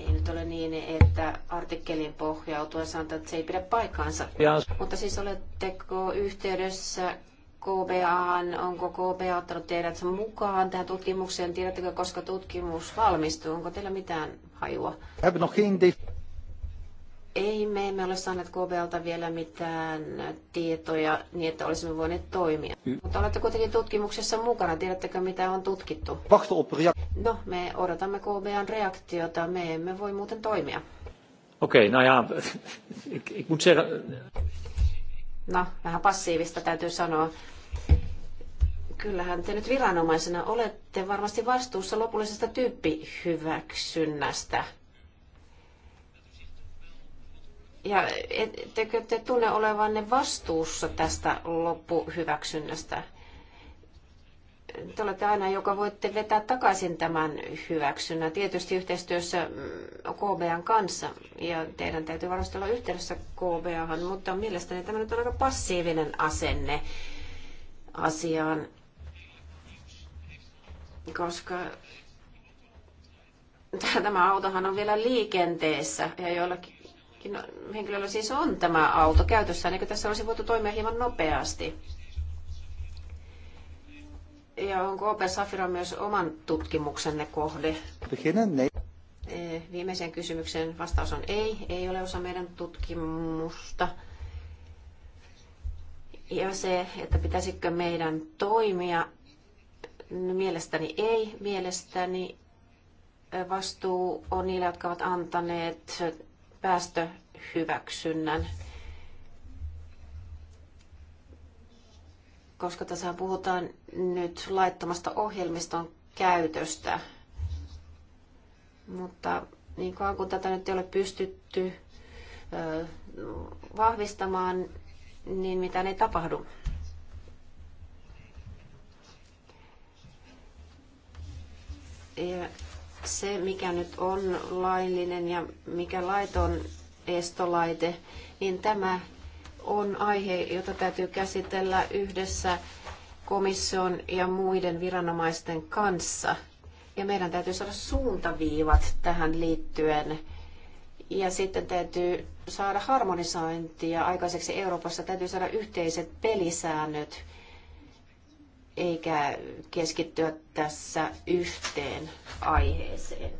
ei nyt ole niin, että artikkelin pohjautuen sanotaan, että se ei pidä paikkaansa. Ja. Mutta siis oletteko yhteydessä KBAan, onko KBA ottanut teidät mukaan tähän tutkimukseen? Tiedättekö, koska tutkimus valmistuu? Onko teillä mitään hajua? Ei, me emme ole saaneet KBLta vielä mitään tietoja niin, että olisimme voineet toimia. Mm. Mutta olette kuitenkin tutkimuksessa mukana. Tiedättekö, mitä on tutkittu? No, me odotamme KBAn reaktiota. Me emme voi muuten toimia. Okei, okay, no ja... No, vähän passiivista täytyy sanoa. Kyllähän te nyt viranomaisena olette varmasti vastuussa lopullisesta tyyppihyväksynnästä Ja ettekö te tunne olevanne vastuussa tästä loppuhyväksynnästä? Te olette aina, joka voitte vetää takaisin tämän hyväksynnän, tietysti yhteistyössä KBAn kanssa, ja teidän täytyy varmasti olla yhteydessä KBAhan, mutta mielestäni tämä nyt on aika passiivinen asenne asiaan, koska tämä autohan on vielä liikenteessä ja joillakin No, henkilöllä siis on tämä auto käytössään, eikö tässä olisi voitu toimia hieman nopeasti? Ja onko Opel Safira myös oman tutkimuksenne kohde? E, viimeiseen kysymykseen vastaus on ei, ei ole osa meidän tutkimusta. Ja se, että pitäisikö meidän toimia, mielestäni ei. Mielestäni e, vastuu on niillä, jotka ovat antaneet päästöhyväksynnän. Koska tässä puhutaan nyt laittomasta ohjelmiston käytöstä. Mutta niin kauan kun tätä nyt ei ole pystytty vahvistamaan, niin mitään ei tapahdu. Ja se, mikä nyt on laillinen ja mikä laiton estolaite, niin tämä on aihe, jota täytyy käsitellä yhdessä komission ja muiden viranomaisten kanssa. Ja meidän täytyy saada suuntaviivat tähän liittyen. Ja sitten täytyy saada harmonisointia aikaiseksi Euroopassa, täytyy saada yhteiset pelisäännöt eikä keskittyä tässä yhteen aiheeseen.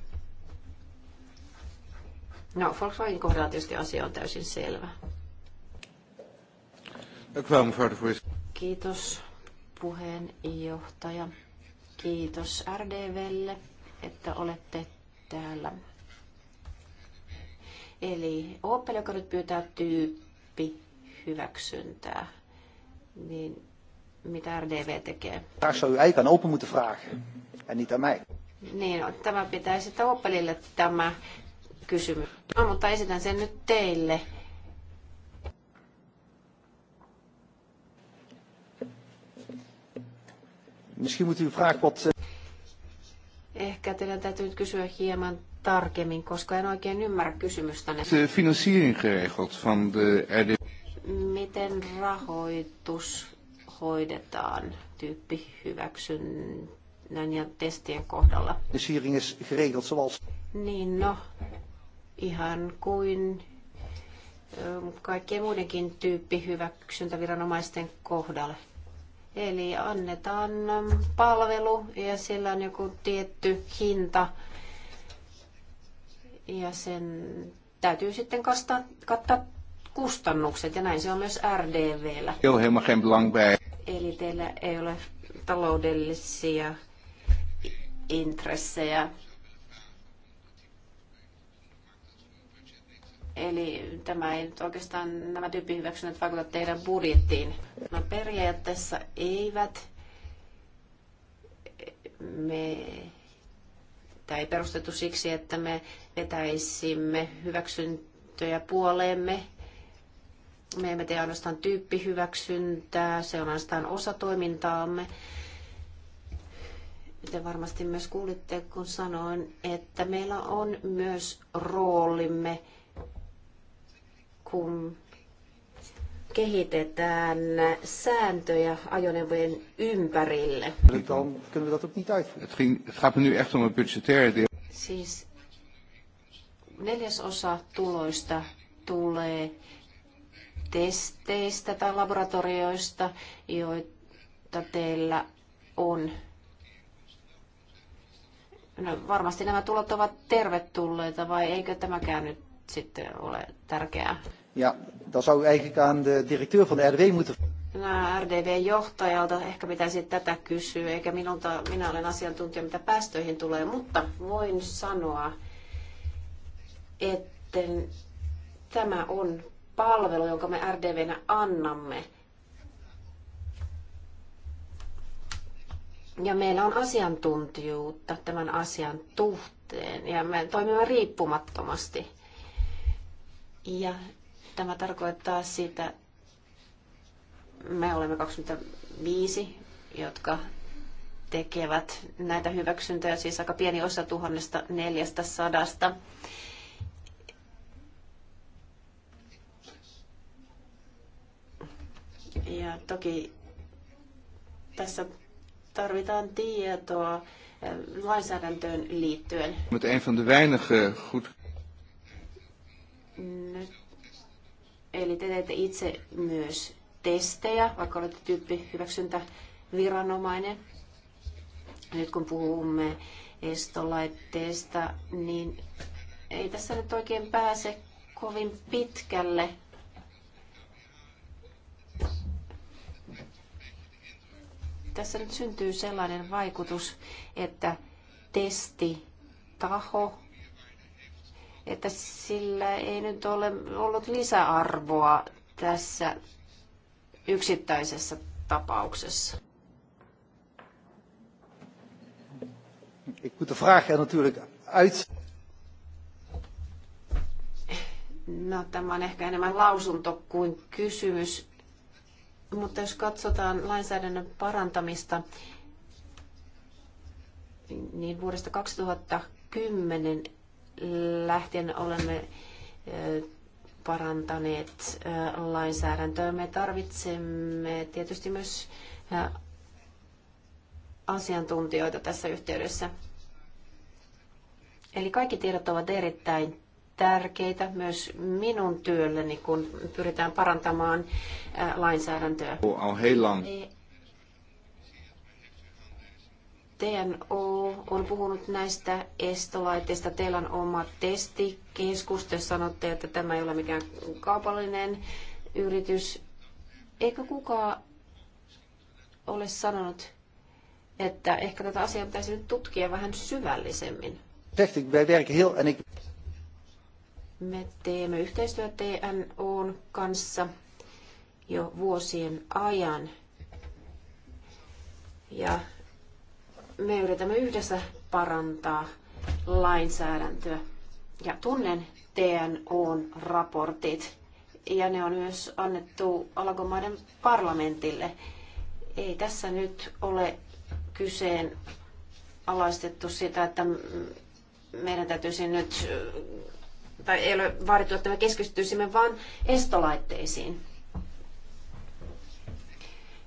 No, Volkswagen kohdalla tietysti asia on täysin selvä. Kiitos puheenjohtaja. Kiitos RDVlle, että olette täällä. Eli Opel, joka nyt pyytää tyyppi hyväksyntää, niin mitä RDV tekee. Daar zou u eigenlijk aan Opel moeten vragen, en niet aan mij. Niin, no, tämä pitäisi sitten Opelille tämä kysymys. No, mutta esitän sen nyt teille. Misschien moet u vragen wat... Eh, Ehkä teidän täytyy nyt kysyä hieman tarkemmin, koska en oikein ymmärrä kysymystänne. De financiering geregeld van de RDV. Miten rahoitus hoidetaan tyyppihyväksynnän ja testien kohdalla? Niin no, ihan kuin ähm, kaikkien muidenkin tyyppihyväksyntäviranomaisten kohdalla. Eli annetaan ähm, palvelu ja sillä on joku tietty hinta ja sen täytyy sitten kastaa, kattaa kustannukset ja näin se on myös RDVllä. Joo, geen belang bij. Eli teillä ei ole taloudellisia intressejä. Eli tämä ei nyt oikeastaan nämä tyyppihyväksynnät vaikuta teidän budjettiin. No periaatteessa eivät. Me, tämä ei perustettu siksi, että me vetäisimme hyväksyntöjä puoleemme me emme tee ainoastaan tyyppihyväksyntää, se on ainoastaan osa toimintaamme. Te varmasti myös kuulitte, kun sanoin, että meillä on myös roolimme, kun kehitetään sääntöjä ajoneuvojen ympärille. Dan kunnen we nu echt Siis neljäsosa tuloista tulee testeistä tai laboratorioista, joita teillä on. No, varmasti nämä tulot ovat tervetulleita, vai eikö tämäkään nyt sitten ole tärkeää? Ja, dan zou eigenlijk aan de directeur van de RW moeten... No, RDV-johtajalta ehkä pitäisi tätä kysyä, eikä minulta, minä olen asiantuntija, mitä päästöihin tulee, mutta voin sanoa, että tämä on palvelu, jonka me RDVnä annamme. Ja meillä on asiantuntijuutta tämän asian tuhteen ja me toimimme riippumattomasti. Ja tämä tarkoittaa sitä, me olemme 25, jotka tekevät näitä hyväksyntöjä, siis aika pieni osa tuhannesta neljästä sadasta. Ja toki tässä tarvitaan tietoa eh, lainsäädäntöön liittyen. Mutta een van de weinige goed... Nyt, eli te teette itse myös testejä, vaikka olette tyyppi hyväksyntä viranomainen. Nyt kun puhumme estolaitteesta, niin ei tässä nyt oikein pääse kovin pitkälle tässä nyt syntyy sellainen vaikutus, että testi taho, että sillä ei nyt ole ollut lisäarvoa tässä yksittäisessä tapauksessa. Ik moet de vraag er natuurlijk uit. No, tämä on ehkä enemmän lausunto kuin kysymys. Mutta jos katsotaan lainsäädännön parantamista, niin vuodesta 2010 lähtien olemme parantaneet lainsäädäntöä. Me tarvitsemme tietysti myös asiantuntijoita tässä yhteydessä. Eli kaikki tiedot ovat erittäin tärkeitä myös minun työlleni, kun pyritään parantamaan lainsäädäntöä. TNO on puhunut näistä estolaitteista. Teillä on oma testikeskus. Te sanotte, että tämä ei ole mikään kaupallinen yritys. Eikö kukaan ole sanonut, että ehkä tätä asiaa pitäisi nyt tutkia vähän syvällisemmin? Me teemme yhteistyötä TNOn kanssa jo vuosien ajan. Ja me yritämme yhdessä parantaa lainsäädäntöä. Ja tunnen TNOn raportit ja ne on myös annettu Alagomaiden parlamentille. Ei tässä nyt ole kyseen alaistettu sitä, että meidän täytyisi nyt tai ei ole vaadittu, että me keskittyisimme vain estolaitteisiin.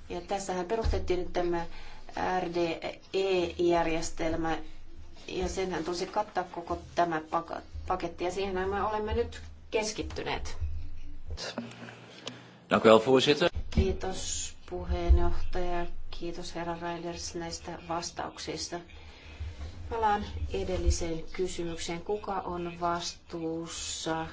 Ja tässähän perustettiin nyt tämä RDE-järjestelmä, ja senhän tulisi kattaa koko tämä paketti, ja siihen me olemme nyt keskittyneet. Kiitos puheenjohtaja, kiitos herra Reilers näistä vastauksista. Palaan edelliseen kysymykseen. Kuka on vastuussa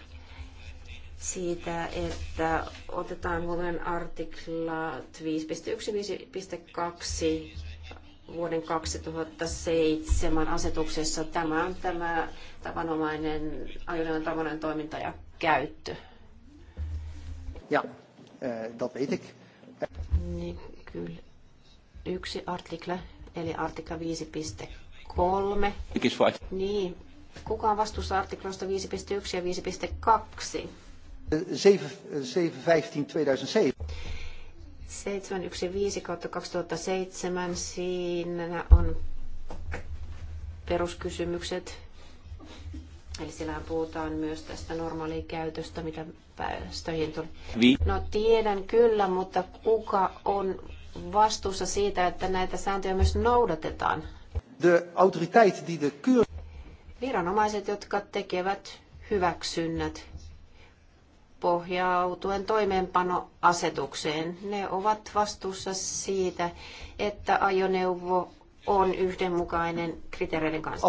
siitä, että otetaan huomioon artikla 5.1.5.2 vuoden 2007 asetuksessa. Tämä on tämä tavanomainen, ajoneuvon tavanomainen toiminta ja käyttö. Ja, eh, dat Niin, kyllä. Yksi artikla, eli artikla vai? Niin. Kuka on vastuussa artikloista 5.1 ja 5.2? 7.15.2007. 715 2007. Siinä on peruskysymykset. Eli siellä puhutaan myös tästä käytöstä, mitä päästöihin tuli. No tiedän kyllä, mutta kuka on vastuussa siitä, että näitä sääntöjä myös noudatetaan? de autoriteit die de keur... Viranomaiset, jotka tekevät hyväksynnät pohjautuen toimeenpanoasetukseen, ne ovat vastuussa siitä, että ajoneuvo on yhdenmukainen kriteereiden kanssa.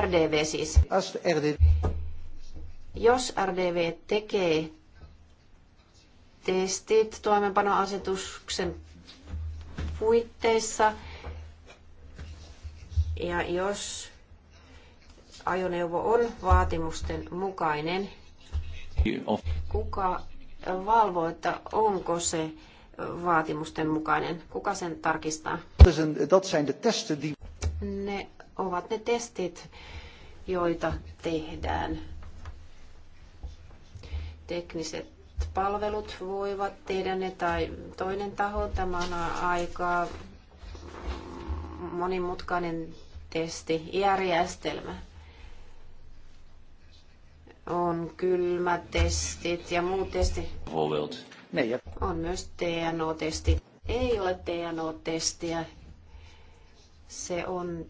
RDV siis. RDV. Jos RDV tekee testit toimeenpanoasetuksen puitteissa, ja jos ajoneuvo on vaatimusten mukainen, kuka valvoo, että onko se vaatimusten mukainen? Kuka sen tarkistaa? Ne ovat ne testit, joita tehdään. Tekniset palvelut voivat tehdä ne tai toinen taho. Tämä on aika monimutkainen testi järjestelmä. On kylmätestit ja muut testit. On myös TNO-testi. Ei ole TNO-testiä. Se on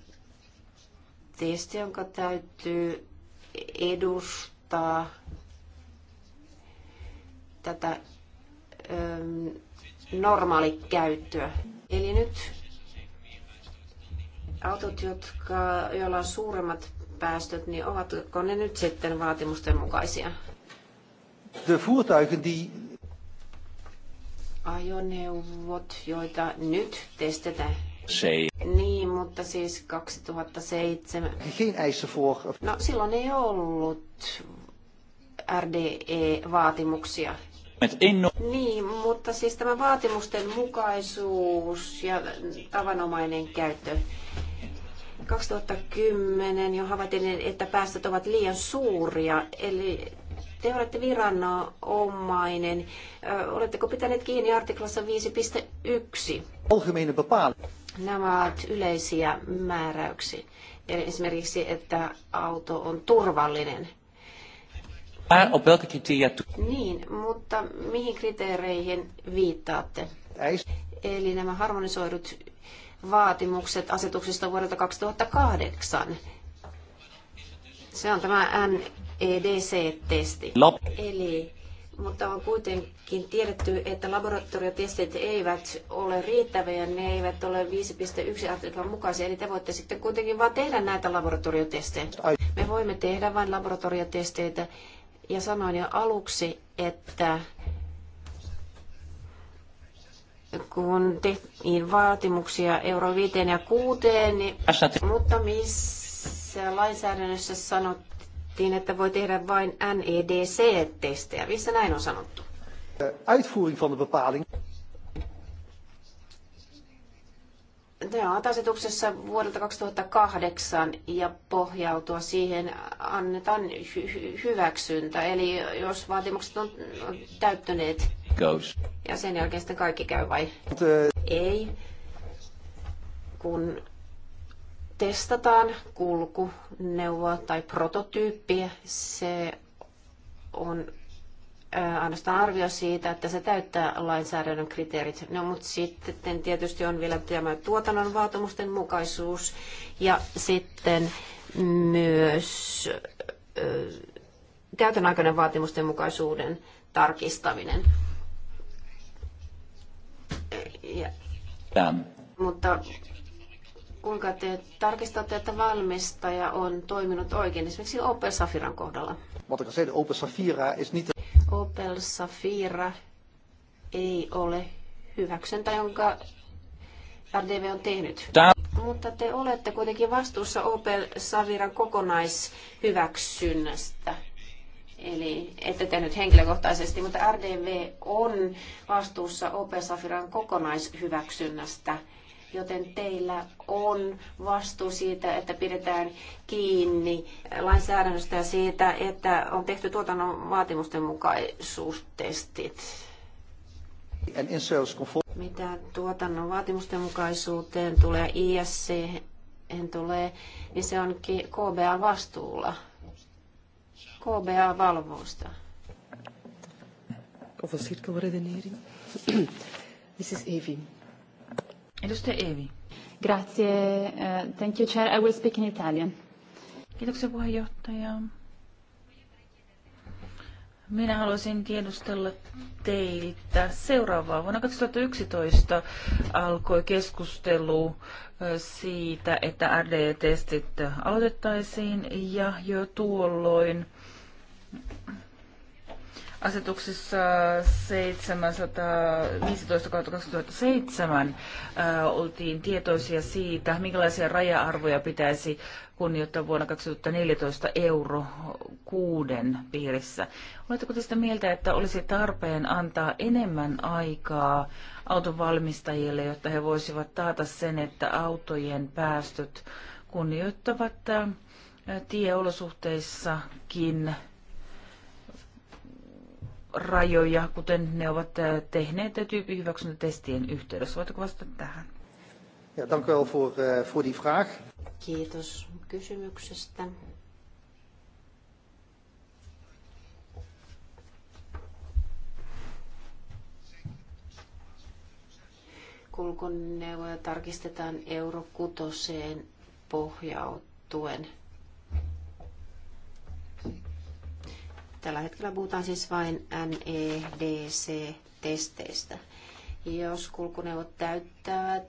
testi, jonka täytyy edustaa tätä normaalikäyttöä. Eli nyt Autot, jotka, joilla on suuremmat päästöt, niin ovatko ne nyt sitten vaatimusten mukaisia? De voertuigen die... Ajoneuvot, joita nyt testetään. Se. Niin, mutta siis 2007. Geen eisen voor. No silloin ei ollut RDE-vaatimuksia. Niin, mutta siis tämä vaatimusten mukaisuus ja tavanomainen käyttö, 2010 jo havaittiin, että päästöt ovat liian suuria, eli te olette viranomainen. Oletteko pitäneet kiinni artiklassa 5.1? Algemene bepaal. Nämä ovat yleisiä määräyksiä. Eli esimerkiksi, että auto on turvallinen. Niin, mutta mihin kriteereihin viittaatte? Eli nämä harmonisoidut vaatimukset asetuksesta vuodelta 2008. Se on tämä NEDC-testi. Eli, mutta on kuitenkin tiedetty, että laboratoriotestit eivät ole riittäviä, ne eivät ole 5.1 artiklan mukaisia, eli te voitte sitten kuitenkin vain tehdä näitä laboratoriotestejä. Me voimme tehdä vain laboratoriotesteitä, ja sanoin jo aluksi, että kun tehtiin vaatimuksia euro 5 ja 6, niin, mutta missä lainsäädännössä sanottiin, että voi tehdä vain NEDC-testejä? Missä näin on sanottu? Uitvoering van de bepaling. Tämä on asetuksessa vuodelta 2008 ja pohjautua siihen annetaan hy- hyväksyntä. Eli jos vaatimukset on täyttyneet goes. Ja sen jälkeen sitten kaikki käy vai? Ei. Kun testataan kulkuneuvoa tai prototyyppiä, se on ainoastaan arvio siitä, että se täyttää lainsäädännön kriteerit. No, mutta sitten tietysti on vielä tämä tuotannon vaatimusten mukaisuus ja sitten myös ää, käytön aikainen vaatimusten mukaisuuden tarkistaminen. Ja, ähm. Mutta kuinka te tarkistatte, että valmistaja on toiminut oikein, esimerkiksi Opel Safiran kohdalla? Wat ik al zei, Opel Safira is niet... Opel Safira ei ole hyväksyntä, jonka RDV on tehnyt. mutta te olette kuitenkin vastuussa Opel Saviran kokonaishyväksynnästä. Eli ette nyt henkilökohtaisesti, mutta RDV on vastuussa OP Safiran kokonaishyväksynnästä, joten teillä on vastuu siitä, että pidetään kiinni lainsäädännöstä ja siitä, että on tehty tuotannon vaatimusten mukaisuustestit. Mitä tuotannon vaatimusten mukaisuuteen tulee, ISC tulee, niin se on KBA vastuulla. KBA valvoo sitä? Of was hier Mrs. Evi. Edustaja Evi. Grazie. Uh, thank you, Chair. I will speak in Italian. Kiitoksia puheenjohtaja. Minä haluaisin tiedustella teiltä seuraavaa. Vuonna 2011 alkoi keskustelu eh, siitä, että RD-testit aloitettaisiin ja jo tuolloin asetuksessa 715-2007 äh, oltiin tietoisia siitä, minkälaisia raja-arvoja pitäisi kunnioittaa vuonna 2014 euro kuuden piirissä. Oletteko te sitä mieltä, että olisi tarpeen antaa enemmän aikaa valmistajille, jotta he voisivat taata sen, että autojen päästöt kunnioittavat äh, tieolosuhteissakin – rajoja, kuten ne ovat äh, tehneet tyyppihyväksyntätestien yhteydessä. Voitko vastata tähän? Ja, dank wel voor, uh, voor die vraag. Kiitos kysymyksestä. Kulkuneuvoja tarkistetaan Eurokutoseen pohjautuen – Tällä hetkellä puhutaan siis vain NEDC-testeistä. Jos kulkuneuvot täyttävät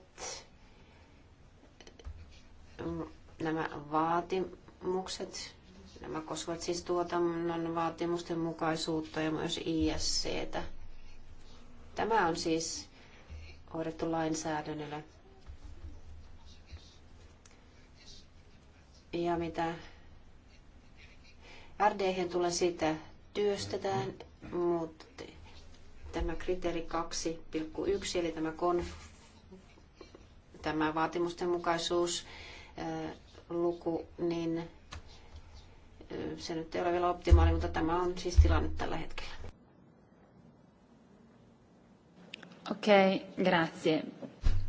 nämä vaatimukset, nämä koskevat siis tuotannon vaatimusten mukaisuutta ja myös ISCtä. Tämä on siis hoidettu lainsäädännöllä. Ja mitä RD tulee siitä työstetään, mutta tämä kriteeri 2,1 eli tämä, konf, tämä vaatimusten mukaisuus luku, niin se nyt ei ole vielä optimaali, mutta tämä on siis tilanne tällä hetkellä. Okei, okay, grazie.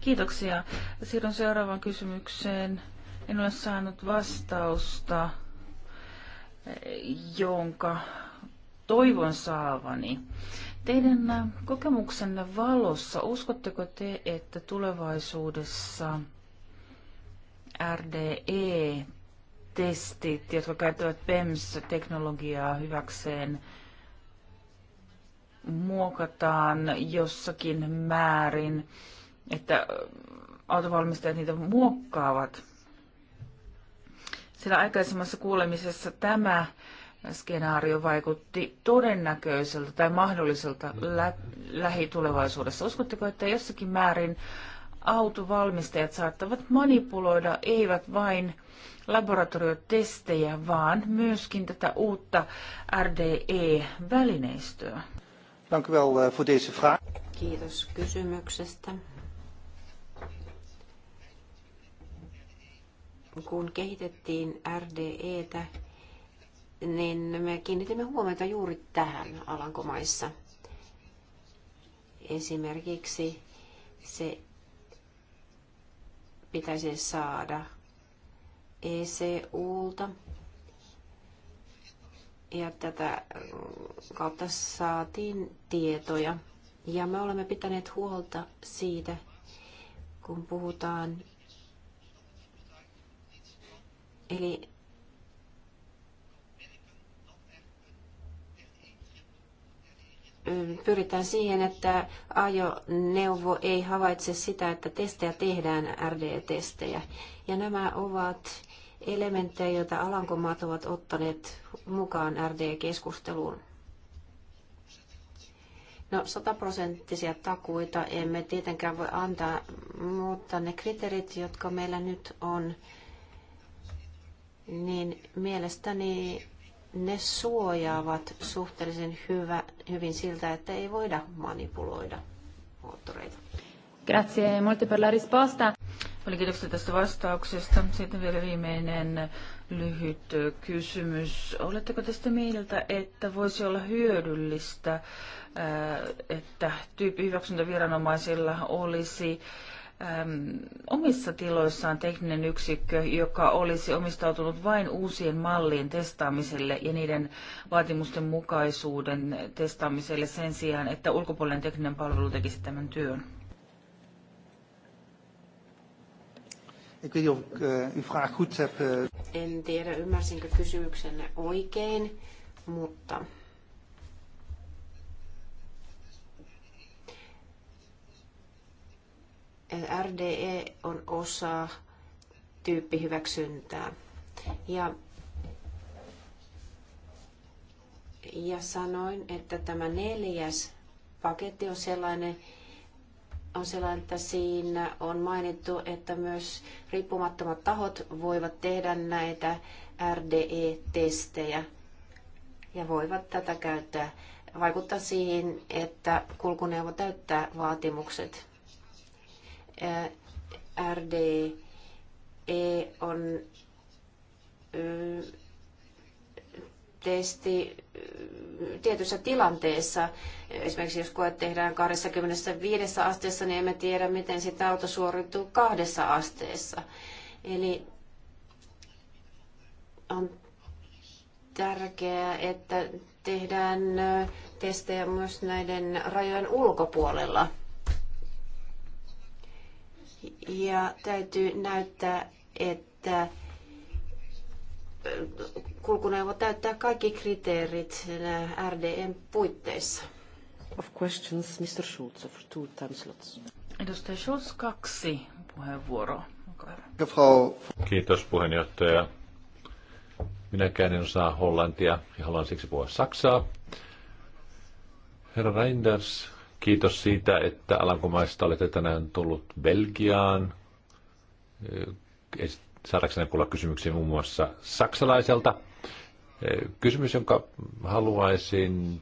Kiitoksia. Siirryn seuraavaan kysymykseen. En ole saanut vastausta jonka toivon saavani. Teidän kokemuksenne valossa, uskotteko te, että tulevaisuudessa RDE-testit, jotka käyttävät PEMS-teknologiaa hyväkseen, muokataan jossakin määrin, että autovalmistajat niitä muokkaavat sillä aikaisemmassa kuulemisessa tämä skenaario vaikutti todennäköiseltä tai mahdolliselta lä- lähitulevaisuudessa. Uskotteko, että jossakin määrin autovalmistajat saattavat manipuloida eivät vain laboratoriotestejä, vaan myöskin tätä uutta RDE-välineistöä? Eh, Kiitos kysymyksestä. kun kehitettiin RDEtä, niin me kiinnitimme huomiota juuri tähän Alankomaissa. Esimerkiksi se pitäisi saada ECUlta. Ja tätä kautta saatiin tietoja. Ja me olemme pitäneet huolta siitä, kun puhutaan Eli mm, pyritään siihen, että ajoneuvo ei havaitse sitä, että testejä tehdään, RDE-testejä. Ja nämä ovat elementtejä, joita Alankomaat ovat ottaneet mukaan RDE-keskusteluun. No, sataprosenttisia takuita emme tietenkään voi antaa, mutta ne kriteerit, jotka meillä nyt on, niin mielestäni ne suojaavat suhteellisen hyvä, hyvin siltä, että ei voida manipuloida moottoreita. Grazie molto per la risposta. Paljon kiitoksia tästä vastauksesta. Sitten vielä viimeinen lyhyt kysymys. Oletteko tästä mieltä, että voisi olla hyödyllistä, että tyyppihyväksyntäviranomaisilla olisi Ähm, omissa tiloissaan tekninen yksikkö, joka olisi omistautunut vain uusien mallien testaamiselle ja niiden vaatimusten mukaisuuden testaamiselle sen sijaan, että ulkopuolinen tekninen palvelu tekisi tämän työn. Eh, eh. En tiedä, ymmärsinkö kysymyksenne oikein, mutta RDE on osa tyyppihyväksyntää. Ja, ja sanoin, että tämä neljäs paketti on sellainen, on sellainen, että siinä on mainittu, että myös riippumattomat tahot voivat tehdä näitä RDE-testejä ja voivat tätä käyttää. Vaikuttaa siihen, että kulkuneuvo täyttää vaatimukset. RDE on testi tietyssä tilanteessa. Esimerkiksi jos koe tehdään 25 asteessa, niin emme tiedä, miten sitä auto suorittuu kahdessa asteessa. Eli on tärkeää, että tehdään testejä myös näiden rajojen ulkopuolella. Ja täytyy näyttää, että kulkuneuvo täyttää kaikki kriteerit RDN puitteissa. Of questions, Mr. Schulz, for two time slots. Edustaja Schulz, kaksi puheenvuoroa. Kiitos puheenjohtaja. Minäkään en osaa hollantia ja haluan siksi puhua saksaa. Herra Reinders, Kiitos siitä, että Alankomaista olette tänään tullut Belgiaan. Saadakseni kuulla kysymyksiä muun muassa saksalaiselta. Kysymys, jonka haluaisin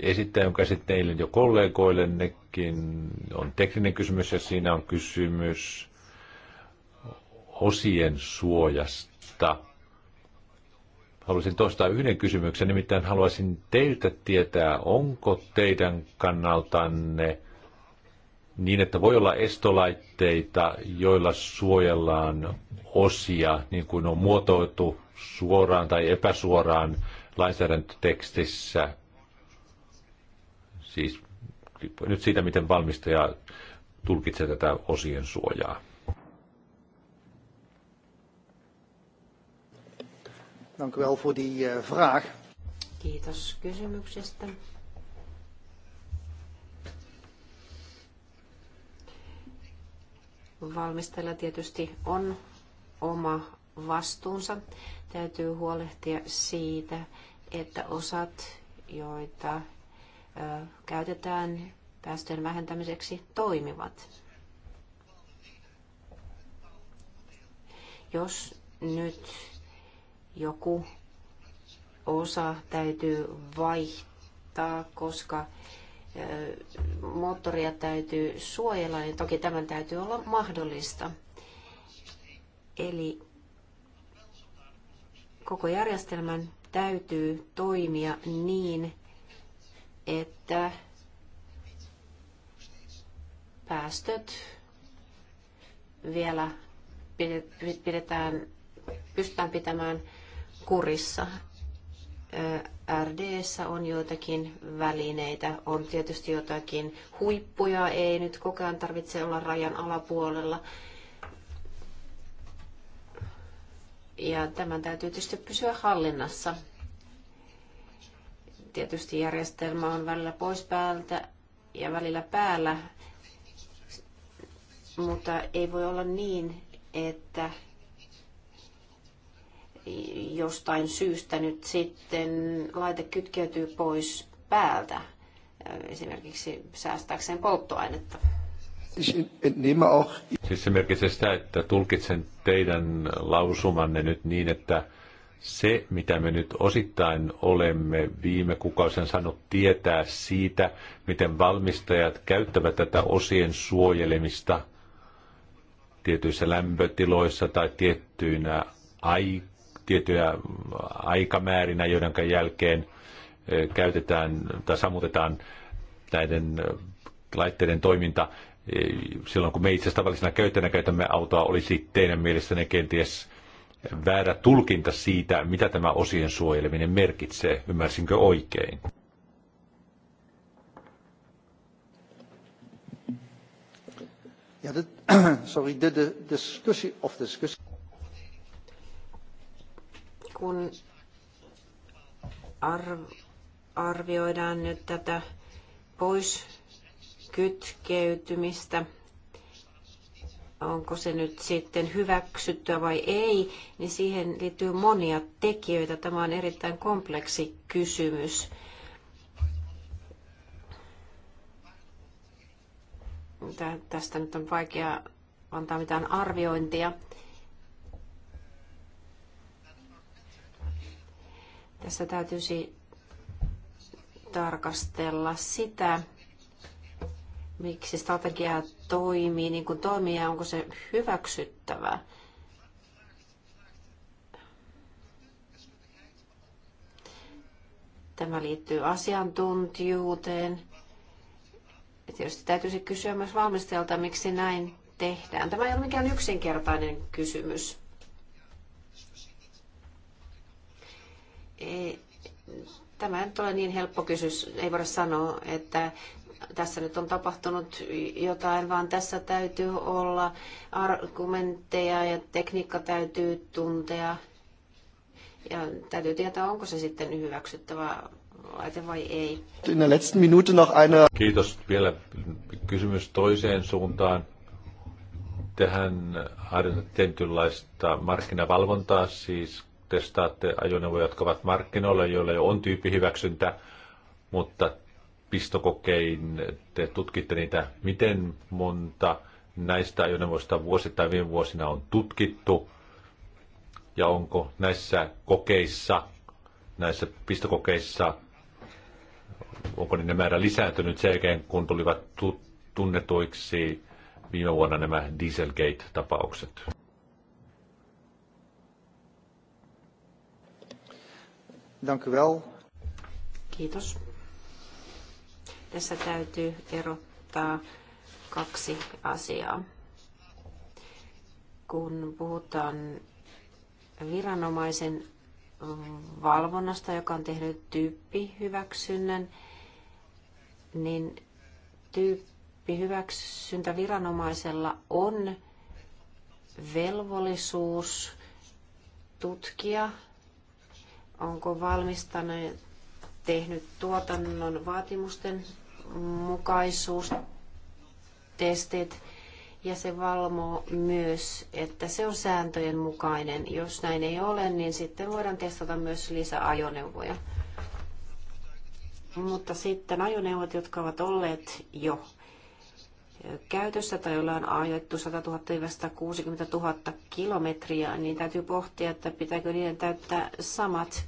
esittää, jonka sitten eilen jo kollegoillennekin, on tekninen kysymys ja siinä on kysymys osien suojasta haluaisin toistaa yhden kysymyksen, nimittäin haluaisin teiltä tietää, onko teidän kannaltanne niin, että voi olla estolaitteita, joilla suojellaan osia, niin kuin on muotoiltu suoraan tai epäsuoraan lainsäädäntötekstissä, siis nyt siitä, miten valmistaja tulkitsee tätä osien suojaa. Dank u wel voor die eh, vraag. Kiitos kysymyksestä. tietysti on oma vastuunsa. Täytyy huolehtia siitä, että osat, joita käytetään päästöjen vähentämiseksi, toimivat. Jos nyt joku osa täytyy vaihtaa, koska moottoria täytyy suojella, niin toki tämän täytyy olla mahdollista. Eli koko järjestelmän täytyy toimia niin, että päästöt vielä pidetään, pystytään pitämään kurissa. RDssä on joitakin välineitä, on tietysti jotakin huippuja, ei nyt koko ajan tarvitse olla rajan alapuolella. Ja tämän täytyy tietysti pysyä hallinnassa. Tietysti järjestelmä on välillä pois päältä ja välillä päällä, mutta ei voi olla niin, että jostain syystä nyt sitten laite kytkeytyy pois päältä, äh, esimerkiksi säästääkseen polttoainetta. Siis se merkitsee sitä, että tulkitsen teidän lausumanne nyt niin, että se, mitä me nyt osittain olemme viime kuukausien saanut tietää siitä, miten valmistajat käyttävät tätä osien suojelemista tietyissä lämpötiloissa tai tiettyinä aikoina, tiettyjä aikamäärinä, joiden jälkeen käytetään tai sammutetaan näiden laitteiden toiminta. E, silloin kun me itse asiassa tavallisena käyttäjänä käytämme autoa, olisi teidän mielestänne kenties väärä tulkinta siitä, mitä tämä osien suojeleminen merkitsee. Ymmärsinkö oikein? Ja, dit, sorry, de, de discussie of discussie kun arvioidaan nyt tätä pois kytkeytymistä, onko se nyt sitten hyväksyttyä vai ei, niin siihen liittyy monia tekijöitä. Tämä on erittäin kompleksi kysymys. Tästä nyt on vaikea antaa mitään arviointia. Tässä täytyisi tarkastella sitä, miksi strategia toimii niin kuin toimii ja onko se hyväksyttävä. Tämä liittyy asiantuntijuuteen. Ja tietysti täytyisi kysyä myös valmistajalta, miksi näin tehdään. Tämä ei ole mikään yksinkertainen kysymys. ei, tämä nyt ole niin helppo kysymys. Ei voida sanoa, että tässä nyt on tapahtunut jotain, vaan tässä täytyy olla argumentteja ja tekniikka täytyy tuntea. Ja täytyy tietää, onko se sitten hyväksyttävä laite vai ei. In der letzten Minute noch eine... Kiitos. Vielä kysymys toiseen suuntaan. Tähän harjoitetaan tietynlaista markkinavalvontaa, siis testaatte ajoneuvoja, jotka ovat markkinoilla, joilla jo on tyyppihyväksyntä, mutta pistokokein te tutkitte niitä, miten monta näistä ajoneuvoista vuosittain viime vuosina on tutkittu, ja onko näissä kokeissa, näissä pistokokeissa, onko niiden määrä lisääntynyt sen jälkeen, kun tulivat tunnetuiksi viime vuonna nämä Dieselgate-tapaukset? Dank u wel. Kiitos. Tässä täytyy erottaa kaksi asiaa. Kun puhutaan viranomaisen valvonnasta, joka on tehnyt tyyppihyväksynnän, niin tyyppihyväksyntä viranomaisella on velvollisuus tutkia Onko valmistane tehnyt tuotannon vaatimusten mukaisuustestit ja se valmoo myös, että se on sääntöjen mukainen. Jos näin ei ole, niin sitten voidaan testata myös lisäajoneuvoja. Mutta sitten ajoneuvot, jotka ovat olleet jo käytössä tai joilla on ajettu 100 000-60 000 kilometriä, niin täytyy pohtia, että pitääkö niiden täyttää samat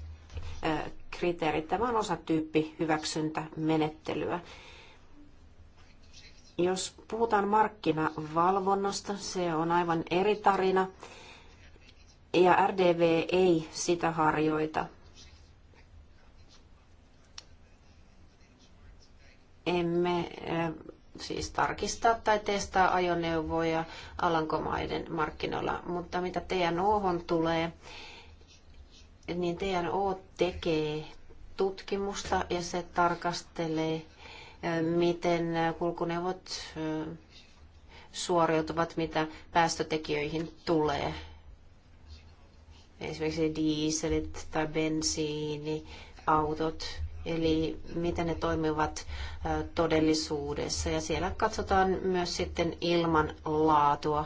kriteerit. Tämä on osa tyyppi hyväksyntämenettelyä. Jos puhutaan markkinavalvonnasta, se on aivan eri tarina ja RDV ei sitä harjoita. Emme siis tarkistaa tai testaa ajoneuvoja Alankomaiden markkinoilla. Mutta mitä TNOhon tulee, niin TNO tekee tutkimusta ja se tarkastelee, miten kulkuneuvot suoriutuvat, mitä päästötekijöihin tulee. Esimerkiksi dieselit tai bensiiniautot eli miten ne toimivat todellisuudessa. Ja siellä katsotaan myös sitten ilman laatua,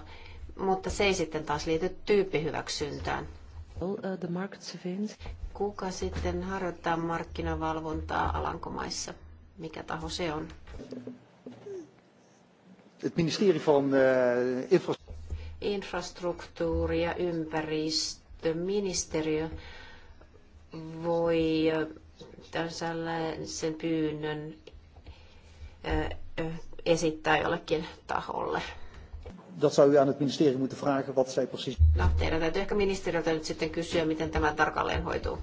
mutta se ei sitten taas liity tyyppihyväksyntään. Uh, Kuka sitten harjoittaa markkinavalvontaa Alankomaissa? Mikä taho se on? Het ministerie van uh, infrastruktuuri ja ympäristöministeriö voi sen pyynnön esittää jollekin taholle. Dat zou u aan het ministerie moeten vragen, wat zij precies... No, teidän täytyy ehkä ministeriöltä nyt sitten kysyä, miten tämä tarkalleen hoituu.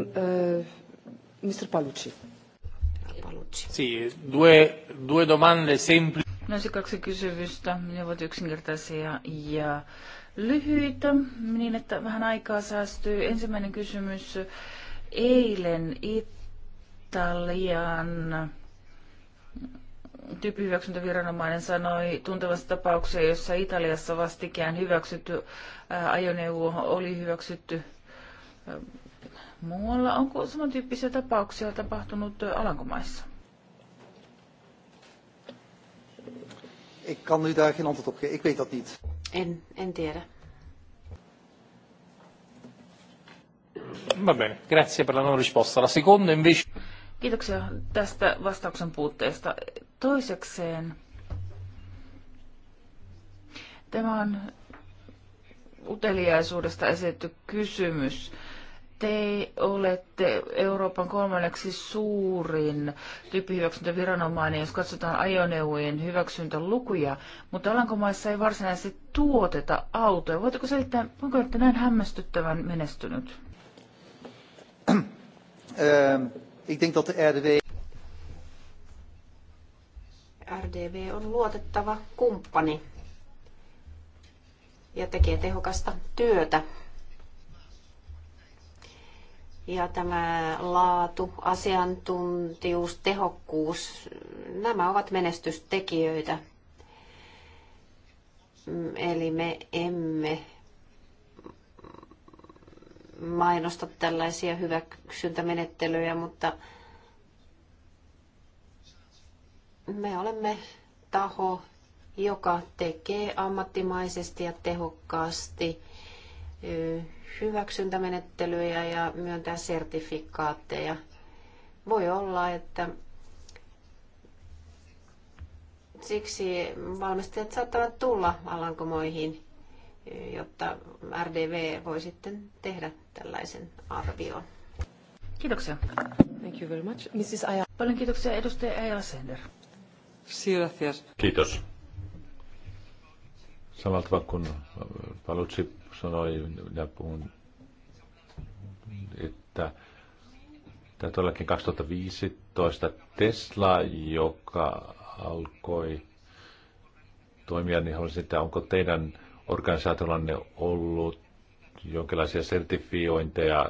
Uh, Mr. Palucci. Palucci. Sì, due, due domande semplici. No se siis kaksi kysymystä. Ne ovat yksinkertaisia ja lyhyitä, niin että vähän aikaa säästyy. Ensimmäinen kysymys eilen Italian tyyppihyväksyntäviranomainen sanoi tuntevasta tapauksia, jossa Italiassa vastikään hyväksytty ajoneuvo oli hyväksytty muualla. Onko samantyyppisiä tapauksia tapahtunut Alankomaissa? Ik kan nu daar geen antwoord op geven. Ik weet dat niet. En, en tiedä. Va bene, grazie per la non risposta. La seconda invece... Kiitoksia tästä vastauksen puutteesta. Toisekseen, tämä on uteliaisuudesta esitetty kysymys. Te olette Euroopan kolmanneksi suurin tyyppihyväksyntäviranomainen, jos katsotaan ajoneuvojen hyväksyntälukuja, mutta Alankomaissa ei varsinaisesti tuoteta autoja. Voitteko selittää, onko olette näin hämmästyttävän menestynyt? Ehm, ik denk dat de RDW... RDW on luotettava kumppani ja tekee tehokasta työtä. Ja tämä laatu, asiantuntijuus, tehokkuus, nämä ovat menestystekijöitä. Mm, eli me emme mainosta tällaisia hyväksyntämenettelyjä, mutta me olemme taho, joka tekee ammattimaisesti ja tehokkaasti hyväksyntämenettelyjä ja myöntää sertifikaatteja. Voi olla, että siksi valmistajat saattavat tulla Alankomoihin jotta RDV voi sitten tehdä tällaisen arvion. Kiitoksia. Thank you very much. Mrs. Aja. Paljon kiitoksia edustaja Ayala Sender. Gracias. Kiitos. Samalla tavalla kuin Palutsi sanoi, ja puhun, että tämä todellakin 2015 Tesla, joka alkoi toimia, niin haluaisin, että onko teidän organisaatiollanne ollut jonkinlaisia sertifiointeja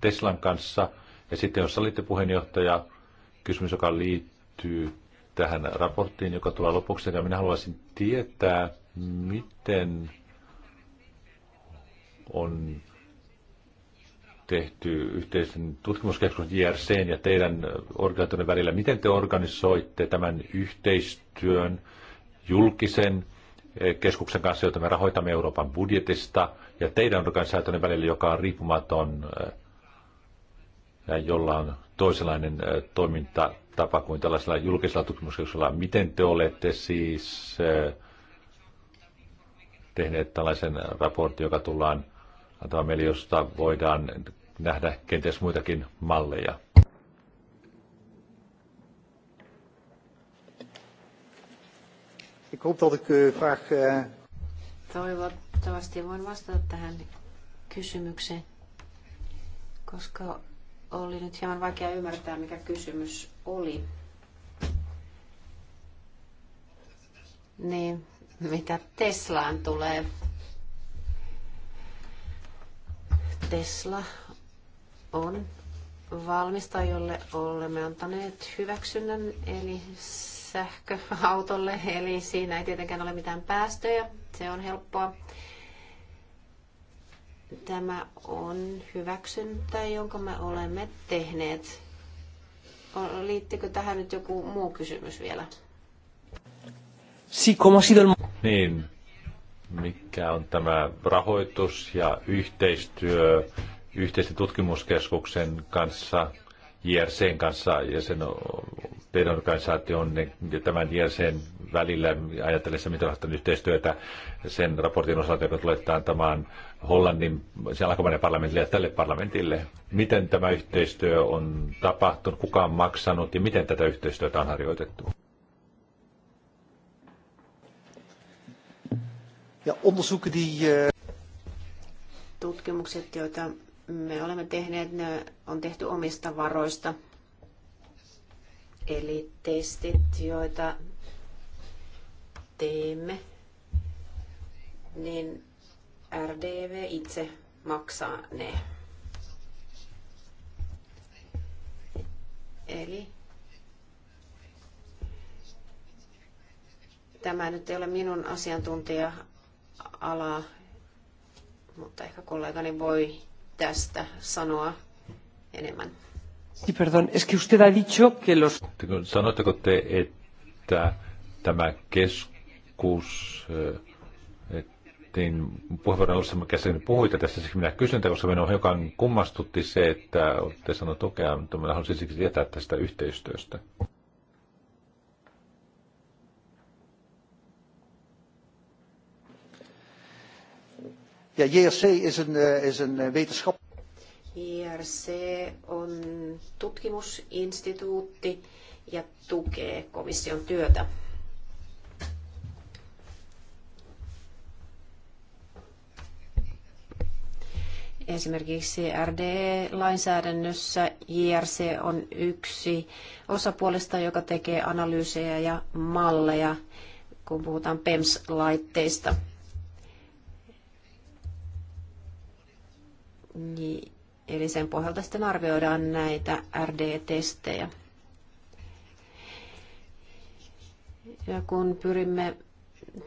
Teslan kanssa. Ja sitten jos olitte puheenjohtaja, kysymys, joka liittyy tähän raporttiin, joka tulee lopuksi, ja niin minä haluaisin tietää, miten on tehty yhteisen tutkimuskeskus JRC ja teidän organisaation välillä. Miten te organisoitte tämän yhteistyön, julkisen keskuksen kanssa, jota me rahoitamme Euroopan budjetista, ja teidän organisaationne välillä, joka on riippumaton äh, ja jolla on toisenlainen äh, toimintatapa kuin tällaisella julkisella tutkimuksella. Miten te olette siis äh, tehneet tällaisen raportin, joka tullaan antamaan meille, josta voidaan nähdä kenties muitakin malleja? hoop dat ik uw eh, vraag... Eh, Toivottavasti voin vastata tähän kysymykseen, koska oli nyt hieman vaikea ymmärtää, mikä kysymys oli. Niin, mitä Teslaan tulee? Tesla on valmistajalle olemme antaneet hyväksynnän, eli sähköautolle, eli siinä ei tietenkään ole mitään päästöjä, se on helppoa. Tämä on hyväksyntä, jonka me olemme tehneet. Liittyykö tähän nyt joku muu kysymys vielä? si como sido el... Niin, mikä on tämä rahoitus ja yhteistyö yhteistyötutkimuskeskuksen tutkimuskeskuksen kanssa, JRCn kanssa ja sen teidän organisaationne ja tämän jäsen välillä ajatellessa mitalaisten yhteistyötä sen raportin osalta, joka tulette antamaan Hollannin, sen alkamainen parlamentille ja tälle parlamentille. Miten tämä yhteistyö on tapahtunut, kuka on maksanut ja miten tätä yhteistyötä on harjoitettu? Ja eh, Tutkimukset, joita me olemme tehneet, ne on tehty omista varoista – Eli testit, joita teemme, niin RDV itse maksaa ne. Eli tämä nyt ei ole minun asiantuntija-alaa, mutta ehkä kollegani voi tästä sanoa enemmän. Sí, perdón, es que usted ha dicho que los... Sanoitteko te, että tämä keskus, eh, niin puheenvuoron alussa käsin puhuitte tästä, siksi minä kysyn, koska minua hiukan kummastutti se, että olette sanoneet tukea, mutta minä haluaisin siksi tietää tästä yhteistyöstä. Ja JSC is een, eh, is een eh, wetenschap. IRC on tutkimusinstituutti ja tukee komission työtä. Esimerkiksi CRD-lainsäädännössä JRC on yksi osapuolista, joka tekee analyysejä ja malleja, kun puhutaan PEMS-laitteista. Niin Eli sen pohjalta sitten arvioidaan näitä RD-testejä. Ja kun pyrimme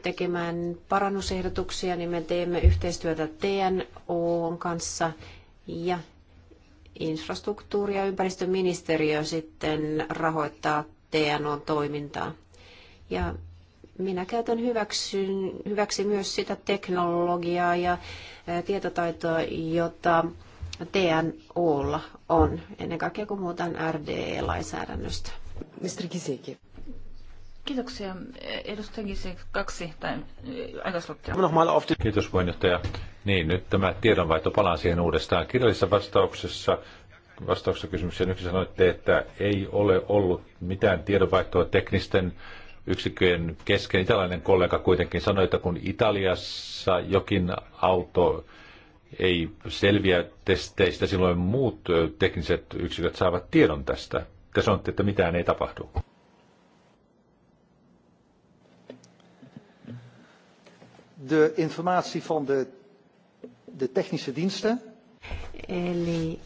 tekemään parannusehdotuksia, niin me teemme yhteistyötä TNO kanssa ja infrastruktuuri- ja ympäristöministeriö sitten rahoittaa tno toimintaa. Ja minä käytän hyväksyn, hyväksi myös sitä teknologiaa ja tietotaitoa, jota TNOlla on, ennen kaikkea kun muutan RDE-lainsäädännöstä. Mr. Kiseki. Kiitoksia. Edustaja Kisek, kaksi tai äh, aikaslottia. Kiitos puheenjohtaja. Niin, nyt tämä tiedonvaihto palaa siihen uudestaan. Kirjallisessa vastauksessa vastauksessa kysymykseen yksi sanoitte, että ei ole ollut mitään tiedonvaihtoa teknisten yksikköjen kesken. Italainen kollega kuitenkin sanoi, että kun Italiassa jokin auto ei selviä testeistä, silloin muut tekniset yksiköt saavat tiedon tästä. Te sanotte, että mitään ei tapahdu. De informatie van de, de technische diensten. Eli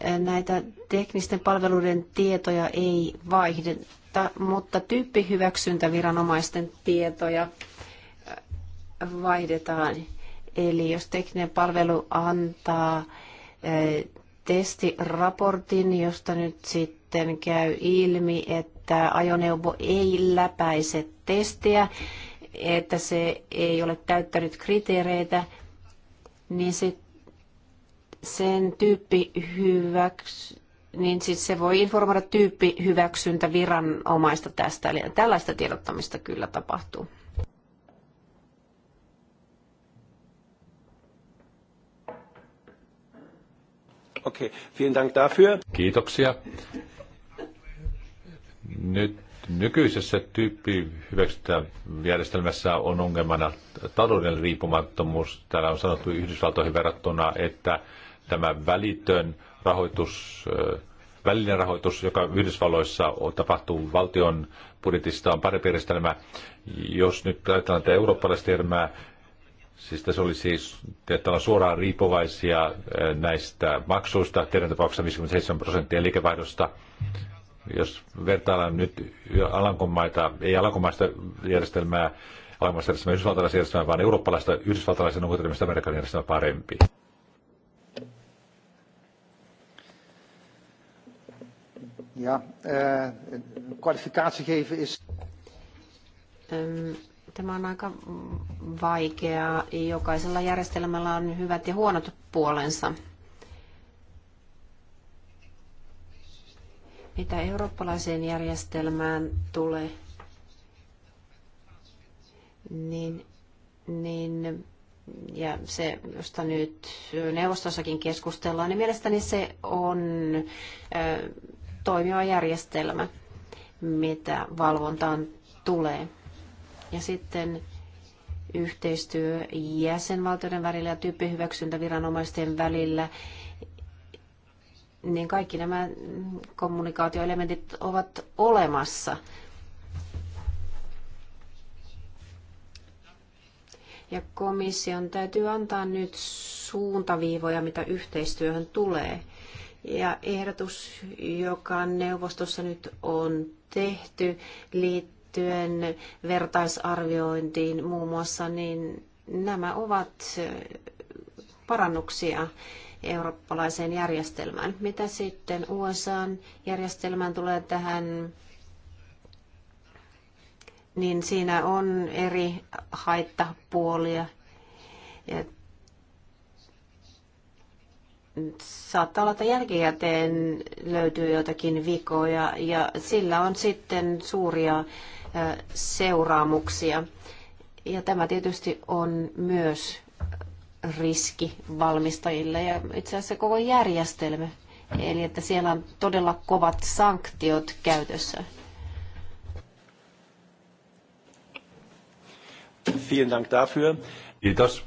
eh, näitä teknisten palveluiden tietoja ei vaihdeta, mutta tyyppihyväksyntäviranomaisten tietoja eh, vaihdetaan Eli jos tekninen palvelu antaa testiraportin, josta nyt sitten käy ilmi, että ajoneuvo ei läpäise testiä, että se ei ole täyttänyt kriteereitä, niin sit sen tyyppi hyväksy, niin siis se voi informoida tyyppi hyväksyntä viranomaista tästä. Eli tällaista tiedottamista kyllä tapahtuu. Okay. Vielen Dank dafür. Kiitoksia. Nyt nykyisessä tyyppihyväksyntäjärjestelmässä on ongelmana taloudellinen riippumattomuus. Täällä on sanottu Yhdysvaltoihin verrattuna, että tämä välitön rahoitus, välinen rahoitus, joka Yhdysvalloissa tapahtuu valtion budjetista, on parempi järjestelmä. Jos nyt ajatellaan tätä eurooppalaista järjestelmää, Siis tässä oli siis, että suoraan riippuvaisia näistä maksuista, teidän tapauksessa 57 prosenttia liikevaihdosta. Jos vertaillaan nyt Alankomaita, ei Alankomaista järjestelmää, alankomaista järjestelmää, yhdysvaltalaista järjestelmää, vaan eurooppalaista, yhdysvaltalaisen onko Amerikan järjestelmää parempi? Ja, äh, kwalificatie geven is... Um Tämä on aika vaikeaa. Jokaisella järjestelmällä on hyvät ja huonot puolensa. Mitä eurooppalaiseen järjestelmään tulee, niin, niin ja se, josta nyt neuvostossakin keskustellaan, niin mielestäni se on ö, toimiva järjestelmä, mitä valvontaan tulee. Ja sitten yhteistyö jäsenvaltioiden välillä ja viranomaisten välillä, niin kaikki nämä kommunikaatioelementit ovat olemassa. Ja komission täytyy antaa nyt suuntaviivoja, mitä yhteistyöhön tulee. Ja ehdotus, joka neuvostossa nyt on tehty, liittyy liittyen vertaisarviointiin muun muassa, niin nämä ovat parannuksia eurooppalaiseen järjestelmään. Mitä sitten usa järjestelmään tulee tähän, niin siinä on eri haittapuolia. Ja saattaa olla, että jälkikäteen löytyy jotakin vikoja ja sillä on sitten suuria seuraamuksia. Ja tämä tietysti on myös riski valmistajille ja itse asiassa koko järjestelmä. Eli että siellä on todella kovat sanktiot käytössä. Vielen Dank dafür. Kiitos.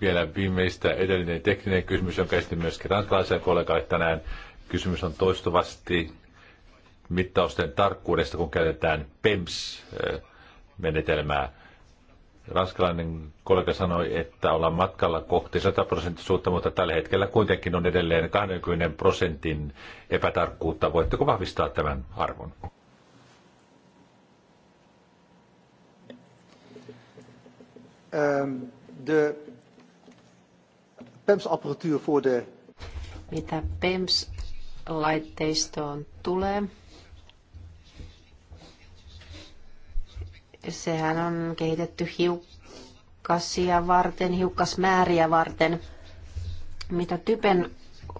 Vielä viimeistä edellinen tekninen kysymys, jonka esitin myöskin ranskalaisen kollegalle tänään. Kysymys on toistuvasti mittausten tarkkuudesta, kun käytetään PEMS-menetelmää. Ranskalainen kollega sanoi, että ollaan matkalla kohti 100 prosenttisuutta, mutta tällä hetkellä kuitenkin on edelleen 20 prosentin epätarkkuutta. Voitteko vahvistaa tämän arvon? Um, PEMS-apparatuur voor Mitä PEMS-laitteistoon tulee, Sehän on kehitetty hiukkasia varten, hiukkasmääriä varten. Mitä typen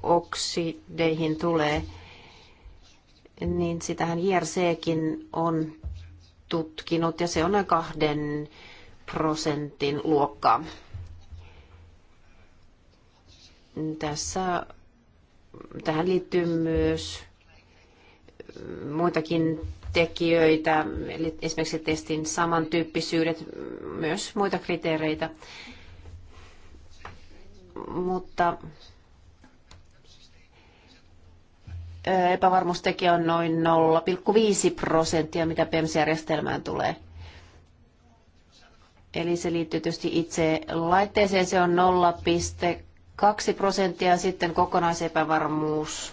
oksideihin tulee, niin sitähän JRCkin on tutkinut ja se on noin kahden prosentin luokkaa. Tässä, tähän liittyy myös muitakin tekijöitä, eli esimerkiksi testin samantyyppisyydet, myös muita kriteereitä. Mutta epävarmuustekijä on noin 0,5 prosenttia, mitä PEMS-järjestelmään tulee. Eli se liittyy tietysti itse laitteeseen, se on 0,2 prosenttia, sitten kokonaisepävarmuus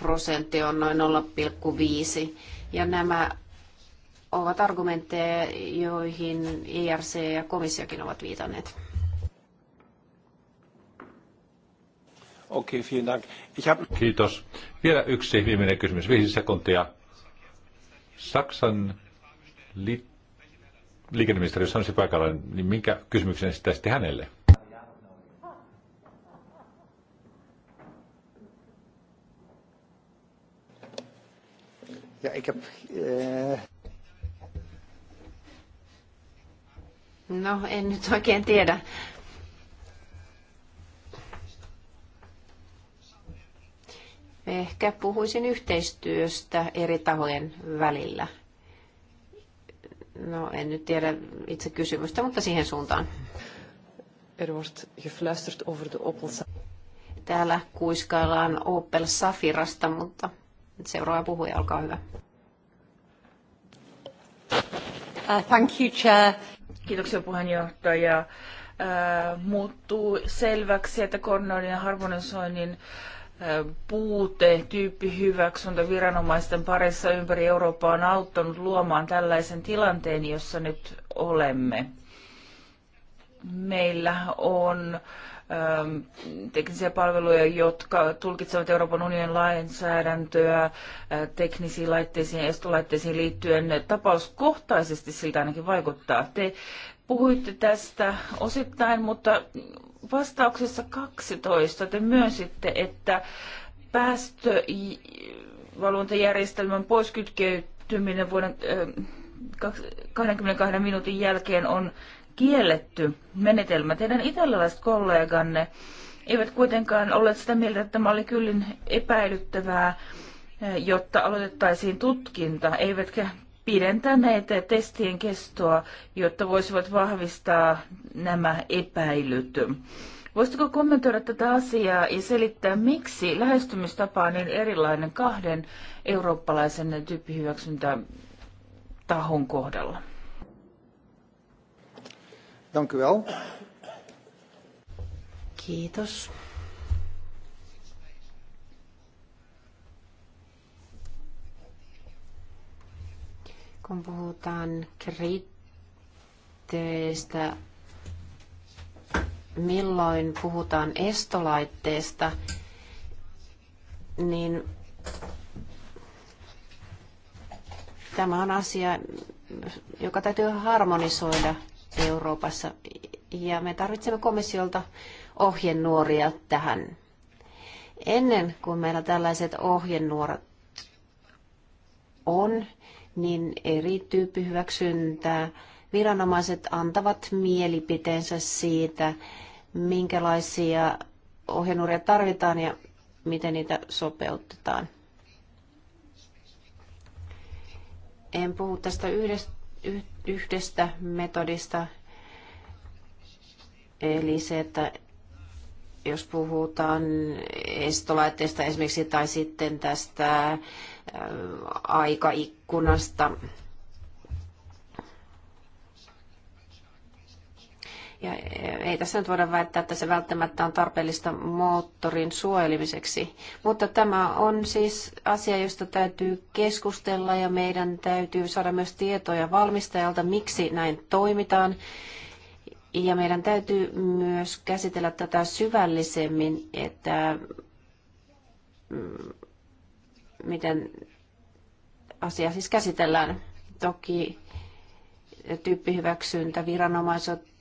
prosentti on noin 0,5. Ja nämä ovat argumentteja, joihin IRC e ja komissiokin ovat viitanneet. Okei, okay, Dank. hab... Kiitos. Vielä yksi viimeinen kysymys, viisi sekuntia. Saksan li... liikenneministeri, on se paikalla, niin minkä kysymyksen esittäisitte hänelle? Ja, ik heb, uh... No, en nyt oikein tiedä. Ehkä puhuisin yhteistyöstä eri tahojen välillä. No, en nyt tiedä itse kysymystä, mutta siihen suuntaan. Er wordt gefluisterd over de Opel Täällä kuiskaillaan Opel Safirasta, mutta Seuraava puhuja, olkaa hyvä. Uh, thank you, Chair. Kiitoksia puheenjohtaja. Uh, muuttuu selväksi, että koordinoinnin ja harmonisoinnin uh, puute, tyyppihyväksyntä viranomaisten parissa ympäri Eurooppaa on auttanut luomaan tällaisen tilanteen, jossa nyt olemme. Meillä on äh, Ähm, teknisiä palveluja, jotka tulkitsevat Euroopan unionin lainsäädäntöä äh, teknisiin laitteisiin ja estolaitteisiin liittyen tapauskohtaisesti siltä ainakin vaikuttaa. Te puhuitte tästä osittain, mutta vastauksessa 12 te myönsitte, että päästövalvontajärjestelmän poiskytkeytyminen vuoden 22 äh, minuutin jälkeen on kielletty menetelmä. Teidän italialaiset kolleganne eivät kuitenkaan ole sitä mieltä, että tämä oli kyllin epäilyttävää, eh, jotta aloitettaisiin tutkinta, eivätkä pidentäneet testien kestoa, jotta voisivat vahvistaa nämä epäilyt. Voisitko kommentoida tätä asiaa ja selittää, miksi lähestymistapa on niin erilainen kahden eurooppalaisen tyyppihyväksyntätahon kohdalla? Dank u wel. Kiitos. Kun puhutaan kriteistä, milloin puhutaan estolaitteesta, niin tämä on asia, joka täytyy harmonisoida – Euroopassa. Ja me tarvitsemme komissiolta ohjenuoria tähän. Ennen kuin meillä tällaiset ohjenuorat on, niin eri tyyppihyväksyntää Viranomaiset antavat mielipiteensä siitä, minkälaisia ohjenuoria tarvitaan ja miten niitä sopeutetaan. En puhu tästä yhdestä yhdestä metodista, eli se, että jos puhutaan estolaitteesta esimerkiksi tai sitten tästä aikaikkunasta, Ja e, ei tässä nyt voida väittää, että se välttämättä on tarpeellista moottorin suojelemiseksi. Mutta tämä on siis asia, josta täytyy keskustella ja meidän täytyy saada myös tietoja valmistajalta, miksi näin toimitaan. Ja meidän täytyy myös käsitellä tätä syvällisemmin, että mm, miten asia siis käsitellään. Toki tyyppihyväksyntä, viranomaiset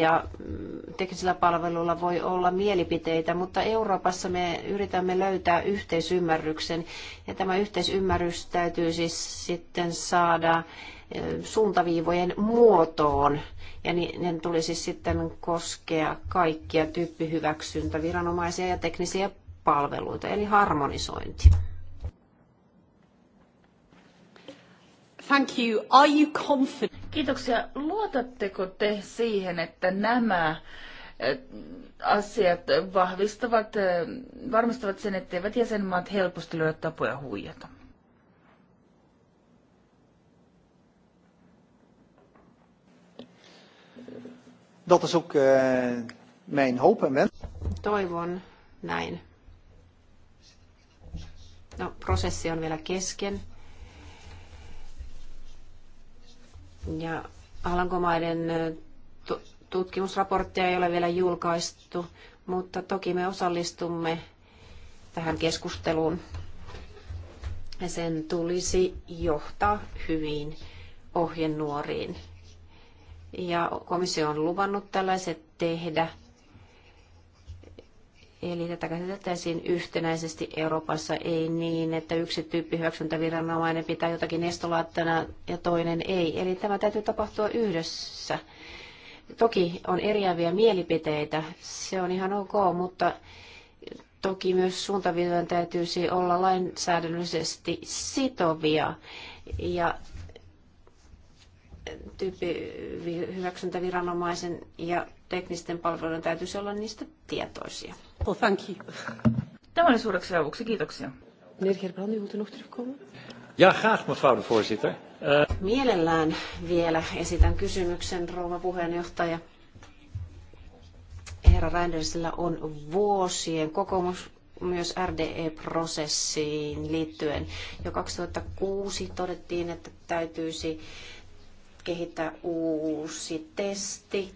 ja mm, teknisillä palveluilla voi olla mielipiteitä, mutta Euroopassa me yritämme löytää yhteisymmärryksen ja tämä yhteisymmärrys täytyy siis sitten saada eh, suuntaviivojen muotoon ja ne tulisi sitten koskea kaikkia tyyppihyväksyntäviranomaisia ja teknisiä palveluita, eli harmonisointi. Thank you. Are you confident? Kiitoksia. Luotatteko te siihen, että nämä eh, asiat vahvistavat, eh, varmistavat sen, etteivät jäsenmaat helposti löydä tapoja huijata? Dat is ook uh, mijn hoop en wens. Toivon näin. No, prosessi on vielä kesken. Ja Alankomaiden tutkimusraporttia ei ole vielä julkaistu, mutta toki me osallistumme tähän keskusteluun. Ja sen tulisi johtaa hyvin ohjenuoriin. Ja komissio on luvannut tällaiset tehdä – Eli tätä käsiteltäisiin yhtenäisesti Euroopassa, ei niin, että yksi tyyppi hyväksyntäviranomainen pitää jotakin estolaattana ja toinen ei. Eli tämä täytyy tapahtua yhdessä. Toki on eriäviä mielipiteitä, se on ihan ok, mutta toki myös suuntaviivojen täytyisi olla lainsäädännöllisesti sitovia. Ja tyyppihyväksyntäviranomaisen ja teknisten palveluiden täytyisi olla niistä tietoisia. Well, thank you. Tämä oli suureksi avuksi. Kiitoksia. Ja, graag, mevrouw de voorzitter. Eh, Mielellään vielä esitän kysymyksen, rouva puheenjohtaja. Herra Reindersillä on vuosien kokemus myös RDE-prosessiin liittyen. Jo 2006 todettiin, että täytyisi kehittää uusi testi,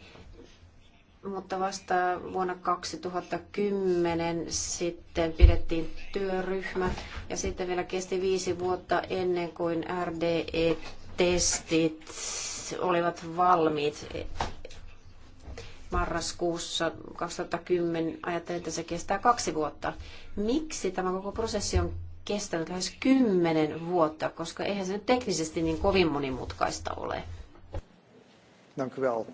mutta vasta vuonna 2010 sitten pidettiin työryhmä ja sitten vielä kesti viisi vuotta ennen kuin RDE-testit olivat valmiit marraskuussa 2010. Ajattelin, että se kestää kaksi vuotta. Miksi tämä koko prosessi on kestänyt lähes kymmenen vuotta, koska eihän se nyt teknisesti niin kovin monimutkaista ole? Dank u wel.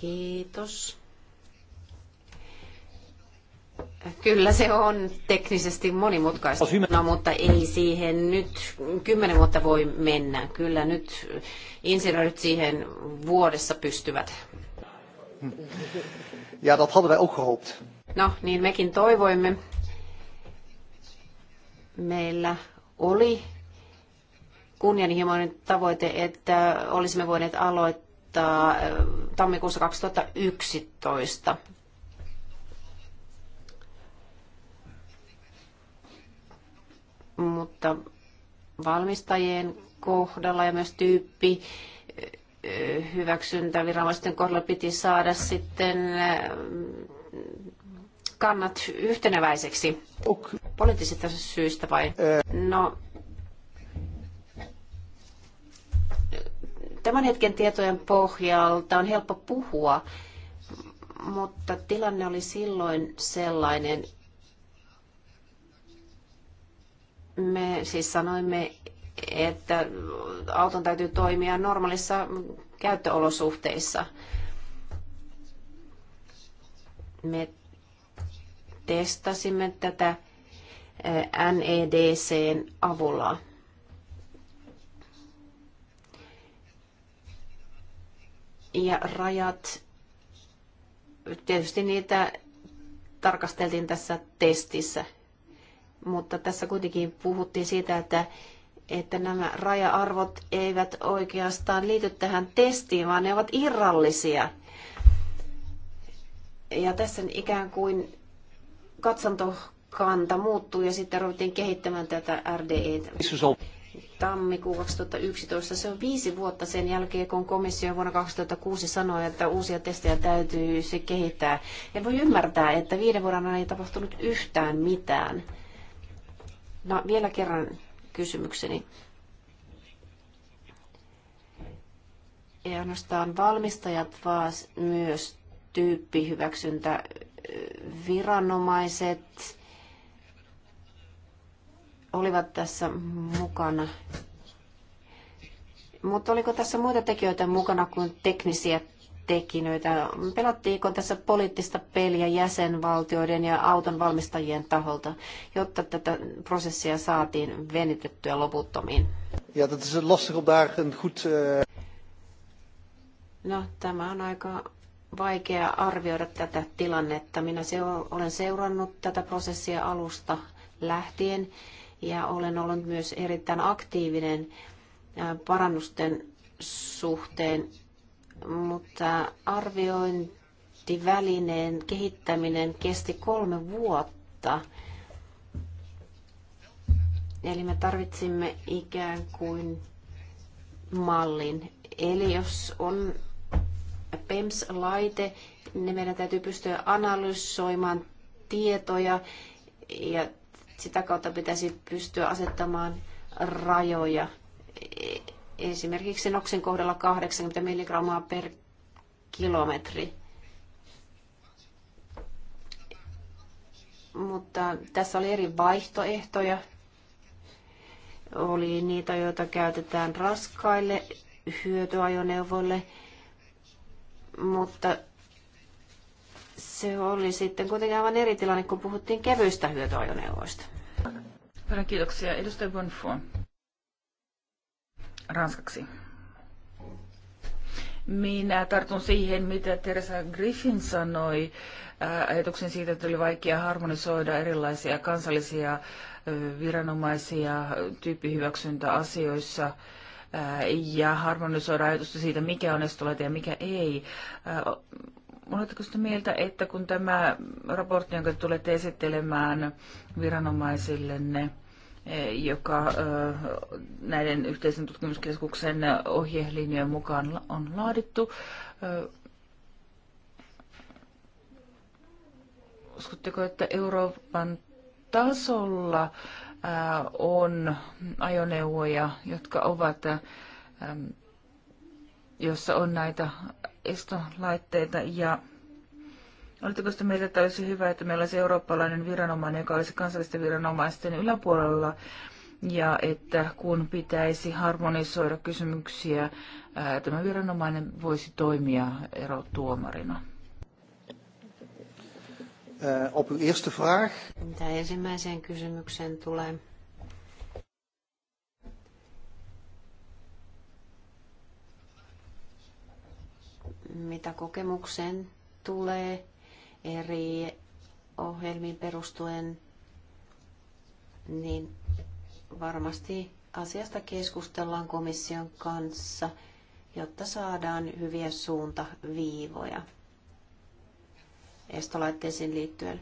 Kiitos. Kyllä se on teknisesti monimutkaista, no, mutta ei siihen nyt kymmenen vuotta voi mennä. Kyllä nyt insinöörit siihen vuodessa pystyvät. Ja dat hadden wij ook gehoopt. No, niin mekin toivoimme. Meillä oli kunnianhimoinen tavoite, että olisimme voineet aloittaa aloittaa tammikuussa 2011. Mutta valmistajien kohdalla ja myös tyyppi hyväksyntä viranomaisten kohdalla piti saada sitten kannat yhteneväiseksi? Poliittisista syistä vai? No, Tämän hetken tietojen pohjalta on helppo puhua, mutta tilanne oli silloin sellainen, me siis sanoimme, että auton täytyy toimia normaalissa käyttöolosuhteissa. Me testasimme tätä NEDCn avulla. ja rajat. Tietysti niitä tarkasteltiin tässä testissä, mutta tässä kuitenkin puhuttiin siitä, että, että nämä raja-arvot eivät oikeastaan liity tähän testiin, vaan ne ovat irrallisia. Ja tässä ikään kuin katsantokanta muuttuu ja sitten ruvettiin kehittämään tätä RDE tammikuu 2011. Se on viisi vuotta sen jälkeen, kun komissio vuonna 2006 sanoi, että uusia testejä täytyy se kehittää. En voi ymmärtää, että viiden vuoden ajan ei tapahtunut yhtään mitään. No vielä kerran kysymykseni. Ei ainoastaan valmistajat, vaan myös tyyppihyväksyntä viranomaiset, olivat tässä mukana. Mutta oliko tässä muita tekijöitä mukana kuin teknisiä tekijöitä? Pelattiinko tässä poliittista peliä jäsenvaltioiden ja auton valmistajien taholta, jotta tätä prosessia saatiin venitettyä loputtomiin? Ja, dat se lastig om goed... Eh, no, tämä on aika vaikea arvioida tätä tilannetta. Minä olen seurannut tätä prosessia alusta lähtien ja olen ollut myös erittäin aktiivinen parannusten suhteen, mutta arviointivälineen kehittäminen kesti kolme vuotta. Eli me tarvitsimme ikään kuin mallin. Eli jos on PEMS-laite, niin meidän täytyy pystyä analysoimaan tietoja ja sitä kautta pitäisi pystyä asettamaan rajoja. Esimerkiksi noksen kohdalla 80 milligrammaa per kilometri. Mutta tässä oli eri vaihtoehtoja. Oli niitä, joita käytetään raskaille hyötyajoneuvoille, mutta se oli sitten kuitenkin aivan eri tilanne, kun puhuttiin kevyistä hyötyajoneuvoista. Paljon kiitoksia. Edustaja Bonfoy. Ranskaksi. Minä tartun siihen, mitä Teresa Griffin sanoi äh, ajatuksen siitä, että oli vaikea harmonisoida erilaisia kansallisia viranomaisia tyyppihyväksyntäasioissa äh, ja harmonisoida ajatusta siitä, mikä on estolaita ja mikä ei. Äh, Oletteko sitä mieltä, että kun tämä raportti, jonka tulette esittelemään viranomaisillenne, e, joka näiden yhteisen tutkimuskeskuksen ohjelinjojen mukaan on laadittu, uskotteko, että Euroopan tasolla on ajoneuvoja, jotka ovat, jossa on näitä estolaitteita ja Oletteko sitä mieltä, että olisi hyvä, että meillä olisi eurooppalainen viranomainen, joka olisi kansallisten viranomaisten yläpuolella, ja että kun pitäisi harmonisoida kysymyksiä, tämä viranomainen voisi toimia erotuomarina? Op uw eerste vraag. Mitä ensimmäiseen kysymykseen tulee, mitä kokemukseen tulee eri ohjelmiin perustuen, niin varmasti asiasta keskustellaan komission kanssa, jotta saadaan hyviä suuntaviivoja estolaitteisiin liittyen.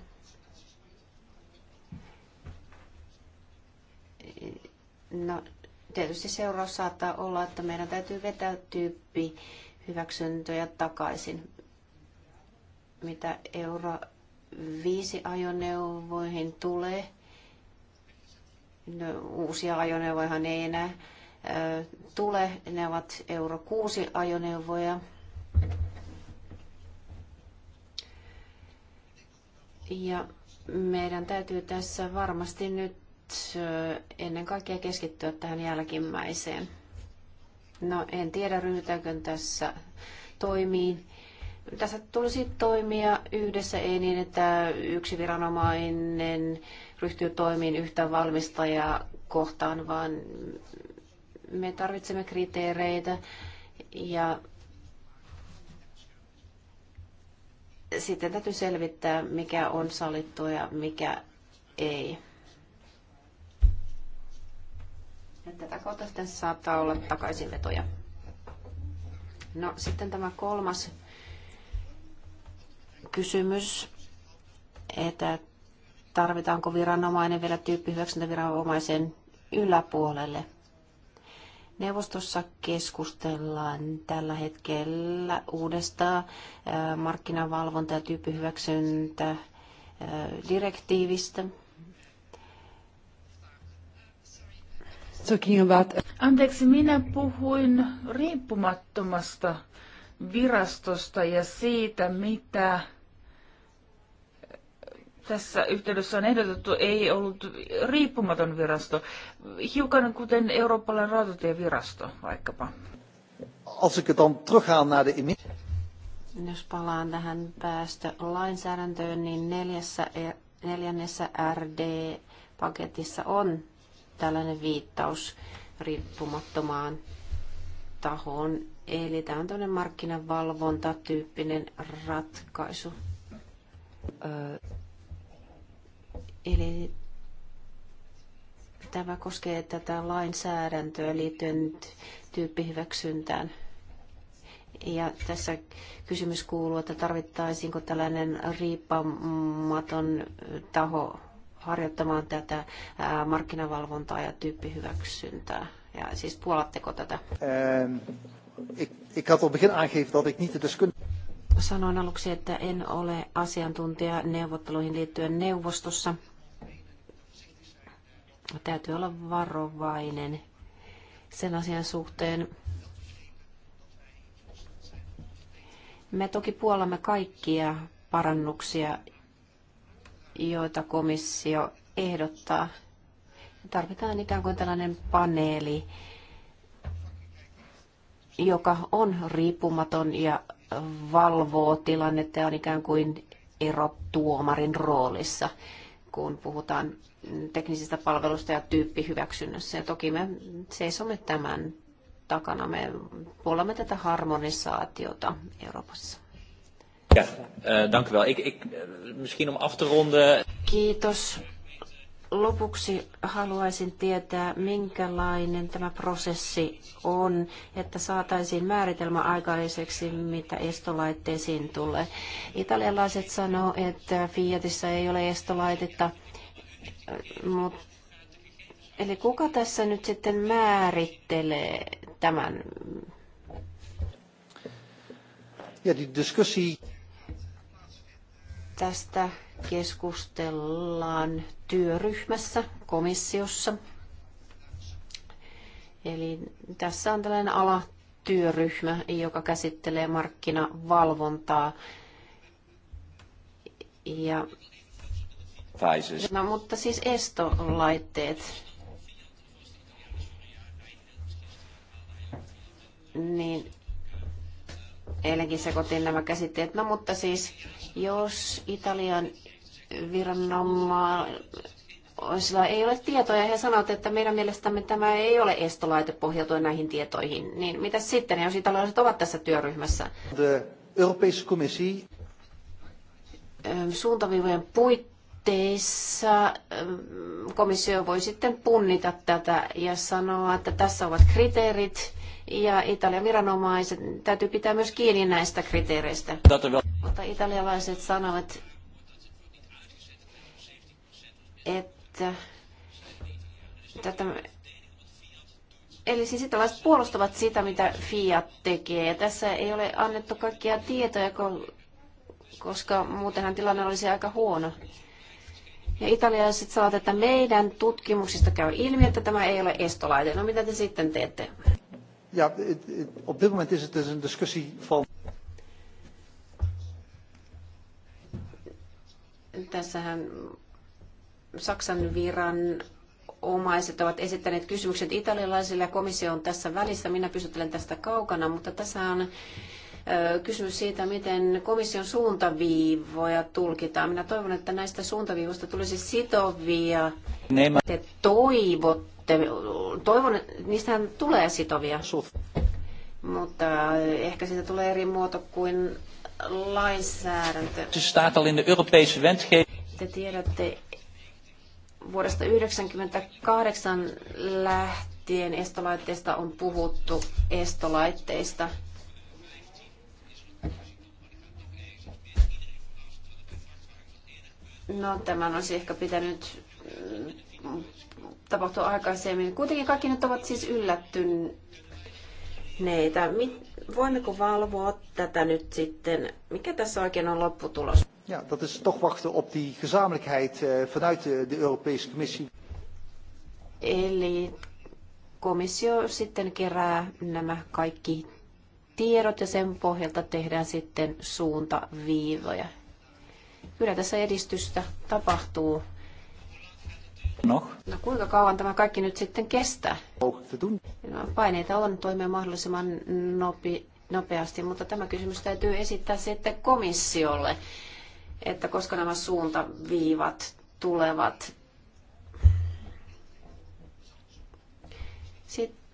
No, tietysti seuraus saattaa olla, että meidän täytyy vetää tyyppi hyväksyntöjä takaisin, mitä euro 5 ajoneuvoihin tulee. No, uusia ajoneuvoja ei enää ö, tule. Ne ovat euro 6 ajoneuvoja. Ja meidän täytyy tässä varmasti nyt ennen kaikkea keskittyä tähän jälkimmäiseen. No en tiedä, ryhdytäänkö tässä toimiin. Tässä tulisi toimia yhdessä, ei niin, että yksi viranomainen ryhtyy toimiin yhtä valmistajaa kohtaan, vaan me tarvitsemme kriteereitä ja sitten täytyy selvittää, mikä on sallittua ja mikä ei. Ja tätä kautta sitten saattaa olla takaisinvetoja. No sitten tämä kolmas kysymys, että tarvitaanko viranomainen vielä viranomaisen yläpuolelle. Neuvostossa keskustellaan tällä hetkellä uudesta markkinavalvonta- ja tyyppihyväksyntä direktiivistä. talking about... Anteeksi, minä puhuin riippumattomasta virastosta ja siitä, mitä tässä yhteydessä on ehdotettu, ei ollut riippumaton virasto, hiukan kuten Euroopan rautatievirasto vaikkapa. Als ik dan teruggaan naar de Jos palaan tähän päästölainsäädäntöön, niin neljässä, e- neljännessä RD-paketissa on tällainen viittaus riippumattomaan tahoon. Eli tämä on tämmöinen markkinavalvontatyyppinen ratkaisu. Eli tämä koskee tätä lainsäädäntöä liittyen tyyppihyväksyntään. Ja tässä kysymys kuuluu, että tarvittaisiinko tällainen riippumaton taho harjoittamaan tätä markkinavalvontaa ja tyyppihyväksyntää? Ja siis puolatteko tätä? Ehm, ik, had al begin aangegeven dat ik niet de deskundige... Sanoin aluksi, että en ole asiantuntija neuvotteluihin liittyen neuvostossa. Täytyy olla varovainen sen asian suhteen. Me toki puolamme kaikkia parannuksia, joita komissio ehdottaa. Tarvitaan ikään kuin tällainen paneeli, joka on riippumaton ja valvoo tilannetta ja on ikään kuin erotuomarin roolissa, kun puhutaan teknisistä palveluista ja tyyppihyväksynnässä. Ja toki me seisomme tämän takana. Me puolamme tätä harmonisaatiota Euroopassa. Ja, eh, dank u wel. Ik, ik, eh, misschien om af te ronden. Kiitos. Lopuksi haluaisin tietää, minkälainen tämä prosessi on, että saataisiin määritelmä aikaiseksi, mitä estolaitteisiin tulee. Italialaiset sanoo, että Fiatissa ei ole estolaitetta, mutta Eli kuka tässä nyt sitten määrittelee tämän? Ja, die discussie Tästä keskustellaan työryhmässä komissiossa. Eli tässä on tällainen alatyöryhmä, joka käsittelee markkinavalvontaa. Ja, no, mutta siis estolaitteet. Niin, eilenkin sekoitin nämä käsitteet. No mutta siis jos Italian viranomaisilla ei ole tietoja, he sanovat, että meidän mielestämme tämä ei ole estolaite pohjautuen näihin tietoihin, niin mitä sitten, jos italialaiset ovat tässä työryhmässä? Suuntaviivojen puitteissa komissio voi sitten punnita tätä ja sanoa, että tässä ovat kriteerit, ja Italian viranomaiset täytyy pitää myös kiinni näistä kriteereistä mutta italialaiset sanovat, että tätä, eli siis italaiset puolustavat sitä, mitä Fiat tekee. Ja tässä ei ole annettu kaikkia tietoja, koska muutenhan tilanne olisi aika huono. Ja italialaiset sanovat, että meidän tutkimuksista käy ilmi, että tämä ei ole estolaite. No mitä te sitten teette? Ja, op dit moment is het dus een discussie van... Tässähän Saksan viran omaiset ovat esittäneet kysymykset italialaisille ja komissio on tässä välissä. Minä pysyttelen tästä kaukana, mutta tässä on kysymys siitä, miten komission suuntaviivoja tulkitaan. Minä toivon, että näistä suuntaviivoista tulisi sitovia. Te toivotte, toivon, että niistähän tulee sitovia. Mutta ehkä siitä tulee eri muoto kuin lainsäädäntö. Se staat al in de Europese wetgeving. Te tiedätte, vuodesta 1998 lähtien estolaitteista on puhuttu estolaitteista. No, tämän olisi ehkä pitänyt mm, tapahtua aikaisemmin. Kuitenkin kaikki nyt ovat siis yllättyneet neitä. Voimmeko valvoa tätä nyt sitten? Mikä tässä oikein on lopputulos? Ja, dat is toch wachten op die gezamenlijkheid eh, vanuit de Europese Commissie. Eli komissio sitten kerää nämä kaikki tiedot ja sen pohjalta tehdään sitten suuntaviivoja. Kyllä tässä edistystä tapahtuu. No. no kuinka kauan tämä kaikki nyt sitten kestää? Oh, no, paineita on toimia mahdollisimman nopi, nopeasti, mutta tämä kysymys täytyy esittää sitten komissiolle, että koska nämä suuntaviivat tulevat. Sitten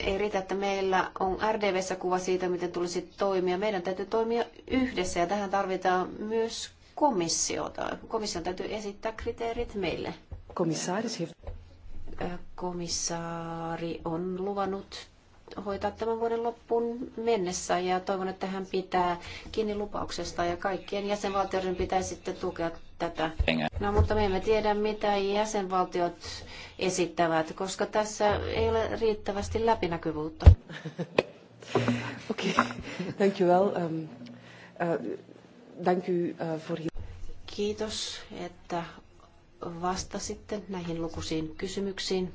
ei riitä, että meillä on RDVssä kuva siitä, miten tulisi toimia. Meidän täytyy toimia yhdessä ja tähän tarvitaan myös komissiota. Komission täytyy esittää kriteerit meille. Commissaris heeft... Komissaari on luvannut hoitaa tämän vuoden loppuun mennessä ja toivon, että hän pitää kiinni lupauksesta ja kaikkien jäsenvaltioiden pitää sitten tukea tätä. No mutta me emme tiedä, mitä jäsenvaltiot esittävät, koska tässä ei ole riittävästi läpinäkyvyyttä. Okei, thank you well. Um, uh, thank you, uh, for... Kiitos, että vastasitte näihin lukuisiin kysymyksiin.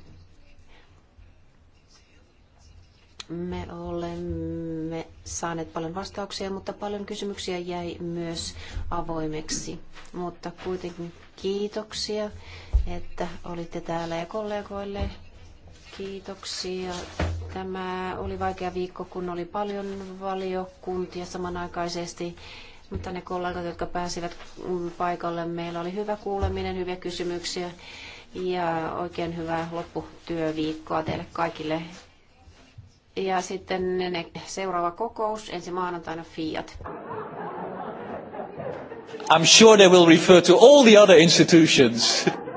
Me olemme saaneet paljon vastauksia, mutta paljon kysymyksiä jäi myös avoimeksi. Mutta kuitenkin kiitoksia, että olitte täällä ja kollegoille kiitoksia. Tämä oli vaikea viikko, kun oli paljon valiokuntia samanaikaisesti mutta ne kollegat, jotka pääsivät paikalle, meillä oli hyvä kuuleminen, hyviä kysymyksiä ja oikein hyvää lopputyöviikkoa teille kaikille. Ja sitten ne, seuraava kokous ensi maanantaina Fiat. I'm sure they will refer to all the other institutions.